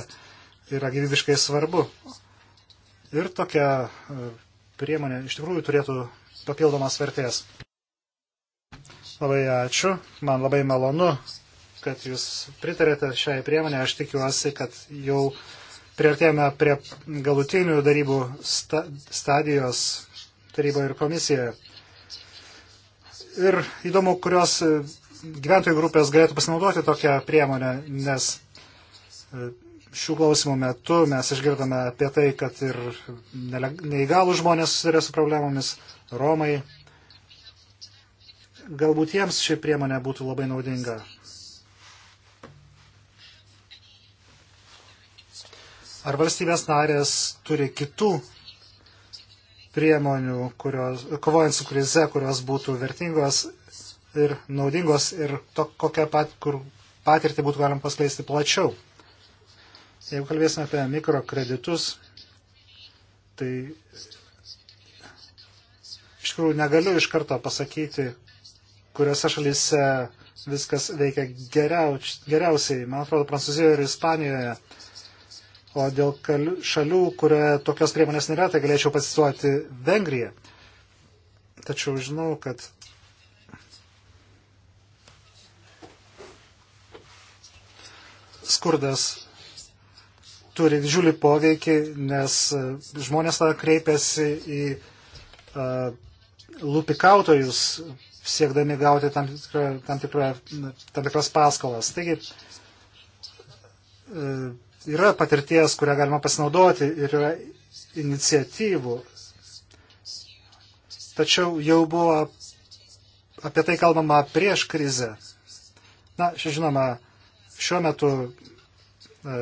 yra gyvybiškai svarbu. Ir tokia e, priemonė iš tikrųjų turėtų papildomas vertės. Labai ačiū, man labai malonu, kad jūs pritarėte šiai priemonė. Aš tikiuosi, kad jau Priartėjome prie galutinių darybų sta stadijos taryba ir komisija. Ir įdomu, kurios e, gyventojų grupės galėtų pasinaudoti tokią priemonę, nes e, šių klausimų metu mes išgirdome apie tai, kad ir neįgalų žmonės susiduria su problemomis, Romai. Galbūt jiems ši priemonė būtų labai naudinga. Ar valstybės narės turi kitų priemonių, kurios, kovojant su krize, kurios būtų vertingos ir naudingos ir to, kokią pat, kur patirtį būtų galima paskleisti plačiau. Jeigu kalbėsime apie mikrokreditus, tai iš tikrųjų negaliu iš karto pasakyti, kuriuose šalyse viskas veikia geriau, geriausiai. Man atrodo, Prancūzijoje ir Ispanijoje O dėl šalių, kurioje tokios priemonės nėra, tai galėčiau pasisuoti Vengriją. Tačiau žinau, kad skurdas turi didžiulį poveikį, nes e, žmonės tada kreipiasi į uh, lupikautojus, siekdami gauti tam, tikrą, tam, tikrą, tam tikras paskolas. Taigi, uh, Yra patirties, kurią galima pasinaudoti ir yra iniciatyvų. Tačiau jau buvo apie tai kalbama prieš krizę. Na, žinoma, šiuo metu e,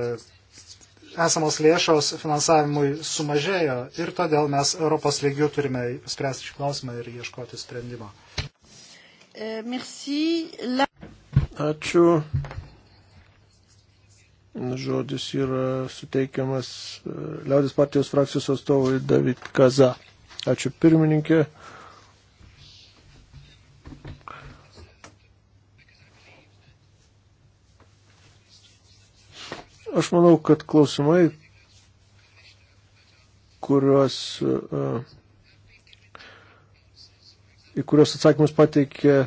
esamos lėšos finansavimui sumažėjo ir todėl mes Europos lygių turime spręsti šį klausimą ir ieškoti sprendimo. E, Ačiū žodis yra suteikiamas e, Liaudės partijos frakcijos atstovui David Kaza. Ačiū pirmininkė. Aš manau, kad klausimai, kuriuos, e, į kuriuos atsakymus pateikė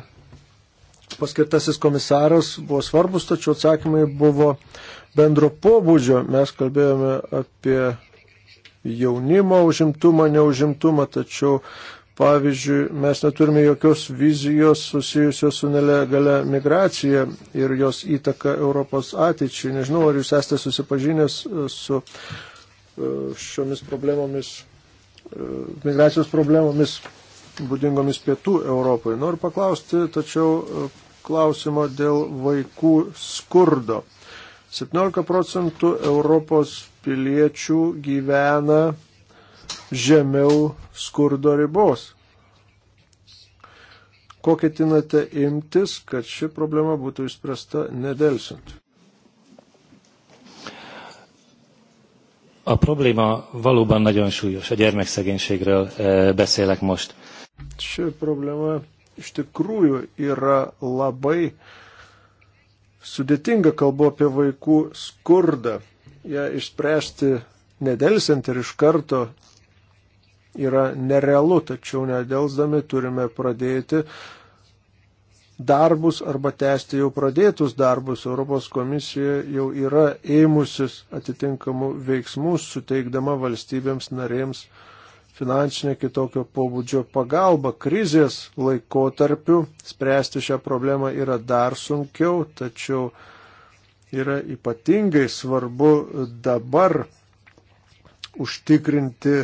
paskirtasis komisaras buvo svarbus, tačiau atsakymai buvo bendro pobūdžio. Mes kalbėjome apie jaunimo užimtumą, neužimtumą, tačiau, pavyzdžiui, mes neturime jokios vizijos susijusios su nelegale migracija ir jos įtaka Europos ateičiai. Nežinau, ar jūs esate susipažinęs e, su e, šiomis problemomis, e, migracijos problemomis būdingomis pietų Europoje. Noriu paklausti, tačiau e, klausimo dėl vaikų skurdo. 17 procentų Europos piliečių gyvena žemiau skurdo ribos. Ko ketinate imtis, kad ši problema būtų išspręsta nedelsint? A probléma valóban nagyon súlyos. A gyermekszegénységről e, beszélek most. Ši problema iš tikrųjų yra labai sudėtinga, kalbu apie vaikų skurdą. Ja išspręsti nedelsiant ir iš karto yra nerealu, tačiau nedelsdami turime pradėti darbus arba tęsti jau pradėtus darbus. Europos komisija jau yra ėmusis atitinkamų veiksmų, suteikdama valstybėms narėms uh, finansinė kitokio pobūdžio pagalba. Krizės laikotarpiu spręsti šią problemą yra dar sunkiau, tačiau yra ypatingai svarbu dabar užtikrinti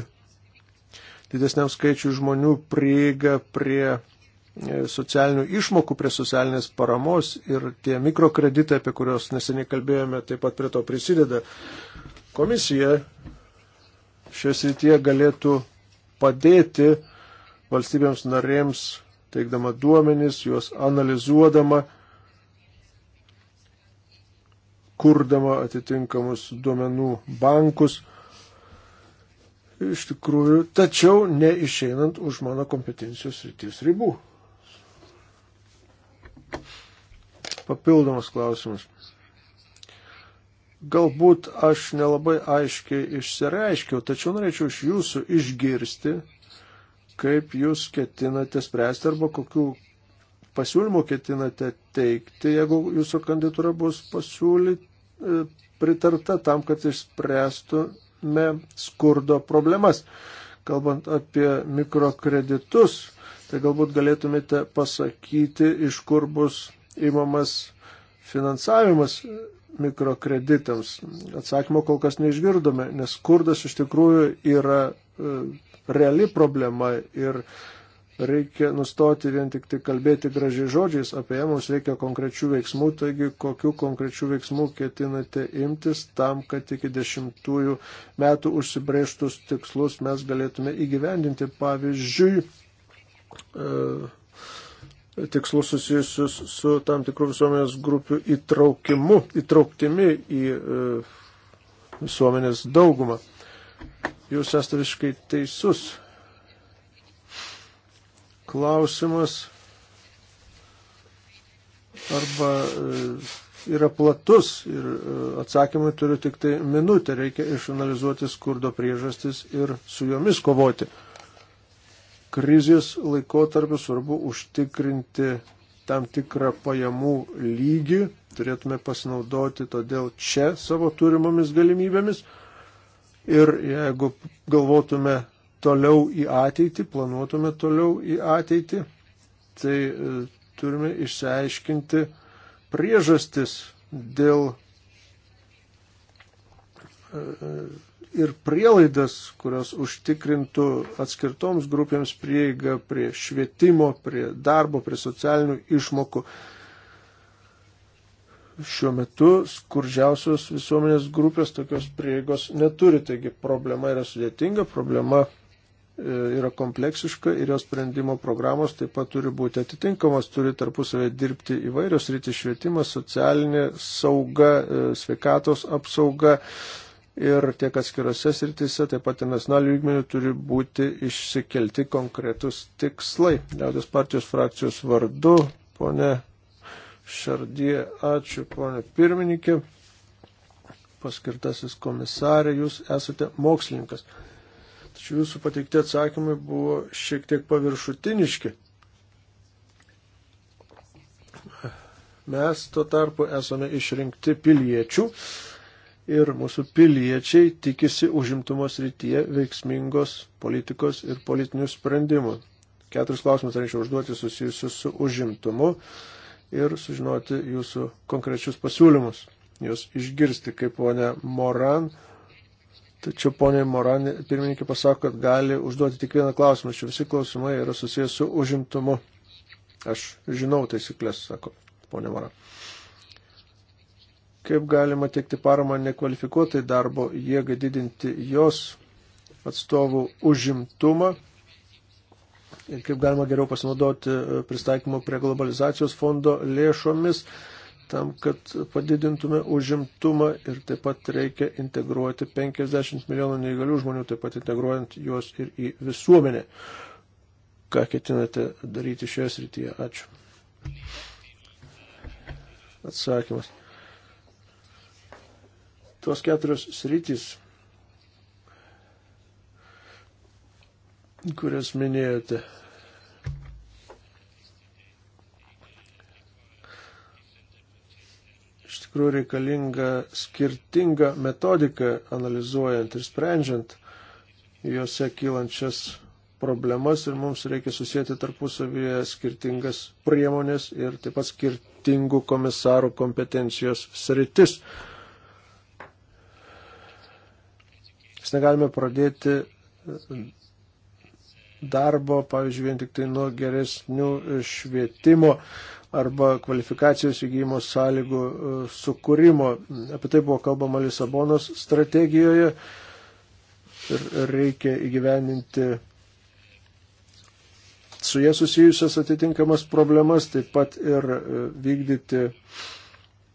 didesniam skaičiu žmonių prieigą prie e, socialinių išmokų, prie socialinės paramos ir tie mikrokreditai, apie kuriuos neseniai kalbėjome, taip pat prie to prisideda. Komisija šią srityje galėtų padėti valstybėms narėms, teikdama duomenis, juos analizuodama, kurdama atitinkamus duomenų bankus. Iš tikrųjų, tačiau neišeinant už mano kompetencijos rytis ribų. Papildomas klausimas. Galbūt aš nelabai aiškiai išsireiškiau, tačiau norėčiau iš jūsų išgirsti, kaip jūs ketinate spręsti arba kokių pasiūlymų ketinate teikti, jeigu jūsų kandidatūra bus pasiūlyta, e, pritarta tam, kad išspręstume skurdo problemas. Kalbant apie mikrokreditus, tai galbūt galėtumėte pasakyti, iš kur bus įmamas finansavimas mikrokreditams? Atsakymo kol kas neišgirdome, nes skurdas iš tikrųjų yra e, reali problema ir reikia nustoti vien tik tai kalbėti gražiai žodžiais apie ją, mums reikia konkrečių veiksmų, taigi kokiu konkrečiu veiksmu ketinate imtis tam, kad iki dešimtųjų metų užsibrėžtus tikslus mes galėtume įgyvendinti. Pavyzdžiui, e, tikslus susijusius su tam tikrų visuomenės grupių įtraukimu, įtrauktimi į e, visuomenės daugumą. Jūs esate visiškai teisus. Klausimas arba e, yra platus ir e, atsakymui turiu tik tai minutę, reikia išanalizuoti skurdo priežastis ir su jomis kovoti krizės laikotarpiu svarbu užtikrinti tam tikrą pajamų lygį, turėtume pasinaudoti todėl čia savo turimomis galimybėmis. Ir jeigu galvotume toliau į ateitį, planuotume toliau į ateitį, tai e, turime išsiaiškinti priežastis dėl e, e, ir prielaidas, kurios užtikrintų atskirtoms grupėms prieigą prie švietimo, prie darbo, prie socialinių išmokų. Šiuo metu skurdžiausios visuomenės grupės tokios prieigos neturi, taigi problema yra sudėtinga, problema e, yra kompleksiška ir jos sprendimo programos taip pat turi būti atitinkamos, turi tarpusavę dirbti įvairios rytis švietimas, socialinė sauga, e, sveikatos apsauga, ir tiek atskirose srityse, taip pat ir nacionalinių lygmenių turi būti išsikelti konkretus tikslai. Liaudės partijos frakcijos vardu, ponė Šardie, ačiū ponė pirmininkė, paskirtasis komisarė, jūs esate mokslininkas. Tačiau jūsų pateikti atsakymai buvo šiek tiek paviršutiniški. Mes tuo tarpu esame išrinkti piliečių ir mūsų piliečiai tikisi užimtumos rytyje veiksmingos politikos ir politinių sprendimų. Keturis klausimus reikia užduoti susijusius su užimtumu ir sužinoti jūsų konkrečius pasiūlymus, juos išgirsti kaip ponia Moran. Tačiau ponia Moran pirmininkė pasako, kad gali užduoti tik vieną klausimą. Čia visi klausimai yra susijęs su užimtumu. Aš žinau taisyklės, sako ponia Moran. Kaip galima teikti paramą nekvalifikuotai darbo jėgai didinti jos atstovų užimtumą ir kaip galima geriau pasinaudoti e, pristaikymo prie globalizacijos fondo lėšomis tam, kad padidintume užimtumą ir taip pat reikia integruoti 50 milijonų neįgalių žmonių, taip pat integruojant juos ir į visuomenę. Ką ketinate daryti šioje srityje? Ačiū. Atsakymas. Tuos keturios sritys, kurias minėjote. Iš tikrųjų reikalinga skirtinga metodika analizuojant ir sprendžiant juose kylančias problemas ir mums reikia susijęti tarpusavyje skirtingas priemonės ir taip pat skirtingų komisarų kompetencijos sritis. Mes negalime pradėti e, darbo, pavyzdžiui, vien tik tai nuo geresnių e, švietimo arba kvalifikacijos įgyjimo sąlygų e, sukūrimo. Apie tai buvo kalbama Lisabonos strategijoje ir reikia įgyveninti su jie susijusias atitinkamas problemas, taip pat ir vykdyti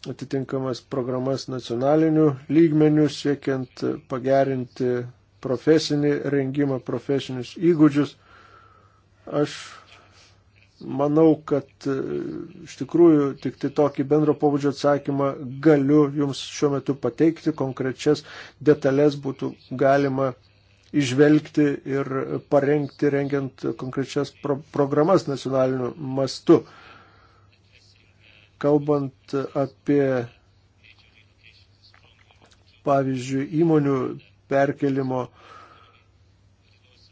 atitinkamas programas nacionaliniu lygmeniu, siekiant pagerinti profesinį rengimą, profesinius įgūdžius. Aš manau, kad e, iš tikrųjų tik tai tokį bendro pobūdžio atsakymą galiu jums šiuo metu pateikti, konkrečias detalės būtų galima išvelgti ir parengti, rengiant konkrečias pro programas nacionaliniu mastu kalbant apie, pavyzdžiui, įmonių perkelimo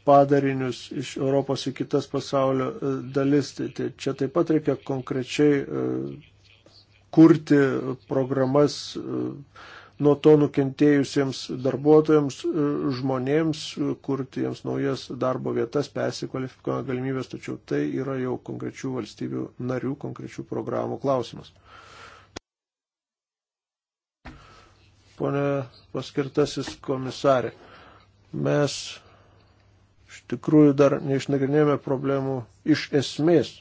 padarinius iš Europos į kitas pasaulio e, dalis. Tai, tai čia taip pat reikia konkrečiai e, kurti programas e, nuo to nukentėjusiems darbuotojams, e, žmonėms, e, kurti jiems naujas darbo vietas, persikvalifikuojant galimybės, tačiau tai yra jau konkrečių valstybių narių, konkrečių programų klausimas. Pone paskirtasis komisarė, mes iš tikrųjų dar neišnagrinėjome problemų iš esmės.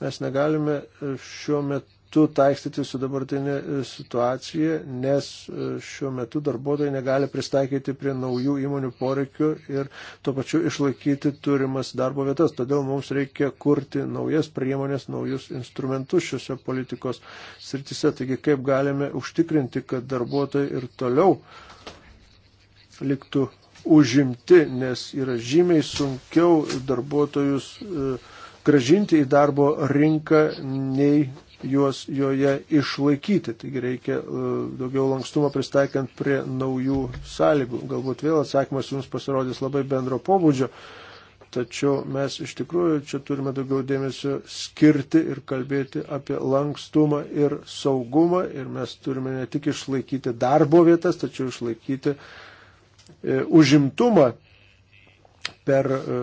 Mes negalime e, šiuo metu metu taikstyti su dabartinė e, situacija, nes e, šiuo metu darbuotojai negali pristaikyti prie naujų įmonių poreikių ir tuo pačiu išlaikyti turimas darbo vietas. Todėl mums reikia kurti naujas priemonės, naujus instrumentus šiuose politikos srityse. Taigi kaip galime užtikrinti, kad darbuotojai ir toliau liktų užimti, nes yra žymiai sunkiau darbuotojus e, gražinti į darbo rinką, nei juos joje išlaikyti. Taigi reikia e, daugiau lankstumo pristaikant prie naujų sąlygų. Galbūt vėl atsakymas jums pasirodys labai bendro pobūdžio, tačiau mes iš tikrųjų čia turime daugiau dėmesio skirti ir kalbėti apie lankstumą ir saugumą. Ir mes turime ne tik išlaikyti darbo vietas, tačiau išlaikyti e, užimtumą per. E,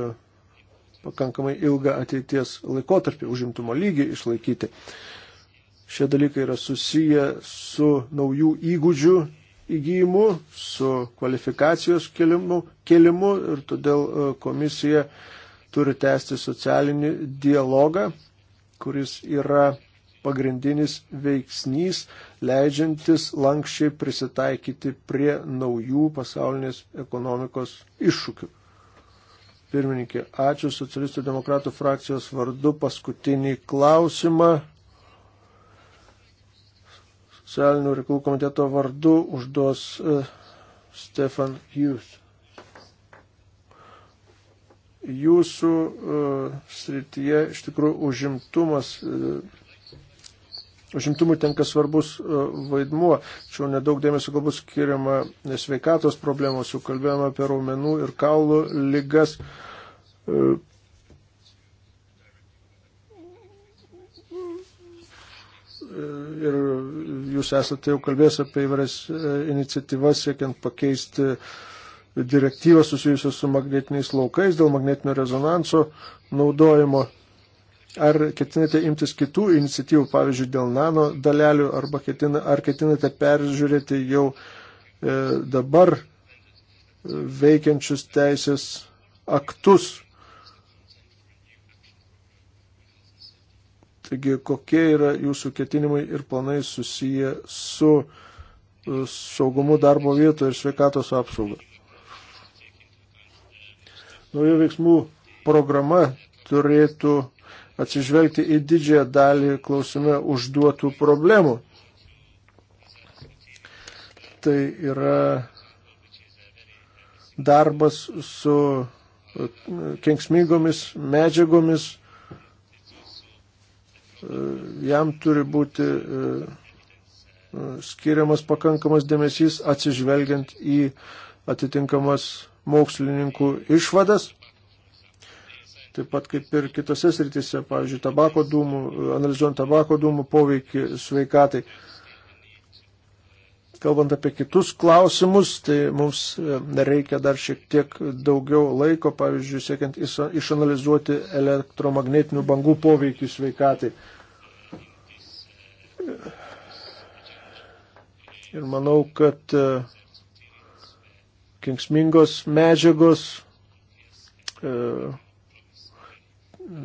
pakankamai ilgą ateities laikotarpį užimtumo lygį išlaikyti. Uh, Šie dalykai yra susiję su naujų įgūdžių įgyjimu, su kvalifikacijos kelimu, kelimu ir todėl e, komisija turi tęsti socialinį dialogą, kuris yra pagrindinis veiksnys, leidžiantis lankščiai prisitaikyti prie naujų pasaulinės ekonomikos iššūkių. Pirmininkė, ačiū socialistų demokratų frakcijos vardu paskutinį klausimą socialinių reikalų komiteto vardu užduos uh, Stefan Hughes. Jūsų uh, srityje iš tikrųjų užimtumas, uh, e, užimtumų tenka svarbus uh, vaidmuo, čia nedaug dėmesio galbūt skiriama sveikatos problemos, jau kalbėjome apie raumenų ir kaulų lygas. Uh, ir jūs esate jau kalbės apie įvairias e, iniciatyvas siekiant pakeisti direktyvą susijusią su magnetiniais laukais dėl magnetinio rezonanso naudojimo. Ar ketinate imtis kitų iniciatyvų, pavyzdžiui, dėl nano dalelių, arba ketina, ar ketinate peržiūrėti jau e, dabar veikiančius teisės aktus Taigi, kokie yra jūsų ketinimai ir planai susiję su e, saugumu darbo vietoje ir sveikatos apsauga? Naujų veiksmų programa turėtų atsižvelgti į didžiąją dalį klausime užduotų problemų. Tai yra darbas su e, kenksmingomis medžiagomis, E, jam turi būti e, e, skiriamas pakankamas dėmesys atsižvelgiant į atitinkamas mokslininkų išvadas. Taip pat kaip ir kitose srityse, pavyzdžiui, tabako dūmų, analizuojant tabako dūmų poveikį sveikatai. Kalbant apie kitus klausimus, tai mums e, reikia dar šiek tiek daugiau laiko, pavyzdžiui, siekiant išanalizuoti elektromagnetinių bangų poveikį sveikatai. Ir manau, kad e, kenksmingos medžiagos e,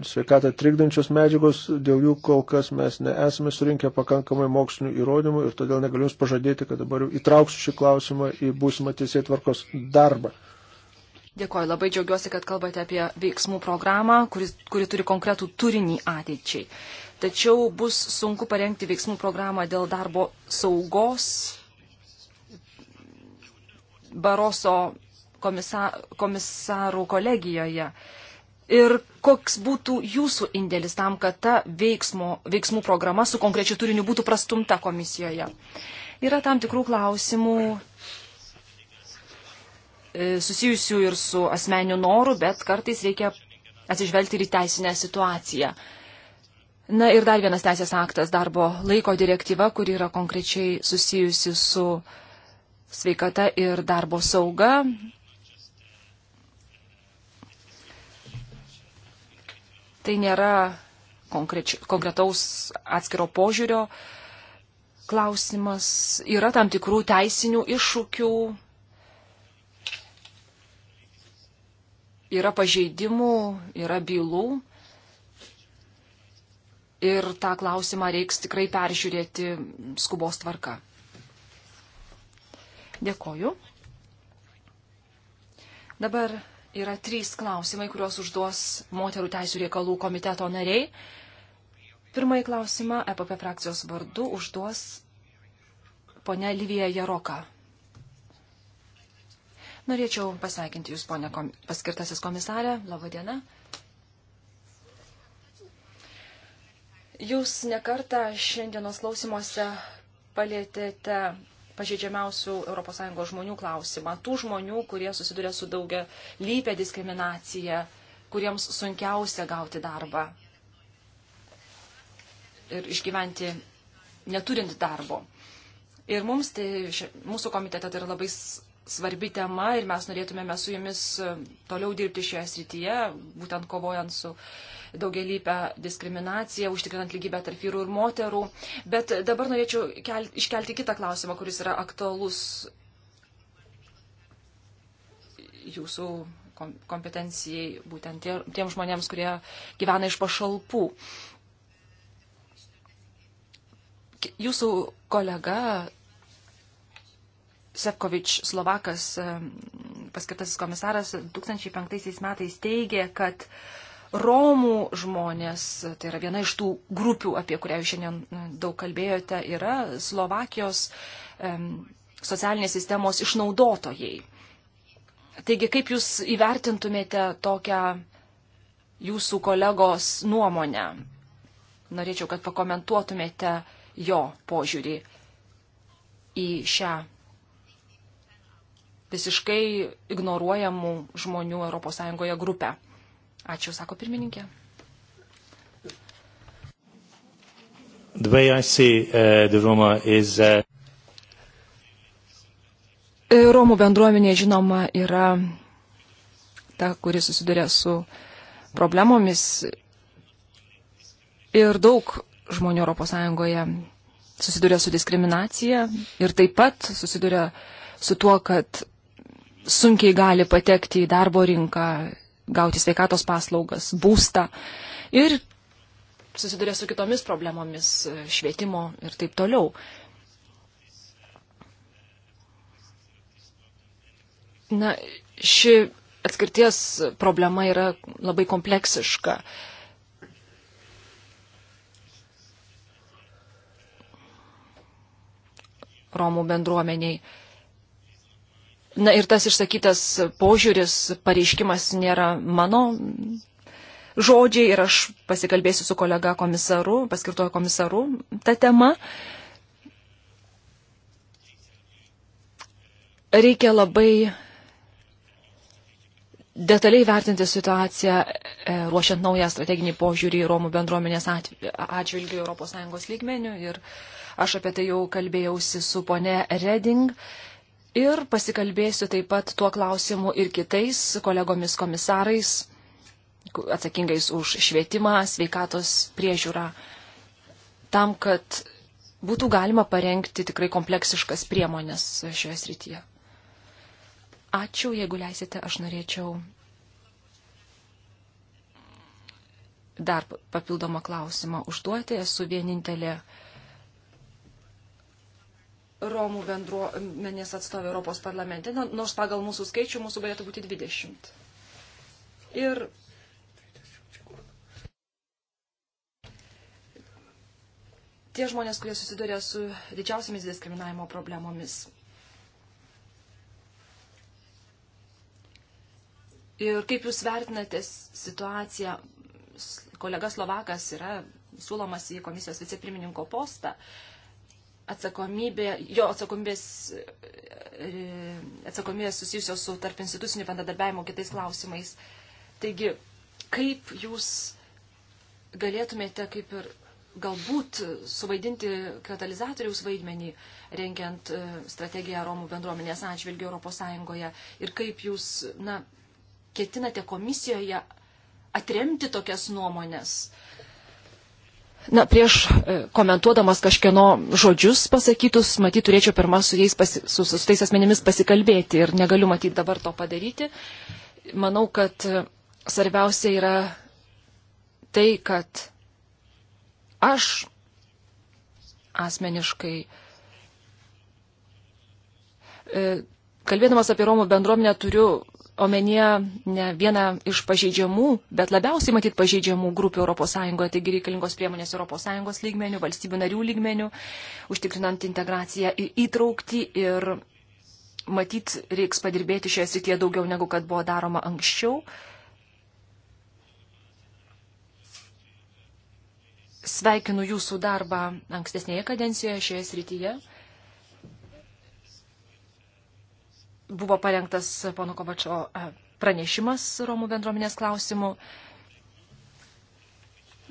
sveikatą trikdančios medžiagos, dėl jų kol kas mes nesame surinkę pakankamai mokslinių įrodymų ir todėl negaliu Jums pažadėti, kad dabar įtrauksiu šį klausimą į būsimą teisėjų tvarkos darbą. Dėkoju, labai džiaugiuosi, kad kalbate apie veiksmų programą, kuris, kuri turi konkretų turinį ateičiai. Tačiau bus sunku parengti veiksmų programą dėl darbo saugos. Baroso komisa, komisarų kolegijoje ir koks būtų jūsų indėlis tam, kad ta veiksmo, veiksmų programa su konkrečiu turiniu būtų prastumta komisijoje. Yra tam tikrų klausimų e, susijusių ir su asmeniu noru, bet kartais reikia atsižvelgti ir į teisinę situaciją. Na ir dar vienas teisės aktas - darbo laiko direktyva, kuri yra konkrečiai susijusi su sveikata ir darbo sauga. Tai nėra konkretaus atskiro požiūrio klausimas. Yra tam tikrų teisinių iššūkių, yra pažeidimų, yra bylų. Ir tą klausimą reiks tikrai peržiūrėti skubos tvarka. Dėkoju. Dabar yra trys klausimai, kuriuos užduos moterų teisų reikalų komiteto nariai. Pirmąjį klausimą EPP frakcijos vardu užduos ponia Livija Jaroka. Norėčiau pasveikinti Jūs, ponia kom... paskirtasis komisarė. Labadiena. Jūs nekartą šiandienos klausimuose palėtėte pažeidžiamiausių ES žmonių klausimą. Tų žmonių, kurie susiduria su daugia lypė diskriminacija, kuriems sunkiausia gauti darbą ir išgyventi neturint darbo. Ir mums tai, mūsų komitete tai yra labai svarbi tema ir mes norėtumėme su jumis e, toliau dirbti šioje srityje, būtent kovojant su uh, daugelįpę diskriminaciją, užtikrinant lygybę tarp vyrų ir moterų. Bet dabar norėčiau kel, iškelti kitą klausimą, kuris yra aktualus jūsų kompetencijai, būtent tie, tiem žmonėms, kurie gyvena iš pašalpų. Jūsų kolega Sefkovič Slovakas, paskirtasis komisaras, 2005 metais teigė, kad uh, Romų žmonės, tai yra viena iš tų grupių, apie kurią jūs šiandien daug kalbėjote, yra Slovakijos socialinės sistemos išnaudotojai. Taigi, kaip jūs įvertintumėte tokią jūsų kolegos nuomonę? Norėčiau, kad pakomentuotumėte jo požiūrį į šią visiškai ignoruojamų žmonių ES grupę. Ačiū, sako pirmininkė. See, uh, is, uh... E, Romų bendruomenė, žinoma, yra ta, kuri susiduria su problemomis ir daug žmonių ES susiduria su diskriminacija ir taip pat susiduria su tuo, kad sunkiai gali patekti į darbo rinką gauti sveikatos paslaugas, būstą ir susiduria su kitomis problemomis švietimo ir taip toliau. Na, ši atskirties problema yra labai kompleksiška. Romų bendruomeniai Na ir tas išsakytas požiūris, pareiškimas nėra mano žodžiai ir aš pasikalbėsiu su kolega komisaru, paskirtoju komisaru tą temą. Reikia labai detaliai vertinti situaciją, e, ruošiant naują strateginį požiūrį į Romų bendruomenės atžvilgių ES lygmenių. Ir aš apie tai jau kalbėjausi su ponė Reding. Uh, Ir pasikalbėsiu taip pat tuo klausimu ir kitais kolegomis komisarais, atsakingais už švietimą, sveikatos priežiūrą, tam, kad būtų galima parengti tikrai kompleksiškas priemonės šioje srityje. Ačiū, jeigu leisite, aš norėčiau dar papildomą klausimą užduoti. Esu vienintelė Romų bendruomenės atstovė Europos parlamente, nors pagal mūsų skaičių mūsų galėtų būti 20. Ir tie žmonės, kurie susiduria su didžiausiamis diskriminavimo problemomis. Ir kaip jūs vertinate situaciją, kolega Slovakas yra siūlomas į komisijos vicepirmininko postą. Uh, atsakomybė, jo atsakomybės, e, atsakomybės susijusios su tarp institucinių bendradarbiavimo kitais klausimais. Taigi, kaip jūs galėtumėte kaip ir galbūt suvaidinti katalizatoriaus vaidmenį, rengiant e, strategiją Romų bendruomenės atžvilgių Europos Sąjungoje ir kaip jūs, na, ketinate komisijoje atremti tokias nuomonės. Uh, Na, prieš e, komentuodamas kažkieno žodžius pasakytus, matyt, turėčiau pirmą su, jais pasi, su, su tais asmenimis pasikalbėti ir negaliu matyti dabar to padaryti. Manau, kad e, svarbiausia yra tai, kad aš asmeniškai e, kalbėdamas apie Romų bendruomenę turiu omenyje ne vieną iš pažeidžiamų, bet labiausiai matyt pažeidžiamų grupių ES, taigi reikalingos priemonės ES lygmenių, valstybių narių lygmenių, užtikrinant integraciją ir įtraukti ir matyt reiks padirbėti šioje srityje daugiau negu kad buvo daroma anksčiau. Sveikinu jūsų darbą ankstesnėje kadencijoje šioje srityje. Buvo parengtas pono Kovačio e, pranešimas Romų bendruomenės klausimų,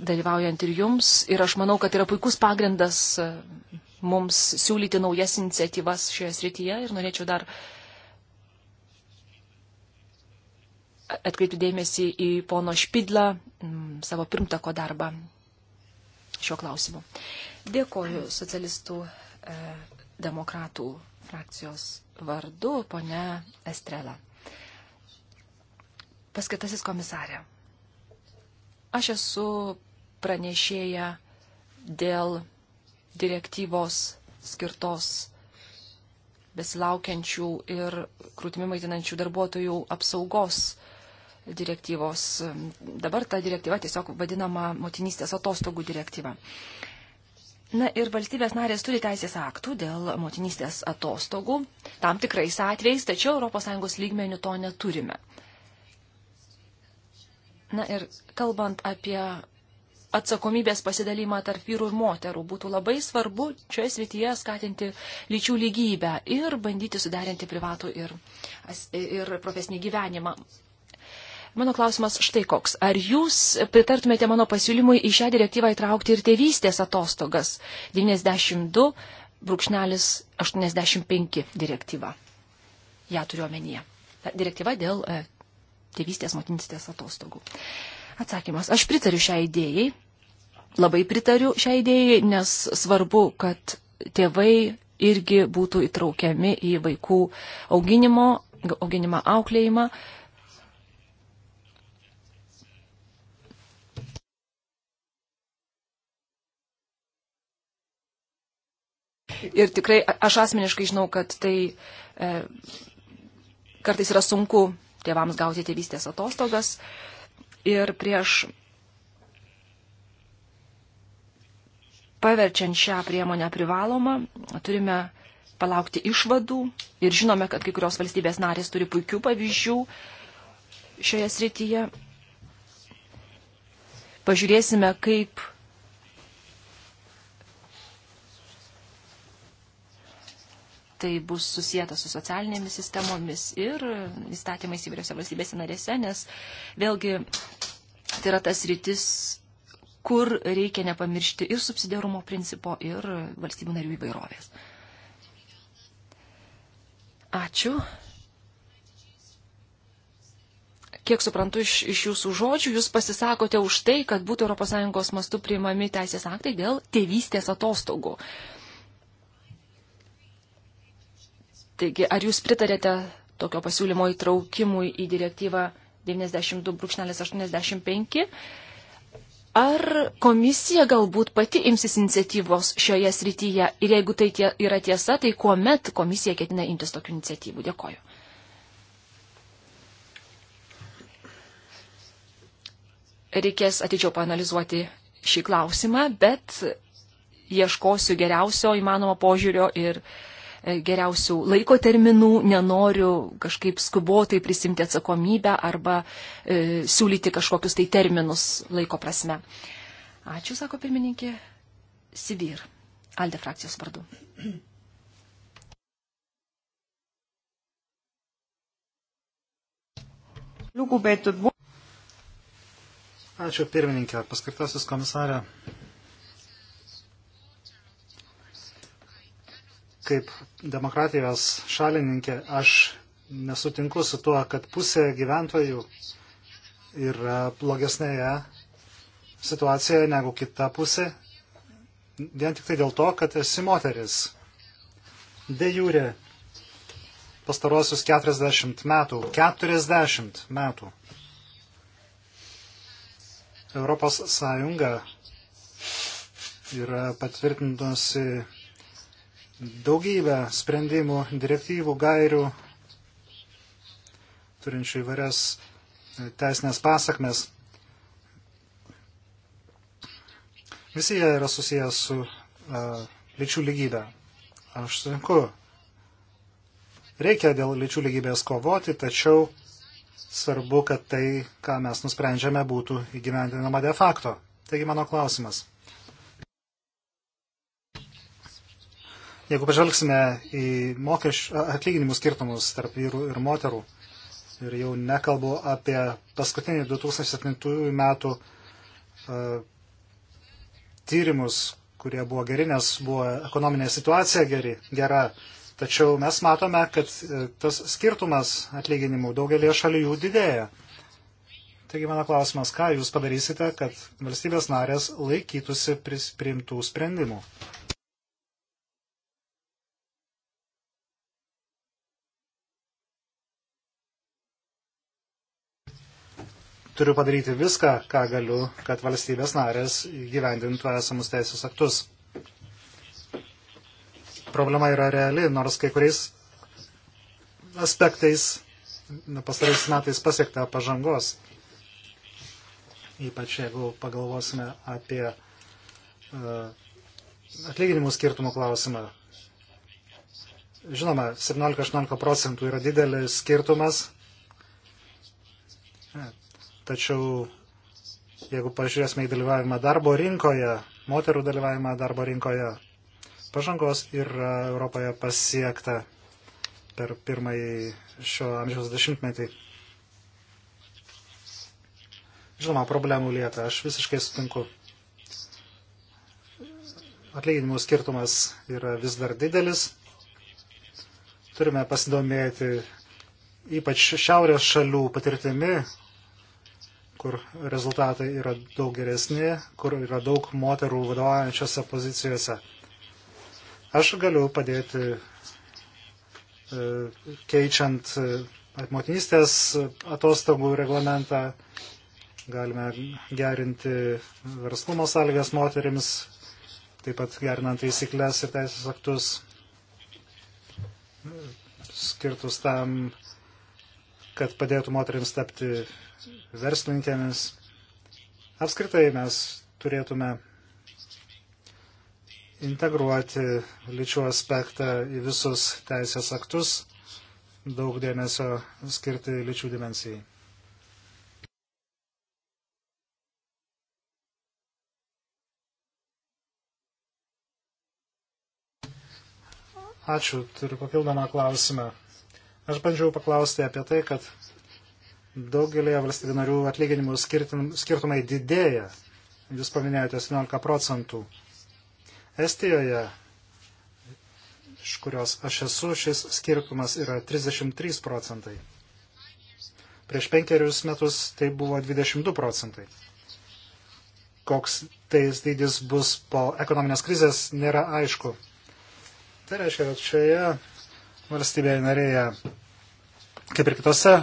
dalyvaujant ir jums. Ir aš manau, kad yra puikus pagrindas e, mums siūlyti naujas iniciatyvas šioje srityje. Ir norėčiau dar atkreipti dėmesį į pono Špidlą, savo pirmtako darbą šiuo klausimu. Dėkoju socialistų e, demokratų frakcijos vardu, ponia Estrela. Paskitasis komisarė. Aš esu pranešėja dėl direktyvos skirtos besilaukiančių ir krūtimi maitinančių darbuotojų apsaugos direktyvos. Dabar ta direktyva tiesiog vadinama motinystės atostogų direktyva. Uh, Na ir valstybės narės turi teisės aktų dėl motinystės atostogų, tam tikrais atvejais, tačiau ES lygmenių to neturime. Na ir kalbant apie atsakomybės pasidalymą tarp vyrų ir moterų, būtų labai svarbu šioje srityje skatinti lyčių lygybę ir bandyti suderinti privatų ir, ir profesinį gyvenimą. Mano klausimas štai koks. Ar jūs pritartumėte mano pasiūlymui į šią direktyvą įtraukti ir tėvystės atostogas 92.85 direktyva? Ja turiu omenyje. Direktyva dėl e, tėvystės motinystės atostogų. Atsakymas. Aš pritariu šią idėjai. Labai pritariu šią idėjai, nes svarbu, kad tėvai irgi būtų įtraukiami į vaikų auginimo, auginimą auklėjimą Ir tikrai aš asmeniškai žinau, kad tai e, kartais yra sunku tėvams gauti tėvystės atostogas. Ir prieš paverčiant šią priemonę privalomą, turime palaukti išvadų ir žinome, kad kai kurios valstybės narės turi puikių pavyzdžių šioje srityje. Pažiūrėsime, kaip tai bus susijęta su socialinėmis sistemomis ir įstatymais įvairiose valstybėse narėse, nes vėlgi tai yra tas rytis, kur reikia nepamiršti ir subsidiarumo principo, ir valstybių narių įvairovės. Ačiū. Kiek suprantu iš, iš jūsų žodžių, jūs pasisakote už tai, kad būtų ES mastu priimami teisės aktai dėl tėvystės atostogų. Uh, Taigi, ar jūs pritarėte tokio pasiūlymo įtraukimui į direktyvą 92.85? Ar komisija galbūt pati imsis iniciatyvos šioje srityje ir jeigu tai tie, yra tiesa, tai kuomet komisija ketina imtis tokių iniciatyvų? Dėkoju. Reikės atidžiau panalizuoti šį klausimą, bet ieškosiu geriausio įmanomo požiūrio ir uh, E, geriausių laiko terminų, nenoriu kažkaip skubotai prisimti atsakomybę arba e, siūlyti kažkokius tai terminus laiko prasme. Ačiū, sako pirmininkė Sivir, Alde frakcijos vardu. Lugupeetud. Ačiū pirmininkė, paskirtasis komisarė. kaip demokratijos šalininkė, aš nesutinku su tuo, kad pusė gyventojų yra blogesnėje situacijoje negu kita pusė, vien tik tai dėl to, kad esi moteris. De jūrė pastarosius 40 metų, 40 metų. Europos Sąjunga yra patvirtinusi daugybę sprendimų, direktyvų, gairių, turinčių įvairias e, teisinės pasakmes. Visi jie yra susijęs su uh, lyčių lygybė. Aš sutinku. Reikia dėl lyčių lygybės kovoti, tačiau svarbu, kad tai, ką mes nusprendžiame, būtų įgyvendinama de facto. Taigi mano klausimas. Jeigu pažvelgsime į mokesčių atlyginimų skirtumus tarp vyrų ir moterų, ir jau nekalbu apie paskutinį 2007 metų uh, tyrimus, kurie buvo geri, nes buvo ekonominė situacija geri, gera. Tačiau mes matome, kad e, tas skirtumas atlyginimų daugelie šalių didėja. Taigi mano klausimas, ką jūs padarysite, kad valstybės narės laikytųsi priimtų sprendimų? turiu padaryti viską, ką galiu, kad valstybės narės gyvendintų esamus teisės aktus. Problema yra reali, nors kai kuriais aspektais pastarais metais pasiekta pažangos. Ypač jeigu pagalvosime apie e, atlyginimų skirtumų klausimą. Žinoma, 17-18 procentų yra didelis skirtumas. Tačiau jeigu pažiūrėsime į dalyvavimą darbo rinkoje, moterų dalyvavimą darbo rinkoje, pažangos yra Europoje pasiekta per pirmąjį šio amžiaus dešimtmetį. Žinoma, problemų lieka, aš visiškai sutinku. Atlyginimų skirtumas yra vis dar didelis. Turime pasidomėti ypač šiaurės šalių patirtimi, kur rezultatai yra daug geresni, kur yra daug moterų vadovaujančiose pozicijose. Aš galiu padėti e, keičiant e, motinystės atostogų reglamentą, galime gerinti verslumo sąlygas moterims, taip pat gerinant taisyklės ir teisės aktus e, skirtus tam kad padėtų moteriams tapti verslininkėmis. Apskritai mes turėtume integruoti lyčių aspektą į visus teisės aktus, daug dėmesio skirti lyčių dimensijai. Ačiū, turiu papildomą klausimą. Aš bandžiau paklausti apie tai, kad daugelėje valstybių narių atlyginimų skirtumai didėja. Jūs paminėjote 17 procentų. Estijoje, iš kurios aš esu, šis skirtumas yra 33 procentai. Prieš penkerius metus tai buvo 22 procentai. Koks tais dydis bus po ekonominės krizės, nėra aišku. Tai reiškia, kad šioje valstybėje narėje, kaip ir kitose,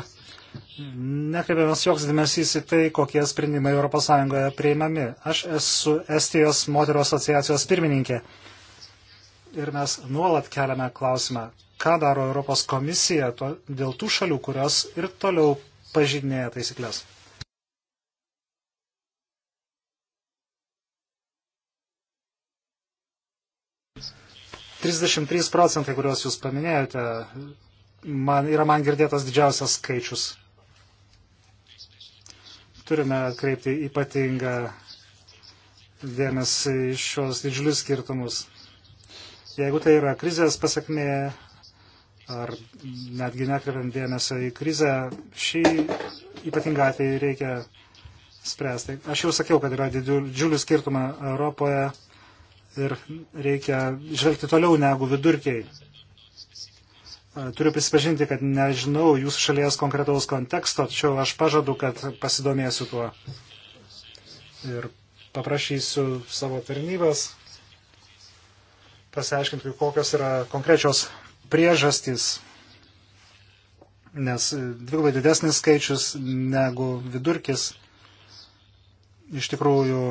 nekreipiamas joks dėmesys į tai, kokie sprendimai ES priimami. Aš esu Estijos moterų asociacijos pirmininkė ir mes nuolat keliame klausimą, ką daro Europos komisija to, dėl tų šalių, kurios ir toliau pažydinėja taisyklės. 33 procentai, kuriuos jūs paminėjote, man, yra man girdėtas didžiausias skaičius. Turime atkreipti ypatingą dėmesį šios didžiulius skirtumus. Jeigu tai yra krizės pasakmė, ar netgi nekreipiant dėmesio į krizę, šį ypatingą atvejį reikia spręsti. Aš jau sakiau, kad yra didžiulių skirtumą Europoje ir reikia žvelgti toliau negu vidurkiai. E, turiu prisipažinti, kad nežinau jūsų šalies konkretaus konteksto, tačiau aš pažadu, kad pasidomėsiu tuo. Ir paprašysiu savo tarnybas pasiaiškinti, kokios yra konkrečios priežastys, nes dvigubai didesnis skaičius negu vidurkis iš tikrųjų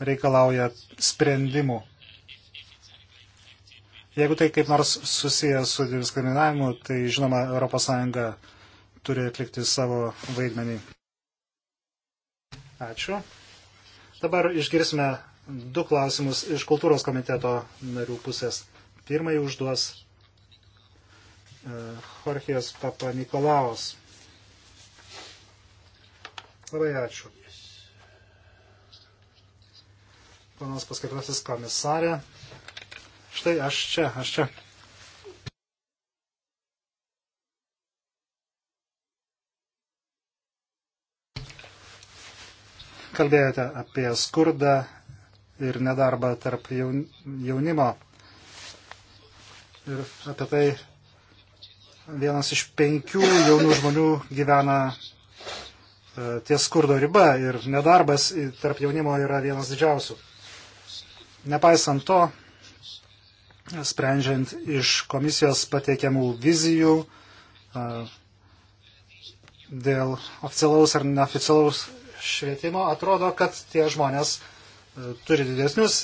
reikalauja sprendimų. Jeigu tai kaip nors susijęs su diskriminavimu, tai žinoma, ES turi atlikti savo vaidmenį. Ačiū. Dabar išgirsime du klausimus iš kultūros komiteto narių pusės. Pirmąjį užduos e, Jorgijos Papa Nikolaos. Labai ačiū. panas paskirtasis komisarė. Štai aš čia, aš čia. Kalbėjote apie skurdą ir nedarbą tarp jaunimo. Ir apie tai vienas iš penkių jaunų žmonių gyvena e, ties skurdo riba ir nedarbas tarp jaunimo yra vienas didžiausių. Nepaisant to, sprendžiant iš komisijos pateikiamų vizijų dėl oficialaus ar neoficialaus švietimo, atrodo, kad tie žmonės turi didesnius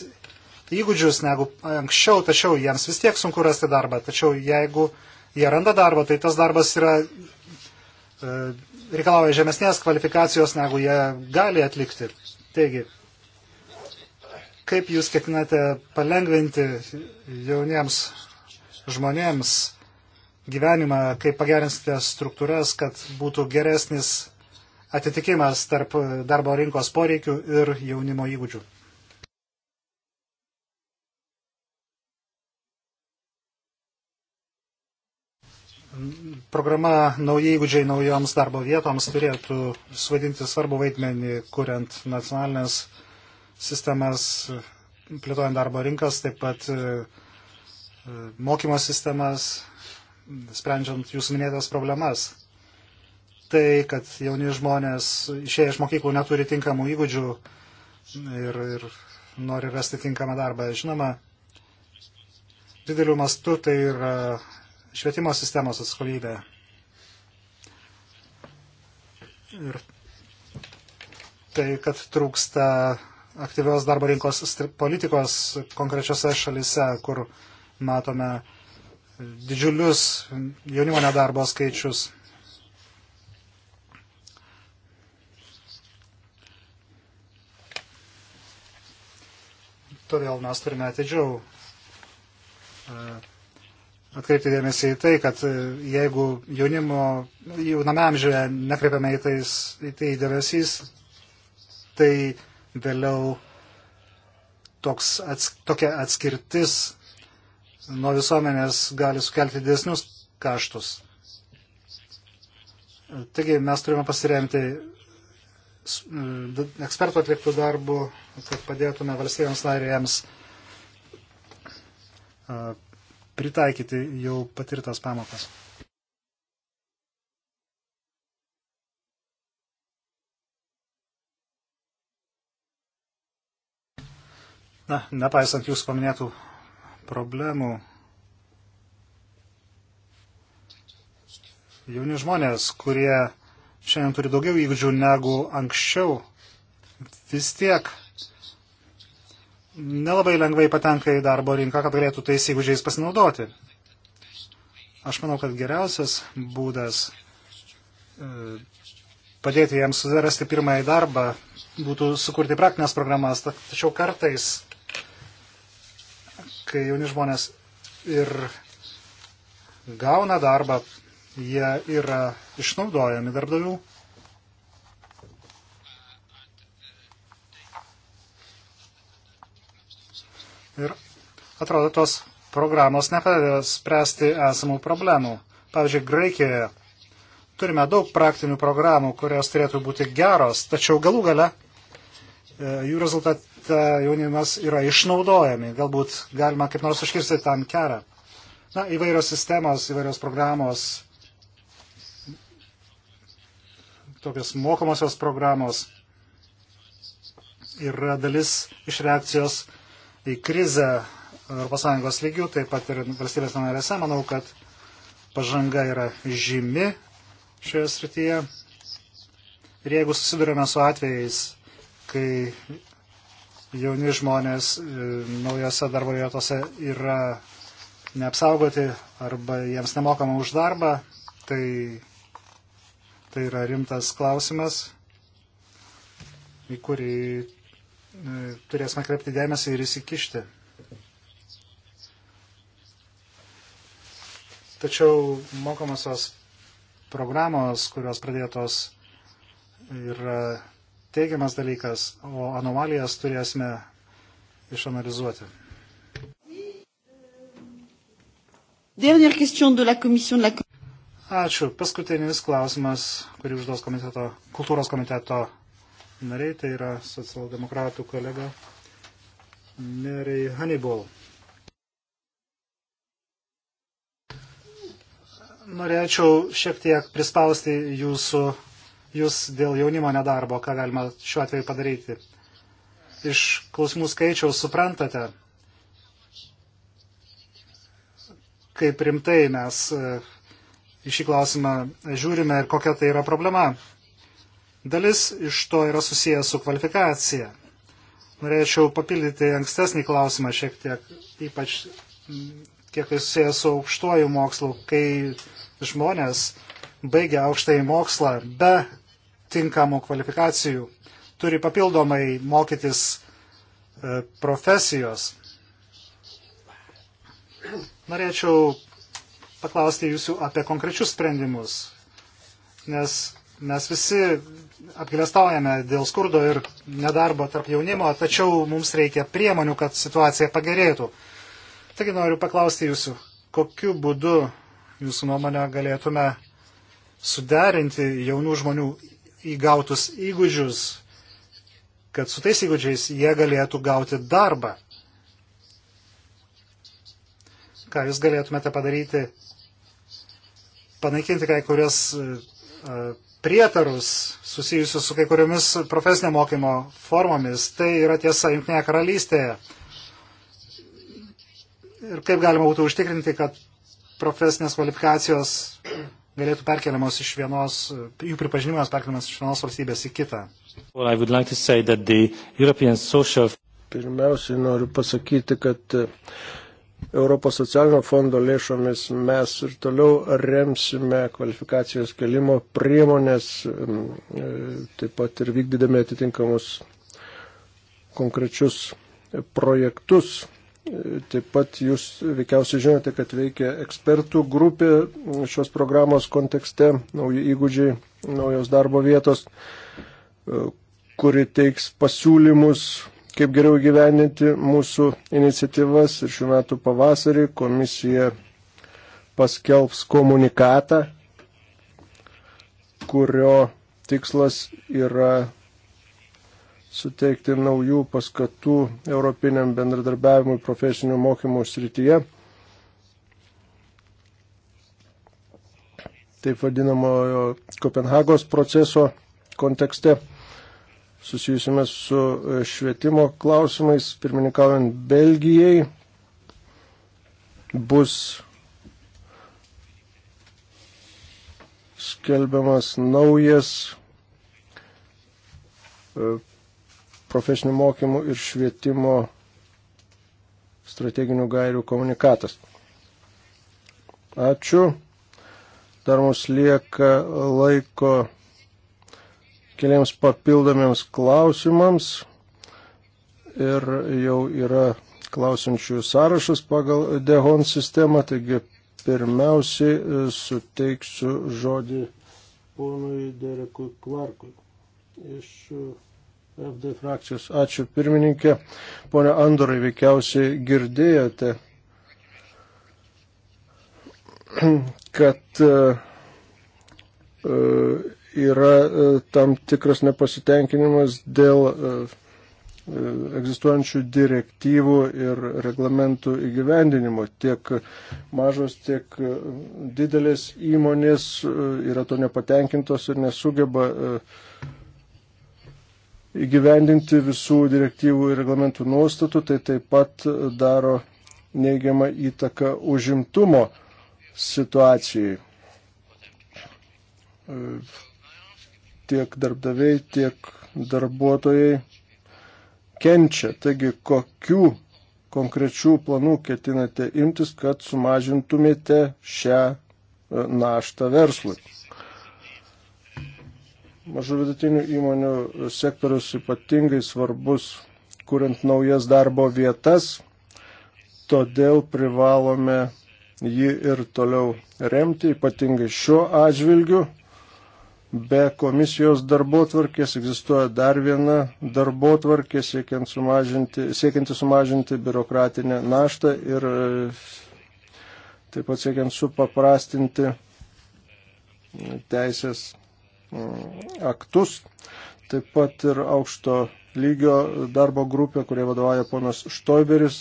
įgūdžius negu anksčiau, tačiau jiems vis tiek sunku rasti darbą. Tačiau jeigu jie randa darbą, tai tas darbas yra reikalauja žemesnės kvalifikacijos, negu jie gali atlikti. Taigi, Kaip jūs ketinate palengventi jauniems žmonėms gyvenimą, kaip pagerinsite struktūras, kad būtų geresnis atitikimas tarp darbo rinkos poreikių ir jaunimo įgūdžių? programa Nauji įgūdžiai naujoms darbo vietoms turėtų suvaidinti svarbu vaidmenį, kuriant nacionalinės sistemas, plėtojant darbo rinkas, taip pat e, e, mokymo sistemas, sprendžiant jūsų minėtas problemas. Tai, kad jauni žmonės išėję iš mokyklų neturi tinkamų įgūdžių ir, ir nori rasti tinkamą darbą. Žinoma, didelių mastų tai yra švietimo sistemos atskolybė. Ir tai, kad trūksta aktyvios darbo rinkos politikos konkrečiose šalise, kur matome didžiulius jaunimo nedarbo skaičius. Todėl mes turime atidžiau e, atkreipti dėmesį į tai, kad e, jeigu jaunimo, jauname amžiuje nekreipiame į, tais, į tai dėmesys, tai vėliau toks, ats, tokia atskirtis nuo visuomenės gali sukelti didesnius kaštus. Taigi mes turime pasiremti ekspertų atliktų darbų, kad padėtume valstybėms narėms pritaikyti jau patirtas pamokas. Na, nepaisant jūsų paminėtų problemų, jauni žmonės, kurie šiandien turi daugiau įgūdžių negu anksčiau, vis tiek nelabai lengvai patenka į darbo rinką, kad galėtų tais įgūdžiais pasinaudoti. Aš manau, kad geriausias būdas e, padėti jiems susirasti pirmąjį darbą būtų sukurti praktinės programas, tačiau kartais kai jauni žmonės ir gauna darbą, jie yra išnaudojami darbdavių. Ir atrodo, tos programos nepadeda spręsti esamų problemų. Pavyzdžiui, Graikijoje turime daug praktinių programų, kurios turėtų būti geros, tačiau galų gale e, jų rezultat, kartą jaunimas yra išnaudojami. Galbūt galima kaip nors užkirsti tam kerą. Na, įvairios sistemos, įvairios programos, tokios mokomosios programos yra dalis iš reakcijos į krizę ES lygių, taip pat ir valstybės narėse. Manau, kad pažanga yra žymi šioje srityje. Ir jeigu susidurime su atvejais, kai jauni žmonės e, naujose darbo vietose yra neapsaugoti arba jiems nemokama už darbą, tai, tai yra rimtas klausimas, į kurį e, turėsime krepti dėmesį ir įsikišti. Tačiau mokomosios programos, kurios pradėtos, yra teigiamas dalykas, o anomalijas turėsime išanalizuoti. Ačiū. Paskutinis klausimas, kurį užduos komiteto, kultūros komiteto nariai, tai yra socialdemokratų kolega Mary Hannibal. Norėčiau šiek tiek prispausti jūsų jūs dėl jaunimo nedarbo, ką galima šiuo atveju padaryti. Iš klausimų skaičiaus suprantate, kaip rimtai mes e, į šį klausimą žiūrime ir kokia tai yra problema. Dalis iš to yra susijęs su kvalifikacija. Norėčiau papildyti ankstesnį klausimą šiek tiek, ypač kiek tai susijęs su aukštuoju mokslu, kai žmonės baigę aukštąjį mokslą be tinkamų kvalifikacijų turi papildomai mokytis e, profesijos. Norėčiau paklausti jūsų apie konkrečius sprendimus, nes mes visi apgilestaujame dėl skurdo ir nedarbo tarp jaunimo, tačiau mums reikia priemonių, kad situacija pagerėtų. Taigi noriu paklausti jūsų, kokiu būdu jūsų nuomonę galėtume suderinti jaunų žmonių įgautus įgūdžius, kad su tais įgūdžiais jie galėtų gauti darbą. Ką jūs galėtumėte padaryti? Panaikinti kai kurias e, prietarus susijusius su kai kuriomis profesinio mokymo formomis. Tai yra tiesa Junktinėje karalystėje. Ir kaip galima būtų užtikrinti, kad profesinės kvalifikacijos galėtų perkeliamos iš vienos, jų pripažinimas perkeliamas iš vienos valstybės į kitą. Well, like social... Pirmiausiai noriu pasakyti, kad e, Europos socialinio fondo lėšomis mes ir toliau remsime kvalifikacijos kelimo priemonės, e, taip pat ir vykdydami atitinkamus konkrečius projektus Taip pat jūs veikiausiai žinote, kad veikia ekspertų grupė šios programos kontekste, nauji įgūdžiai, naujos darbo vietos, e, kuri teiks pasiūlymus, kaip geriau gyveninti mūsų iniciatyvas. Ir šiuo metu pavasarį komisija paskelbs komunikatą, kurio tikslas yra suteikti naujų paskatų europiniam bendradarbiavimui profesinio mokymo srityje. Taip vadinamojo Kopenhagos proceso kontekste susijusime su e, švietimo klausimais, pirmininkaujant Belgijai, bus skelbiamas naujas e, profesinių mokymų ir švietimo strateginių gairių komunikatas. Ačiū. Dar mums lieka laiko keliams papildomiems klausimams ir jau yra klausinčių sąrašas pagal Dehon sistemą, taigi pirmiausiai e, suteiksiu žodį ponui Derekui Klarkui iš FD frakcijos. Ačiū pirmininkė. Pone Andorai, veikiausiai girdėjote, kad e, e, yra e, tam tikras nepasitenkinimas dėl egzistuojančių direktyvų ir reglamentų įgyvendinimo. Tiek mažos, tiek didelės įmonės yra to nepatenkintos ir nesugeba įgyvendinti visų direktyvų ir reglamentų nuostatų, tai taip pat daro neigiamą įtaką užimtumo situacijai. Tiek darbdaviai, tiek darbuotojai kenčia. Taigi, kokių konkrečių planų ketinate imtis, kad sumažintumėte šią e, naštą verslui? mažų vidutinių įmonių sektorius ypatingai svarbus, kuriant naujas darbo vietas, todėl privalome jį ir toliau remti, ypatingai šiuo atžvilgiu. Be komisijos darbotvarkės egzistuoja dar viena darbotvarkė, siekianti sumažinti, siekianti sumažinti biurokratinę naštą ir e, taip pat siekiant supaprastinti teisės Mm, aktus, taip pat ir aukšto lygio darbo grupė, kurie vadovauja ponas Štoiberis,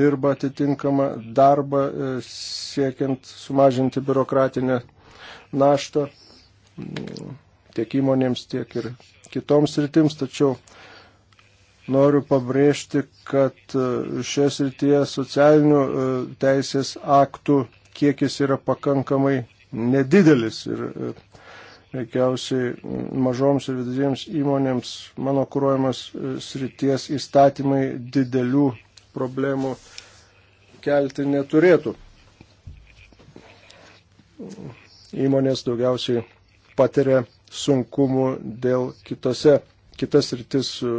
dirba atitinkamą darbą e, siekiant sumažinti biurokratinę naštą mm, tiek įmonėms, tiek ir kitoms rytims, tačiau noriu pabrėžti, kad e, šioje srityje socialinių e, teisės aktų kiekis yra pakankamai nedidelis ir veikiausiai mažoms ir vidutinėms įmonėms mano kūruojamas e, srities įstatymai didelių problemų kelti neturėtų. Įmonės daugiausiai patiria sunkumų dėl kitose, kitas rytis e,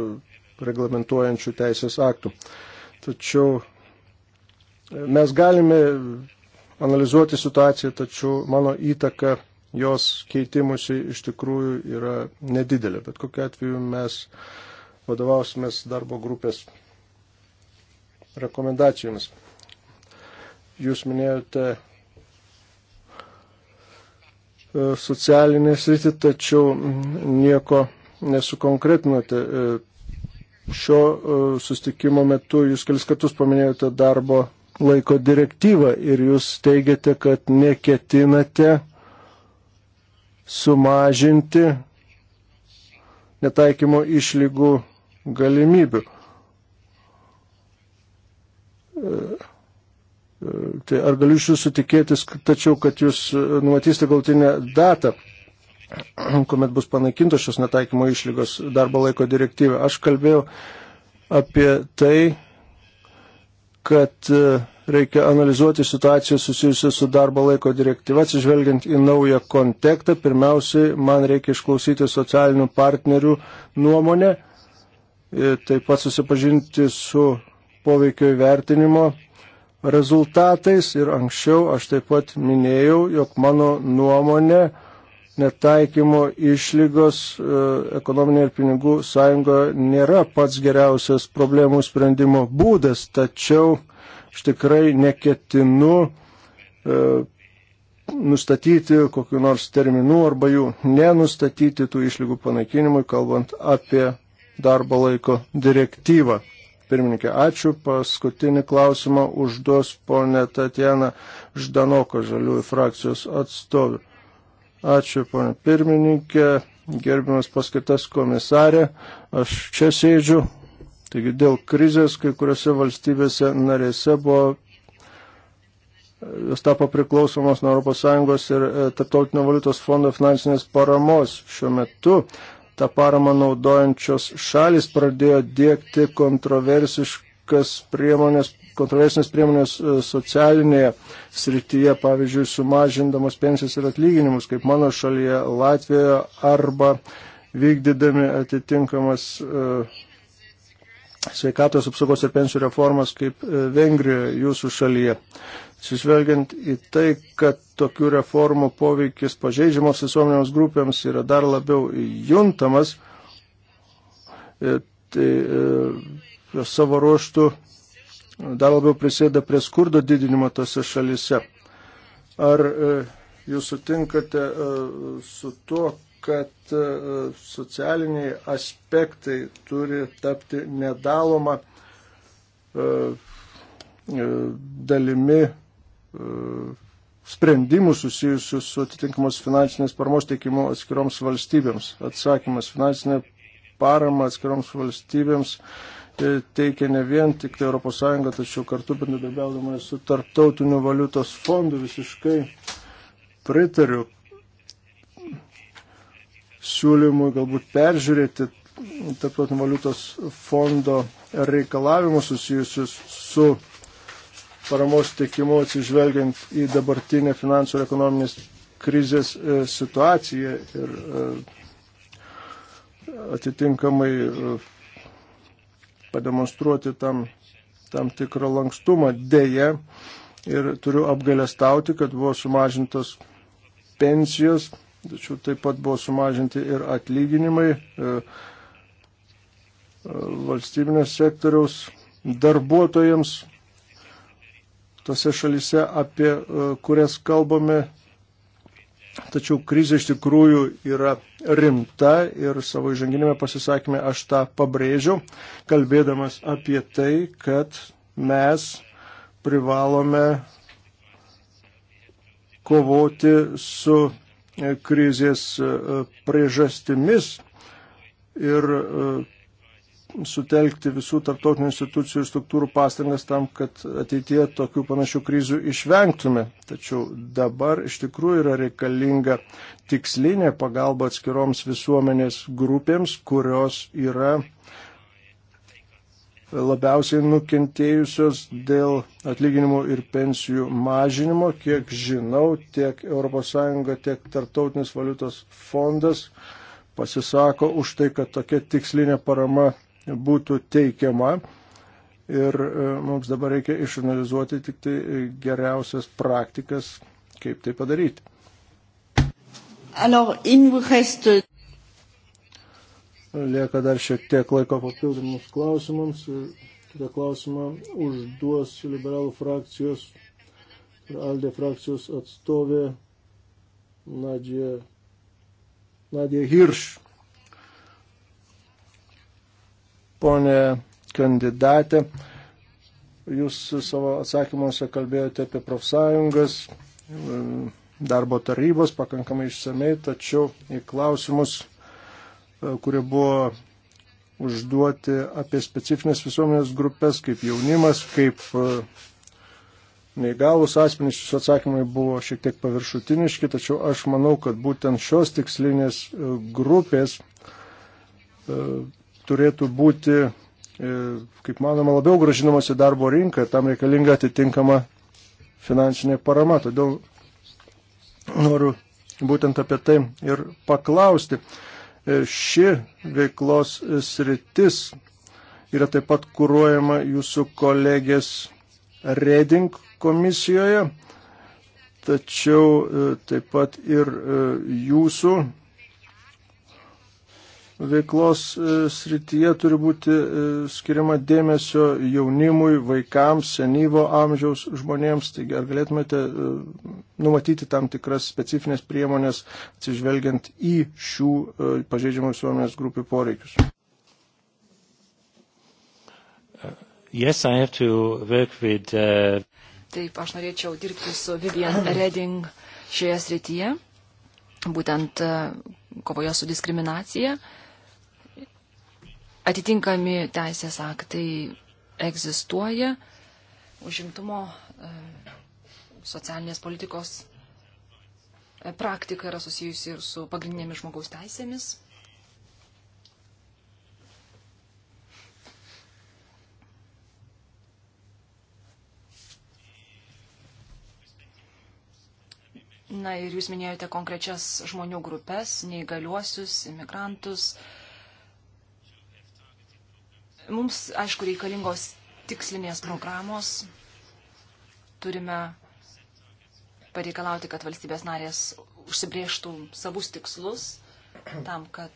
reglamentuojančių teisės aktų. Tačiau e, mes galime analizuoti situaciją, tačiau mano įtaka jos keitimusi iš tikrųjų yra nedidelė, bet kokiu atveju mes vadovausimės darbo grupės rekomendacijomis. Jūs minėjote e, socialinę sritį, tačiau nieko nesukonkretinote. E, šio e, sustikimo metu jūs kelis kartus paminėjote darbo laiko direktyvą ir jūs teigiate, kad neketinate uh, sumažinti netaikymo išlygų galimybių. Tai ar galiu iš jūsų tikėtis, tačiau, kad jūs numatysite galtinę datą, kuomet bus panaikintos šios netaikymo išlygos darbo laiko direktyvė. Aš kalbėjau apie tai, kad e, reikia analizuoti situaciją susijusią su darbo laiko direktyva, atsižvelgiant į naują kontekstą. Pirmiausiai, man reikia išklausyti socialinių partnerių nuomonę, e, taip pat susipažinti su poveikio įvertinimo rezultatais ir anksčiau aš taip pat minėjau, jog mano nuomonė netaikymo išlygos e, ekonominė ir pinigų sąjunga nėra pats geriausias problemų sprendimo būdas, tačiau aš tikrai neketinu e, nustatyti kokiu nors terminų arba jų nenustatyti tų išlygų panaikinimui, kalbant apie darbo laiko direktyvą. Pirmininkė, ačiū. Paskutinį klausimą užduos ponė Tatjana Ždanoko, žaliųjų frakcijos atstovė. Ačiū, ponė pirmininkė, gerbiamas paskirtas komisarė, aš čia sėdžiu. Taigi dėl krizės kai kuriuose valstybėse narėse buvo, jos tapo priklausomos nuo ES ir e, Tartautinio valiutos fondo finansinės paramos. Šiuo metu tą paramą naudojančios šalis pradėjo dėkti kontroversiškas priemonės kontroversinės priemonės e, socialinėje srityje, pavyzdžiui, sumažindamas pensijas ir atlyginimus, kaip mano šalyje Latvijoje, arba vykdydami atitinkamas e, sveikatos apsaugos ir pensijų reformas, kaip e, Vengrijoje, jūsų šalyje. Susvelgiant į tai, kad tokių reformų poveikis pažeidžiamos visuomenėms grupėms yra dar labiau juntamas, tai savo ruoštų dar labiau prisėda prie skurdo didinimo tose šalise. Ar e, jūs sutinkate e, su tuo, kad e, socialiniai aspektai turi tapti nedaloma dalimi sprendimų susijusių su atitinkamos finansinės paramos teikimu atskiroms valstybėms. Atsakymas - finansinė parama atskiroms valstybėms E, teikia ne vien tik tai ES, tačiau kartu bendradarbiaudama su tarptautiniu valiutos fondu visiškai pritariu siūlymui galbūt peržiūrėti tarptautinio valiutos fondo reikalavimus susijusius su paramos tiekimu atsižvelgiant į dabartinę finansų ir ekonominės krizės e, situaciją ir e, atitinkamai pademonstruoti tam, tam tikrą lankstumą. Deja, ir turiu apgailestauti, kad buvo sumažintos pensijos, tačiau taip pat buvo sumažinti ir atlyginimai e, e, valstybinės sektoriaus darbuotojams tose šalise, apie e, kurias kalbame, Tačiau krizė iš tikrųjų yra rimta ir savo įžanginėme pasisakymė aš tą pabrėžiau, kalbėdamas apie tai, kad mes privalome kovoti su e, krizės e, priežastimis ir e, sutelkti visų tarptautinių institucijų ir struktūrų pastangas tam, kad ateitie tokių panašių krizių išvengtume. Tačiau dabar iš tikrųjų yra reikalinga tikslinė pagalba atskiroms visuomenės grupėms, kurios yra labiausiai nukentėjusios dėl atlyginimų ir pensijų mažinimo. Kiek žinau, tiek ES, tiek Tartautinis valiutos fondas pasisako už tai, kad tokia tikslinė parama būtų teikiama. Ir e, mums dabar reikia išanalizuoti tik tai geriausias praktikas, kaip tai padaryti. Alors, il nous reste lieka dar šiek tiek laiko papildomams klausimams. Kitą klausimą užduos liberalų frakcijos ir Aldė frakcijos atstovė Nadija, Nadija Hirš. Pone kandidatė, jūs savo atsakymuose kalbėjote apie profsąjungas, darbo tarybos pakankamai išsamei, tačiau į klausimus, e, kurie buvo užduoti apie specifines visuomenės grupės, kaip jaunimas, kaip e, neįgalus asmenys, jūsų atsakymai buvo šiek tiek paviršutiniški, tačiau aš manau, kad būtent šios tikslinės e, grupės turėtų būti, e, kaip manoma, labiau gražinamas į darbo rinką, tam reikalinga atitinkama finansinė parama. Todėl noriu būtent apie tai ir paklausti. E, ši veiklos sritis yra taip pat kūruojama jūsų kolegės Reding komisijoje, tačiau e, taip pat ir jūsų veiklos e, srityje turi būti e, skiriama dėmesio jaunimui, vaikams, senyvo amžiaus žmonėms. Taigi ar galėtumėte e, numatyti tam tikras specifines priemonės atsižvelgiant į šių pažeidžiamų visuomenės grupių poreikius? Uh, yes, with, uh... Taip, aš norėčiau dirbti su Vivian Reding šioje srityje, būtent uh, kovoje su diskriminacija. Uh, atitinkami teisės aktai egzistuoja užimtumo e, socialinės politikos e, praktika yra susijusi ir su pagrindinėmis žmogaus teisėmis. Na ir jūs minėjote konkrečias žmonių grupės, neįgaliuosius, imigrantus, uh, Mums, aišku, reikalingos tikslinės programos. Turime pareikalauti, kad valstybės narės užsibrieštų savus tikslus tam, kad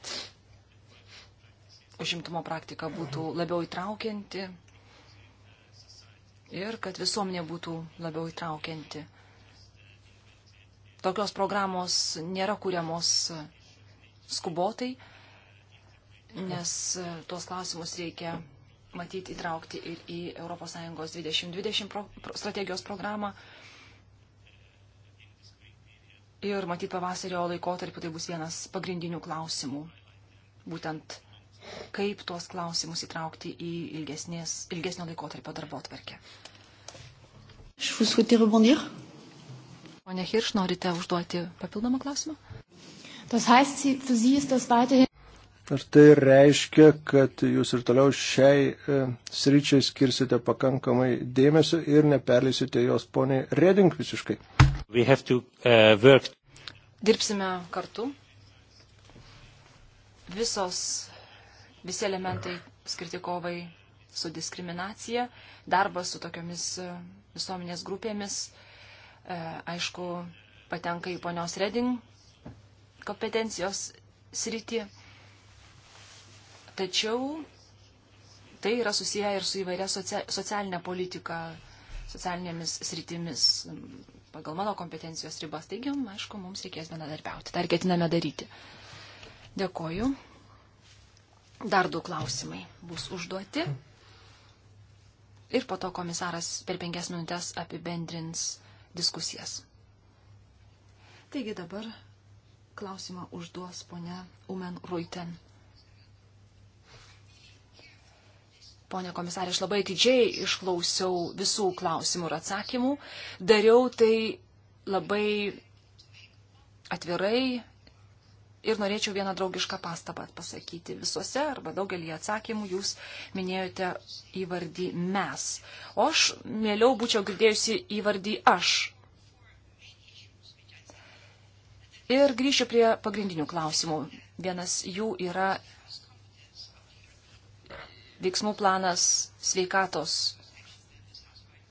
užimtumo praktika būtų labiau įtraukianti ir kad visuomenė būtų labiau įtraukianti. Tokios programos nėra kūriamos skubotai, nes e, tuos klausimus reikia matyti įtraukti ir į ES 2020 pro, pro, strategijos programą. Ir matyt, pavasario laikotarpiu tai bus vienas pagrindinių klausimų. Būtent kaip tuos klausimus įtraukti į ilgesnės, ilgesnio laikotarpio darbo atvarkę. Pone Hirš, norite užduoti papildomą klausimą? Das heißt, für Sie ist das weiterhin Ar tai reiškia, kad jūs ir toliau šiai e, sryčiai skirsite pakankamai dėmesio ir neperleisite jos poniai Reding visiškai? To, uh, Dirbsime kartu. Visos, visi elementai skirti kovai su diskriminacija, darbas su tokiomis e, visuomenės grupėmis, e, aišku, patenka į ponios Reding kompetencijos srityje Tačiau tai yra susiję ir su įvairia socialinė politika, socialinėmis sritimis pagal mano kompetencijos ribas. Taigi, aišku, mums reikės bendradarbiauti. Dar ketiname daryti. Dėkoju. Dar du klausimai bus užduoti. Ir po to komisaras per penkias minutės apibendrins diskusijas. Taigi dabar klausimą užduos ponia Umen Ruiten. Pone komisarė, aš labai atidžiai išklausiau visų klausimų ir atsakymų. Dariau tai labai atvirai ir norėčiau vieną draugišką pastabą pasakyti. Visose arba daugelį atsakymų jūs minėjote įvardį mes. O aš mieliau būčiau girdėjusi įvardį aš. Ir grįšiu prie pagrindinių klausimų. Vienas jų yra veiksmų planas sveikatos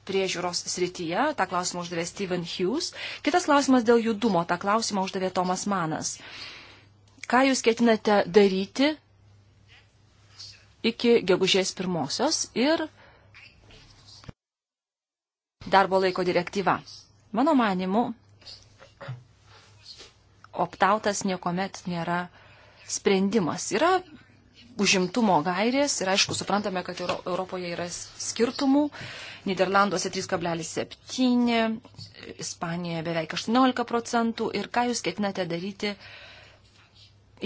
priežiūros srityje. Ta klausimą uždavė Steven Hughes. Kitas klausimas dėl judumo. Ta klausimą uždavė Tomas Manas. Ką jūs ketinate daryti iki gegužės pirmosios ir darbo laiko direktyva? Mano manimu, optautas niekuomet nėra sprendimas. Yra užimtumo gairės ir aišku, suprantame, kad Euro Europoje yra skirtumų. Niderlanduose 3,7, Ispanijoje beveik 18 procentų. Ir ką jūs ketinate daryti,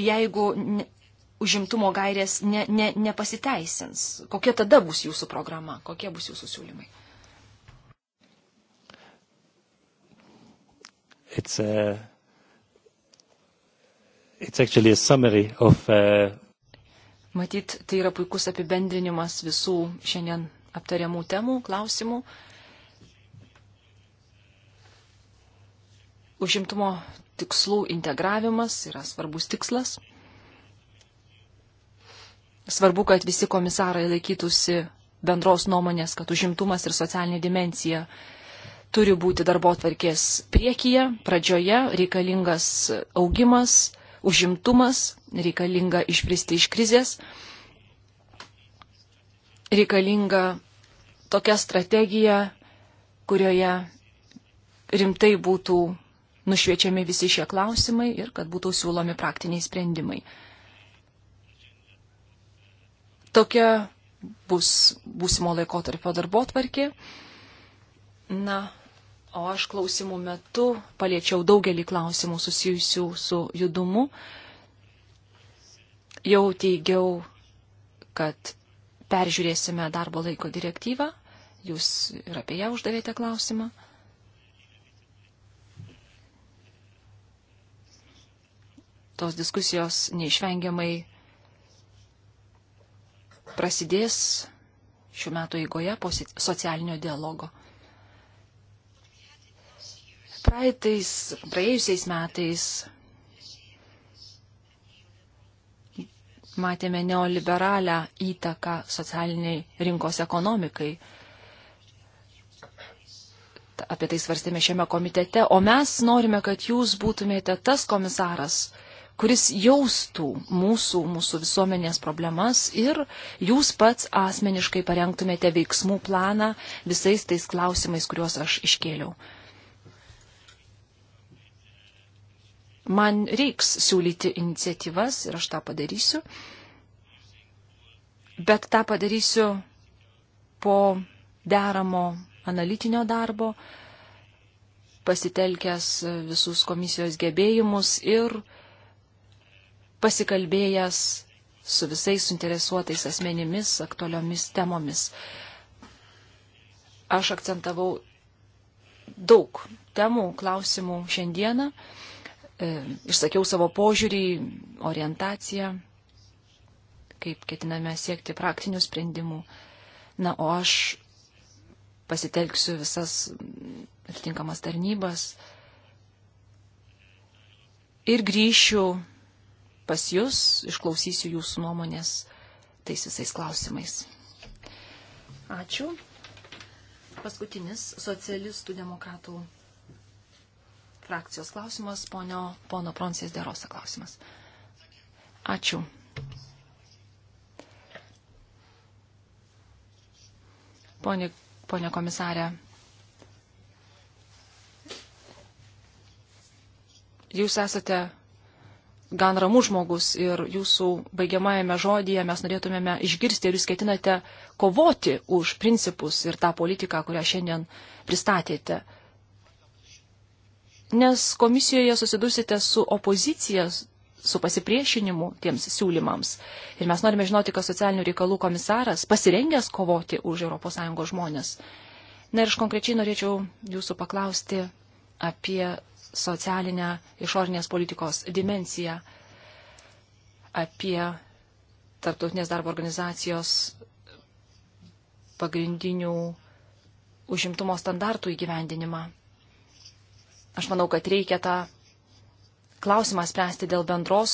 jeigu ne, užimtumo gairės ne, ne, nepasiteisins? Kokia tada bus jūsų programa? Kokie bus jūsų siūlymai? It's a, uh, it's actually a summary of uh, Matyt, tai yra puikus apibendrinimas visų šiandien aptariamų temų, klausimų. Užimtumo tikslų integravimas yra svarbus tikslas. Svarbu, kad visi komisarai laikytųsi bendros nuomonės, kad užimtumas ir socialinė dimencija turi būti darbo atvarkės priekyje, pradžioje, reikalingas augimas, užimtumas, reikalinga išpristi iš krizės, reikalinga tokia strategija, kurioje rimtai būtų nušviečiami visi šie klausimai ir kad būtų siūlomi praktiniai sprendimai. Tokia bus būsimo laikotarpio darbo tvarkė. Na, o aš klausimų metu paliečiau daugelį klausimų susijusių su judumu, jau teigiau, kad peržiūrėsime darbo laiko direktyvą. Jūs ir apie ją uždavėte klausimą. Tos diskusijos neišvengiamai prasidės šių metų eigoje po socialinio dialogo. Praeitais, praėjusiais metais matėme neoliberalią įtaką socialiniai rinkos ekonomikai. Apie tai svarstėme šiame komitete, o mes norime, kad jūs būtumėte tas komisaras, kuris jaustų mūsų, mūsų visuomenės problemas ir jūs pats asmeniškai parengtumėte veiksmų planą visais tais klausimais, kuriuos aš iškėliau. man reiks siūlyti iniciatyvas ir aš tą padarysiu. Bet tą padarysiu po deramo analitinio darbo, pasitelkęs visus komisijos gebėjimus ir pasikalbėjęs su visais suinteresuotais asmenimis aktualiomis temomis. Aš akcentavau daug temų, klausimų šiandieną. E, išsakiau savo požiūrį, orientaciją, kaip ketiname siekti praktinių sprendimų. Na, o aš pasitelksiu visas atitinkamas tarnybas ir grįšiu pas jūs, išklausysiu jūsų nuomonės tais visais klausimais. Ačiū. Paskutinis socialistų demokratų frakcijos klausimas, ponio, pono Pronsės Derosa klausimas. Ačiū. Pone, pone komisarė, jūs esate gan ramus žmogus ir jūsų baigiamajame žodyje mes norėtumėme išgirsti, ar jūs ketinate kovoti už principus ir tą politiką, kurią šiandien pristatėte nes komisijoje susidursite su opozicija, su pasipriešinimu tiems siūlymams. Ir mes norime žinoti, kad socialinių reikalų komisaras pasirengęs kovoti už ES žmonės. Na ir aš konkrečiai norėčiau jūsų paklausti apie socialinę išorinės politikos dimenciją, apie Tarptautinės darbo organizacijos pagrindinių užimtumo standartų įgyvendinimą. Aš manau, kad reikia tą klausimą spręsti dėl bendros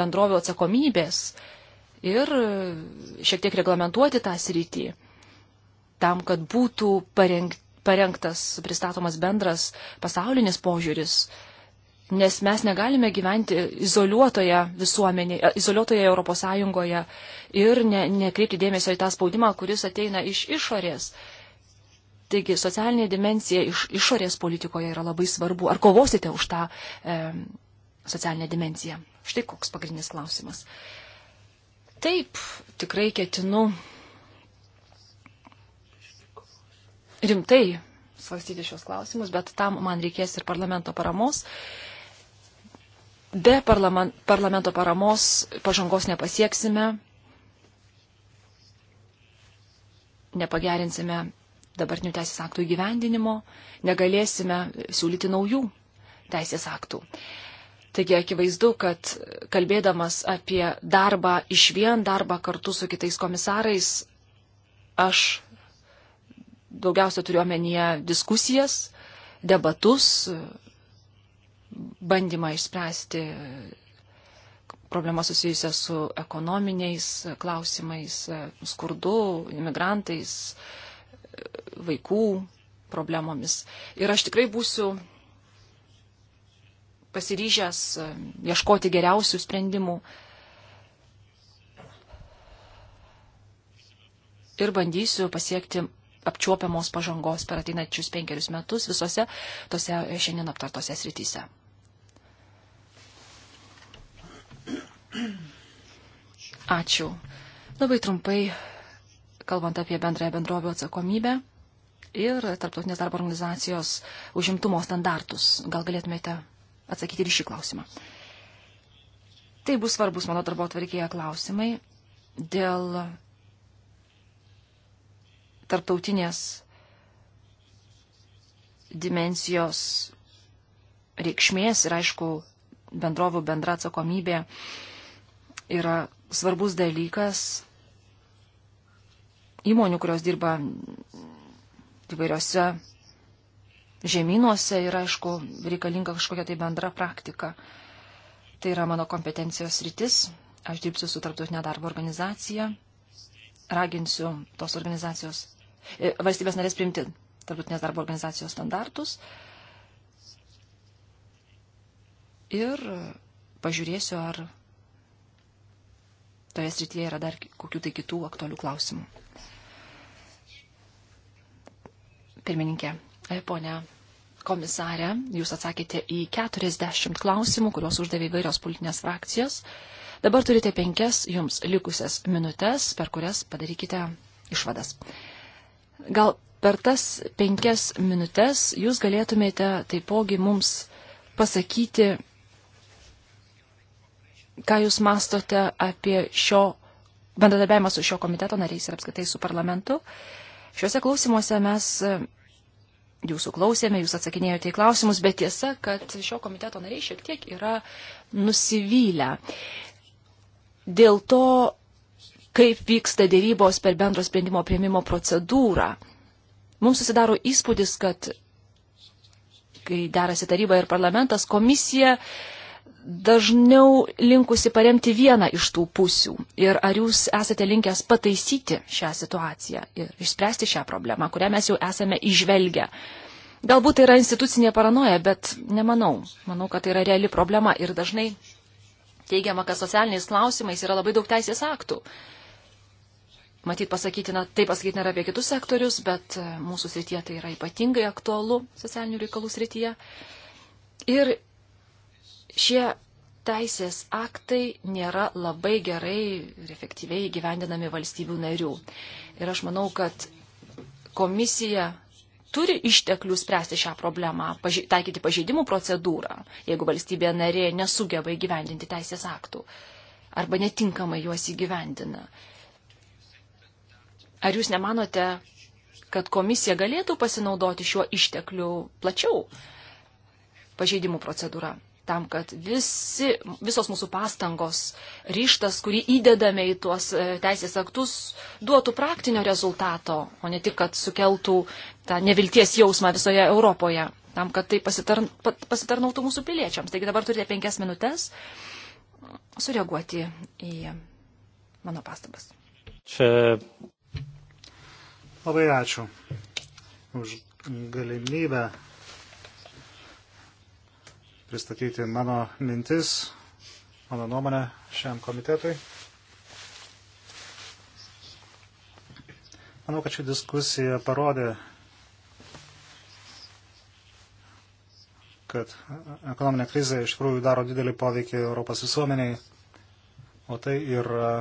bendrovio atsakomybės ir šiek tiek reglamentuoti tą sritį, tam, kad būtų parengtas, pristatomas bendras pasaulinis požiūris, nes mes negalime gyventi izoliuotoje visuomenėje, izoliuotoje Europos Sąjungoje ir ne, nekreipti dėmesio į tą spaudimą, kuris ateina iš išorės. Uh, Taigi socialinė dimensija iš, išorės politikoje yra labai svarbu. Ar kovosite už tą e, socialinę dimensiją? Štai koks pagrindinis klausimas. Taip, tikrai ketinu rimtai svarstyti šios klausimus, bet tam man reikės ir parlamento paramos. Be parlaman, parlamento paramos pažangos nepasieksime, nepagerinsime dabartinių teisės aktų įgyvendinimo, negalėsime siūlyti naujų teisės aktų. Taigi akivaizdu, kad kalbėdamas apie darbą iš vien, darbą kartu su kitais komisarais, aš daugiausia turiu omenyje diskusijas, debatus, bandymą išspręsti problemas susijusias su ekonominiais klausimais, skurdu, imigrantais, vaikų problemomis. Ir aš tikrai būsiu pasiryžęs e, ieškoti geriausių sprendimų ir bandysiu pasiekti apčiuopiamos pažangos per ateinačius penkerius metus visose tose šiandien aptartose srityse. Ačiū. Labai trumpai kalbant apie bendrąją bendrovio atsakomybę ir Tarptautinės darbo organizacijos užimtumo standartus. Gal galėtumėte atsakyti ir šį klausimą. Tai bus svarbus mano darbo atvarkėje klausimai dėl tarptautinės dimensijos reikšmės ir aišku bendrovų bendra atsakomybė yra svarbus dalykas įmonių, kurios dirba įvairiose žemynuose ir, aišku, reikalinga kažkokia tai bendra praktika. Tai yra mano kompetencijos rytis. Aš dirbsiu su tarptautinė darbo organizacija. Raginsiu tos organizacijos, e, valstybės narės priimti tarptautinės darbo organizacijos standartus. Ir pažiūrėsiu, ar toje srityje yra dar kokių tai kitų aktualių klausimų. Pirmininkė, e, ponia komisarė, jūs atsakėte į 40 klausimų, kuriuos uždavė įvairios politinės frakcijos. Dabar turite penkias jums likusias minutės, per kurias padarykite išvadas. Gal per tas penkias minutės jūs galėtumėte taipogi mums pasakyti, ką jūs mastote apie šio bendradarbiavimą su šio komiteto nariais ir apskaitai su parlamentu. Šiuose klausimuose mes jūsų klausėme, jūs atsakinėjote į klausimus, bet tiesa, kad šio komiteto nariai šiek tiek yra nusivylę. Dėl to, kaip vyksta dėrybos per bendro sprendimo prieimimo procedūrą, mums susidaro įspūdis, kad kai derasi taryba ir parlamentas, komisija dažniau linkusi paremti vieną iš tų pusių. Ir ar jūs esate linkęs pataisyti šią situaciją ir išspręsti šią problemą, kurią mes jau esame išvelgę? Galbūt tai yra institucinė paranoja, bet nemanau. Manau, kad tai yra reali problema ir dažnai teigiama, kad socialiniais klausimais yra labai daug teisės aktų. Matyt, pasakytina, tai pasakytina yra apie kitus sektorius, bet e, mūsų srityje tai yra ypatingai aktualu socialinių reikalų srityje. Ir Šie teisės aktai nėra labai gerai ir efektyviai gyvendinami valstybių narių. Ir aš manau, kad komisija turi išteklių spręsti šią problemą, paži taikyti pažeidimų procedūrą, jeigu valstybė narė nesugeba įgyvendinti teisės aktų arba netinkamai juos įgyvendina. Ar jūs nemanote, kad komisija galėtų pasinaudoti šiuo ištekliu plačiau pažeidimų procedūrą? tam, kad visi, visos mūsų pastangos, ryštas, kurį įdedame į tuos e, teisės aktus, duotų praktinio rezultato, o ne tik, kad sukeltų tą nevilties jausmą visoje Europoje, tam, kad tai pasitarn, pasitarnautų mūsų piliečiams. Taigi dabar turite penkias minutės sureaguoti į mano pastabas. Čia. Labai ačiū už galimybę pristatyti mano mintis, mano nuomonę šiam komitetui. Manau, kad ši diskusija parodė, kad ekonominė krizė iš tikrųjų daro didelį poveikį Europos visuomeniai, o tai yra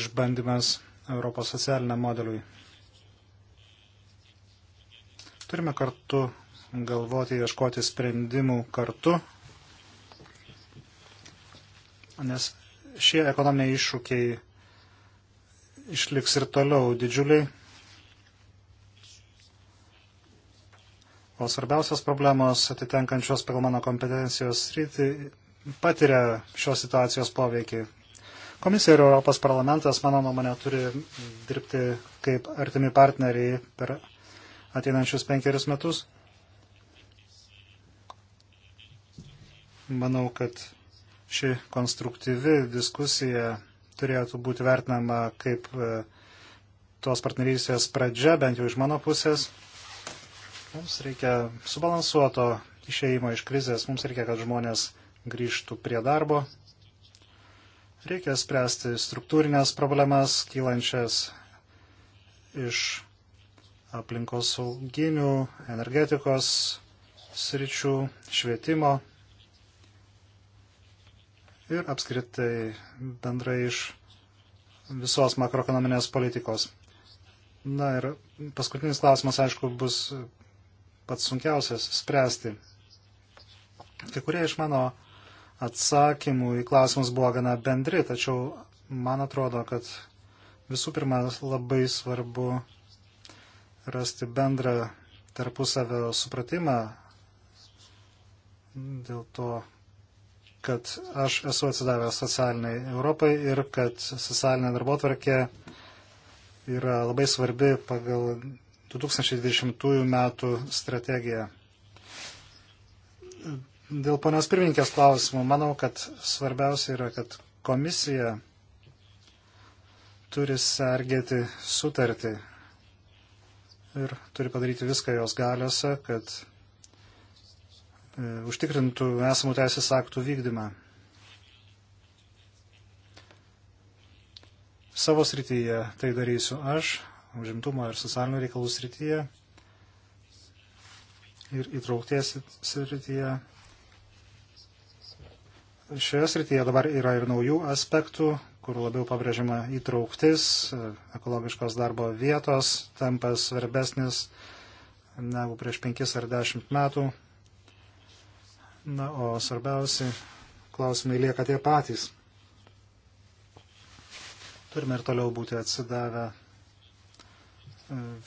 išbandymas Europos socialiniam modeliui. Turime kartu galvoti, ieškoti sprendimų kartu, nes šie ekonominiai iššūkiai išliks ir toliau didžiuliai. O svarbiausios problemos atitenkančios pagal mano kompetencijos rytį patiria šios situacijos poveikį. Komisija ir Europos parlamentas, mano nuomonė, turi dirbti kaip artimi partneriai per ateinančius penkerius metus. Manau, kad ši konstruktyvi diskusija turėtų būti vertinama kaip e, tos partnerystės pradžia, bent jau iš mano pusės. Mums reikia subalansuoto išeimo iš krizės, mums reikia, kad žmonės grįžtų prie darbo. Reikia spręsti struktūrinės problemas, kylančias iš aplinkos sauginių, energetikos sričių, švietimo ir apskritai bendrai iš visos makroekonominės politikos. Na ir paskutinis klausimas, aišku, bus pats sunkiausias spręsti. Kai kurie iš mano atsakymų į klausimus buvo gana bendri, tačiau man atrodo, kad visų pirma labai svarbu rasti bendrą tarpusavio supratimą dėl to, kad aš esu atsidavęs socialiniai Europai ir kad socialinė darbotvarkė yra labai svarbi pagal 2020 metų strategiją. Dėl ponios pirmininkės klausimų, manau, kad svarbiausia yra, kad komisija turi sergėti sutartį ir turi padaryti viską jos galiuose, kad E, užtikrintų esamų teisės aktų vykdymą. Savo srityje tai darysiu aš, užimtumo ir socialinių reikalų srityje ir įtraukties srityje. Šioje srityje dabar yra ir naujų aspektų, kur labiau pabrėžiama įtrauktis, e, ekologiškos darbo vietos tampa svarbesnis negu prieš penkis ar dešimt metų. Na, o svarbiausi klausimai lieka tie patys. Turime ir toliau būti atsidavę e,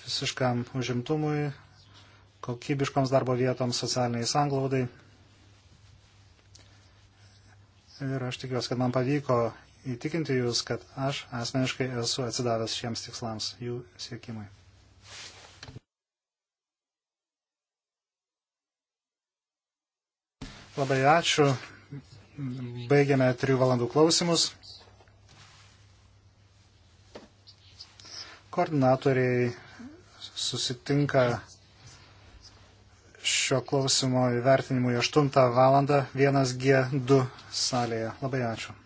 visiškam užimtumui, kokybiškoms darbo vietoms, socialiniai sanglaudai. Ir aš tikiuosi, kad man pavyko įtikinti jūs, kad aš asmeniškai esu atsidavęs šiems tikslams, jų siekimui. Labai ačiū. Baigiame trijų valandų klausimus. Koordinatoriai susitinka šio klausimo įvertinimui 8 val. 1G2 salėje. Labai ačiū.